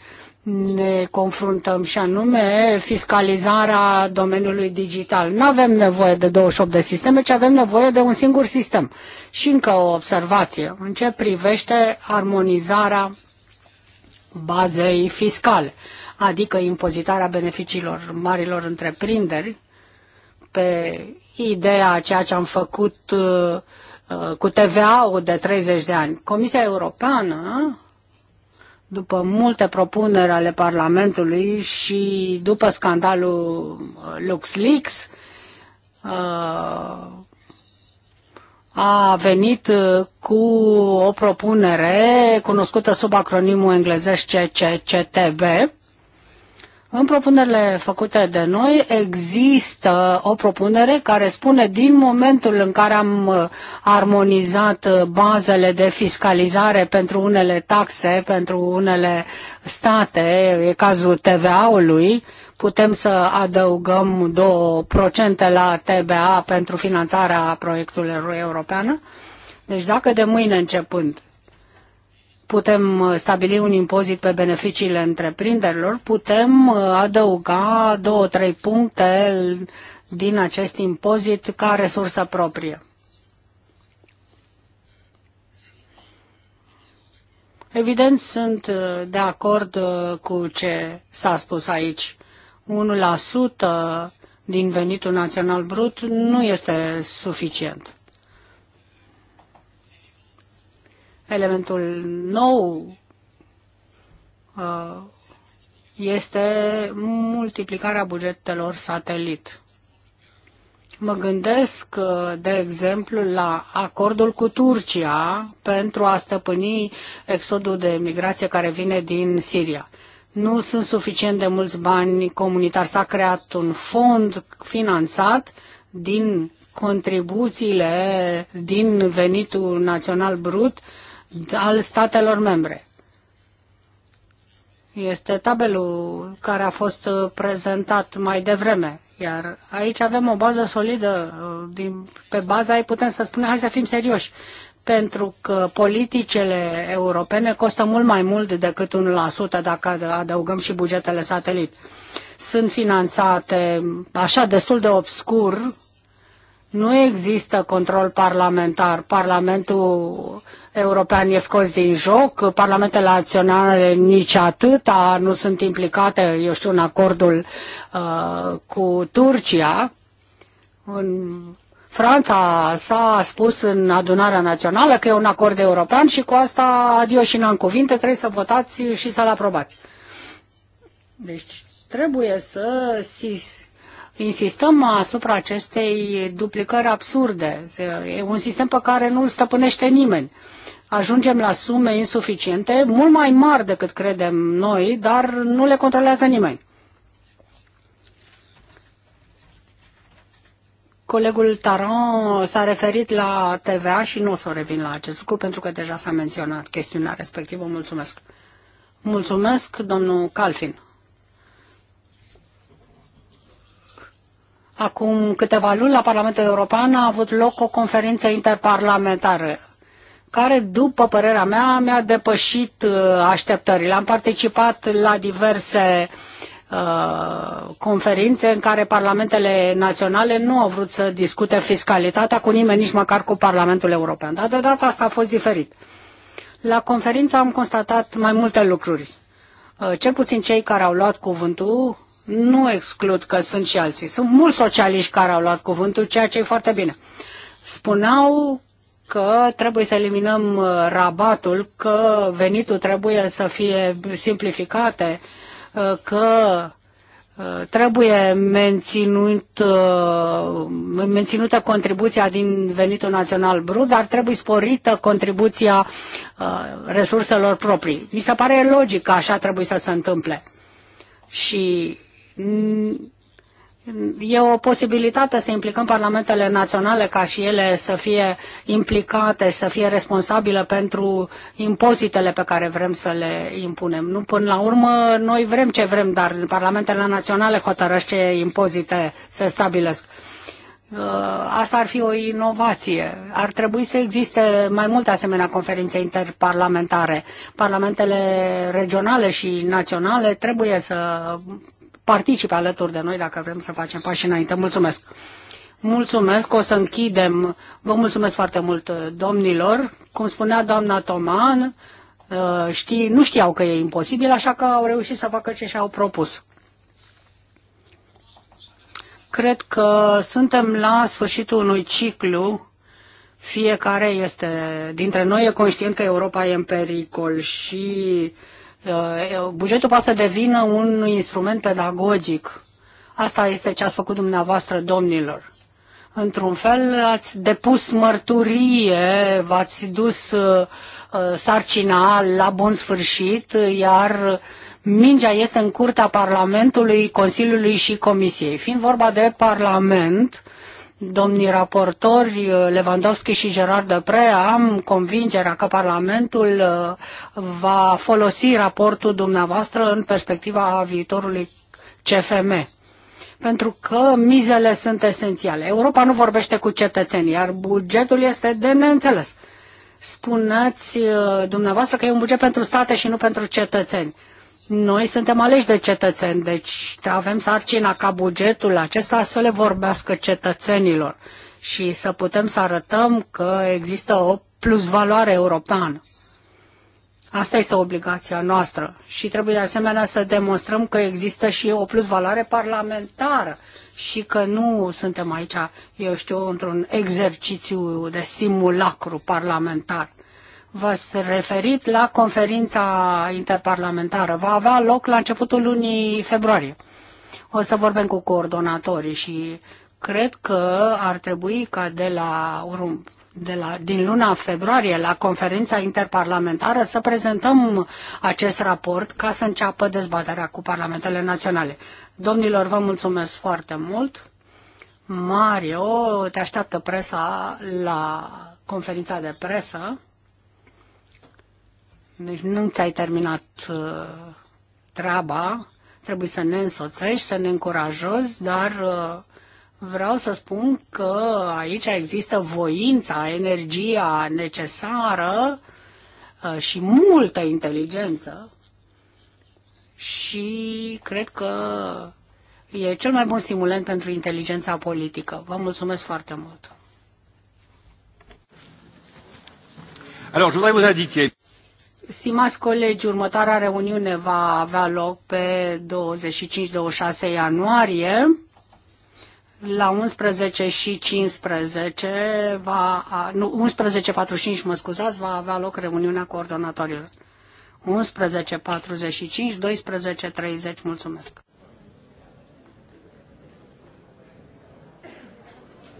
ne confruntăm și anume fiscalizarea domeniului digital. Nu avem nevoie de 28 de sisteme, ci avem nevoie de un singur sistem. Și încă o observație în ce privește armonizarea bazei fiscale, adică impozitarea beneficiilor marilor întreprinderi pe ideea ceea ce am făcut uh, Uh, cu TVA-ul de 30 de ani. Comisia Europeană, după multe propuneri ale Parlamentului și după scandalul uh, LuxLeaks, uh, a venit cu o propunere cunoscută sub acronimul englezesc CCCTB, în propunerile făcute de noi există o propunere care spune din momentul în care am uh, armonizat uh, bazele de fiscalizare pentru unele taxe, pentru unele state, e cazul TVA-ului, putem să adăugăm 2% la TBA pentru finanțarea proiectului european. Deci dacă de mâine începând putem uh, stabili un impozit pe beneficiile întreprinderilor, putem uh, adăuga două, trei puncte din acest impozit ca resursă proprie. Evident, sunt uh, de acord cu ce s-a spus aici. 1% din venitul național brut nu este suficient. Elementul nou uh, este multiplicarea bugetelor satelit. Mă gândesc, uh, de exemplu, la acordul cu Turcia pentru a stăpâni exodul de migrație care vine din Siria. Nu sunt suficient de mulți bani comunitari. S-a creat un fond finanțat din contribuțiile din venitul național brut uh, al statelor membre. Este tabelul care a fost uh, prezentat mai devreme, iar aici avem o bază solidă. Uh, din, pe baza ei putem să spunem, hai să fim serioși, pentru că politicele europene costă mult mai mult decât 1% dacă adăugăm și bugetele satelit. Sunt finanțate așa destul de obscur nu există control parlamentar. Parlamentul European e scos din joc, parlamentele naționale nici atâta nu sunt implicate, eu știu, în acordul uh, cu Turcia. În Franța s-a spus în adunarea națională că e un acord european și cu asta, adio și am cuvinte, trebuie să votați și să-l aprobați. Deci trebuie să insistăm asupra acestei duplicări absurde. E un sistem pe care nu îl stăpânește nimeni. Ajungem la sume insuficiente, mult mai mari decât credem noi, dar nu le controlează nimeni. Colegul Taron s-a referit la TVA și nu o să revin la acest lucru pentru că deja s-a menționat chestiunea respectivă. Mulțumesc. Mulțumesc, domnul Calfin. Acum câteva luni la Parlamentul European a avut loc o conferință interparlamentară care, după părerea mea, mi-a depășit uh, așteptările. Am participat la diverse uh, conferințe în care parlamentele naționale nu au vrut să discute fiscalitatea cu nimeni, nici măcar cu Parlamentul European. Dar de data asta a fost diferit. La conferință am constatat mai multe lucruri. Uh, cel puțin cei care au luat cuvântul nu exclud că sunt și alții. Sunt mulți socialiști care au luat cuvântul, ceea ce e foarte bine. Spuneau că trebuie să eliminăm uh, rabatul, că venitul trebuie să fie simplificate, uh, că uh, trebuie menținut, menținută contribuția din venitul național brut, dar trebuie sporită contribuția resurselor proprii. Mi se pare logic că așa trebuie să se întâmple. Și Mm, e o posibilitate să implicăm parlamentele naționale ca și ele să fie implicate, să fie responsabile pentru impozitele pe care vrem să le impunem. Nu până la urmă, noi vrem ce vrem, dar parlamentele naționale hotărăsc ce impozite se stabilesc. Uh, asta ar fi o inovație. Ar trebui să existe mai multe asemenea conferințe interparlamentare. Parlamentele regionale și naționale trebuie să participe alături de noi dacă vrem să facem pași înainte. Mulțumesc! Mulțumesc, o să închidem. Vă mulțumesc foarte mult, uh, domnilor. Cum spunea doamna Toman, uh, știi, nu știau că e imposibil, așa că au reușit să facă ce și-au propus. Cred că suntem la sfârșitul unui ciclu. Fiecare este dintre noi e conștient că Europa e în pericol și uh, Eh, bugetul poate să devină un instrument pedagogic. Asta este ce ați făcut dumneavoastră, domnilor. Într-un fel ați depus mărturie, v-ați dus eh, eh, sarcina la bun sfârșit, iar mingea este în curtea Parlamentului, Consiliului și Comisiei. Fiind vorba de Parlament, uh, domnii raportori uh, Lewandowski și Gerard Depre, am convingerea că Parlamentul uh, va folosi raportul dumneavoastră în perspectiva viitorului CFM. Pentru că mizele sunt esențiale. Europa nu vorbește cu cetățenii, iar bugetul este de neînțeles. Spuneți uh, dumneavoastră că e un buget pentru state și nu pentru cetățeni. Noi suntem aleși de cetățeni, deci avem sarcina ca bugetul acesta să le vorbească cetățenilor și să putem să arătăm că există o plusvaloare europeană. Asta este obligația noastră și trebuie de asemenea să demonstrăm că există și o plusvaloare parlamentară și că nu suntem aici, eu știu, într-un exercițiu de simulacru parlamentar v-ați referit la conferința interparlamentară. Va avea loc la începutul lunii februarie. O să vorbim cu coordonatorii și cred că ar trebui ca de la, de la, din luna februarie la conferința interparlamentară să prezentăm acest raport ca să înceapă dezbaterea cu parlamentele naționale. Domnilor, vă mulțumesc foarte mult. Mario, te așteaptă presa la conferința de presă. Deci nu ți-ai terminat uh, treaba, trebuie să ne însoțești, să ne încurajezi, dar uh, vreau să spun că aici există voința, energia necesară uh, și multă inteligență și cred că e cel mai bun stimulant pentru inteligența politică. Vă mulțumesc foarte mult! Alors, je voudrais vous indiquer Stimați colegi, următoarea reuniune va avea loc pe 25-26 ianuarie la 11 și 15 va, nu, 11.45, mă scuzați, va avea loc reuniunea coordonatorilor. 11.45, 12.30, mulțumesc.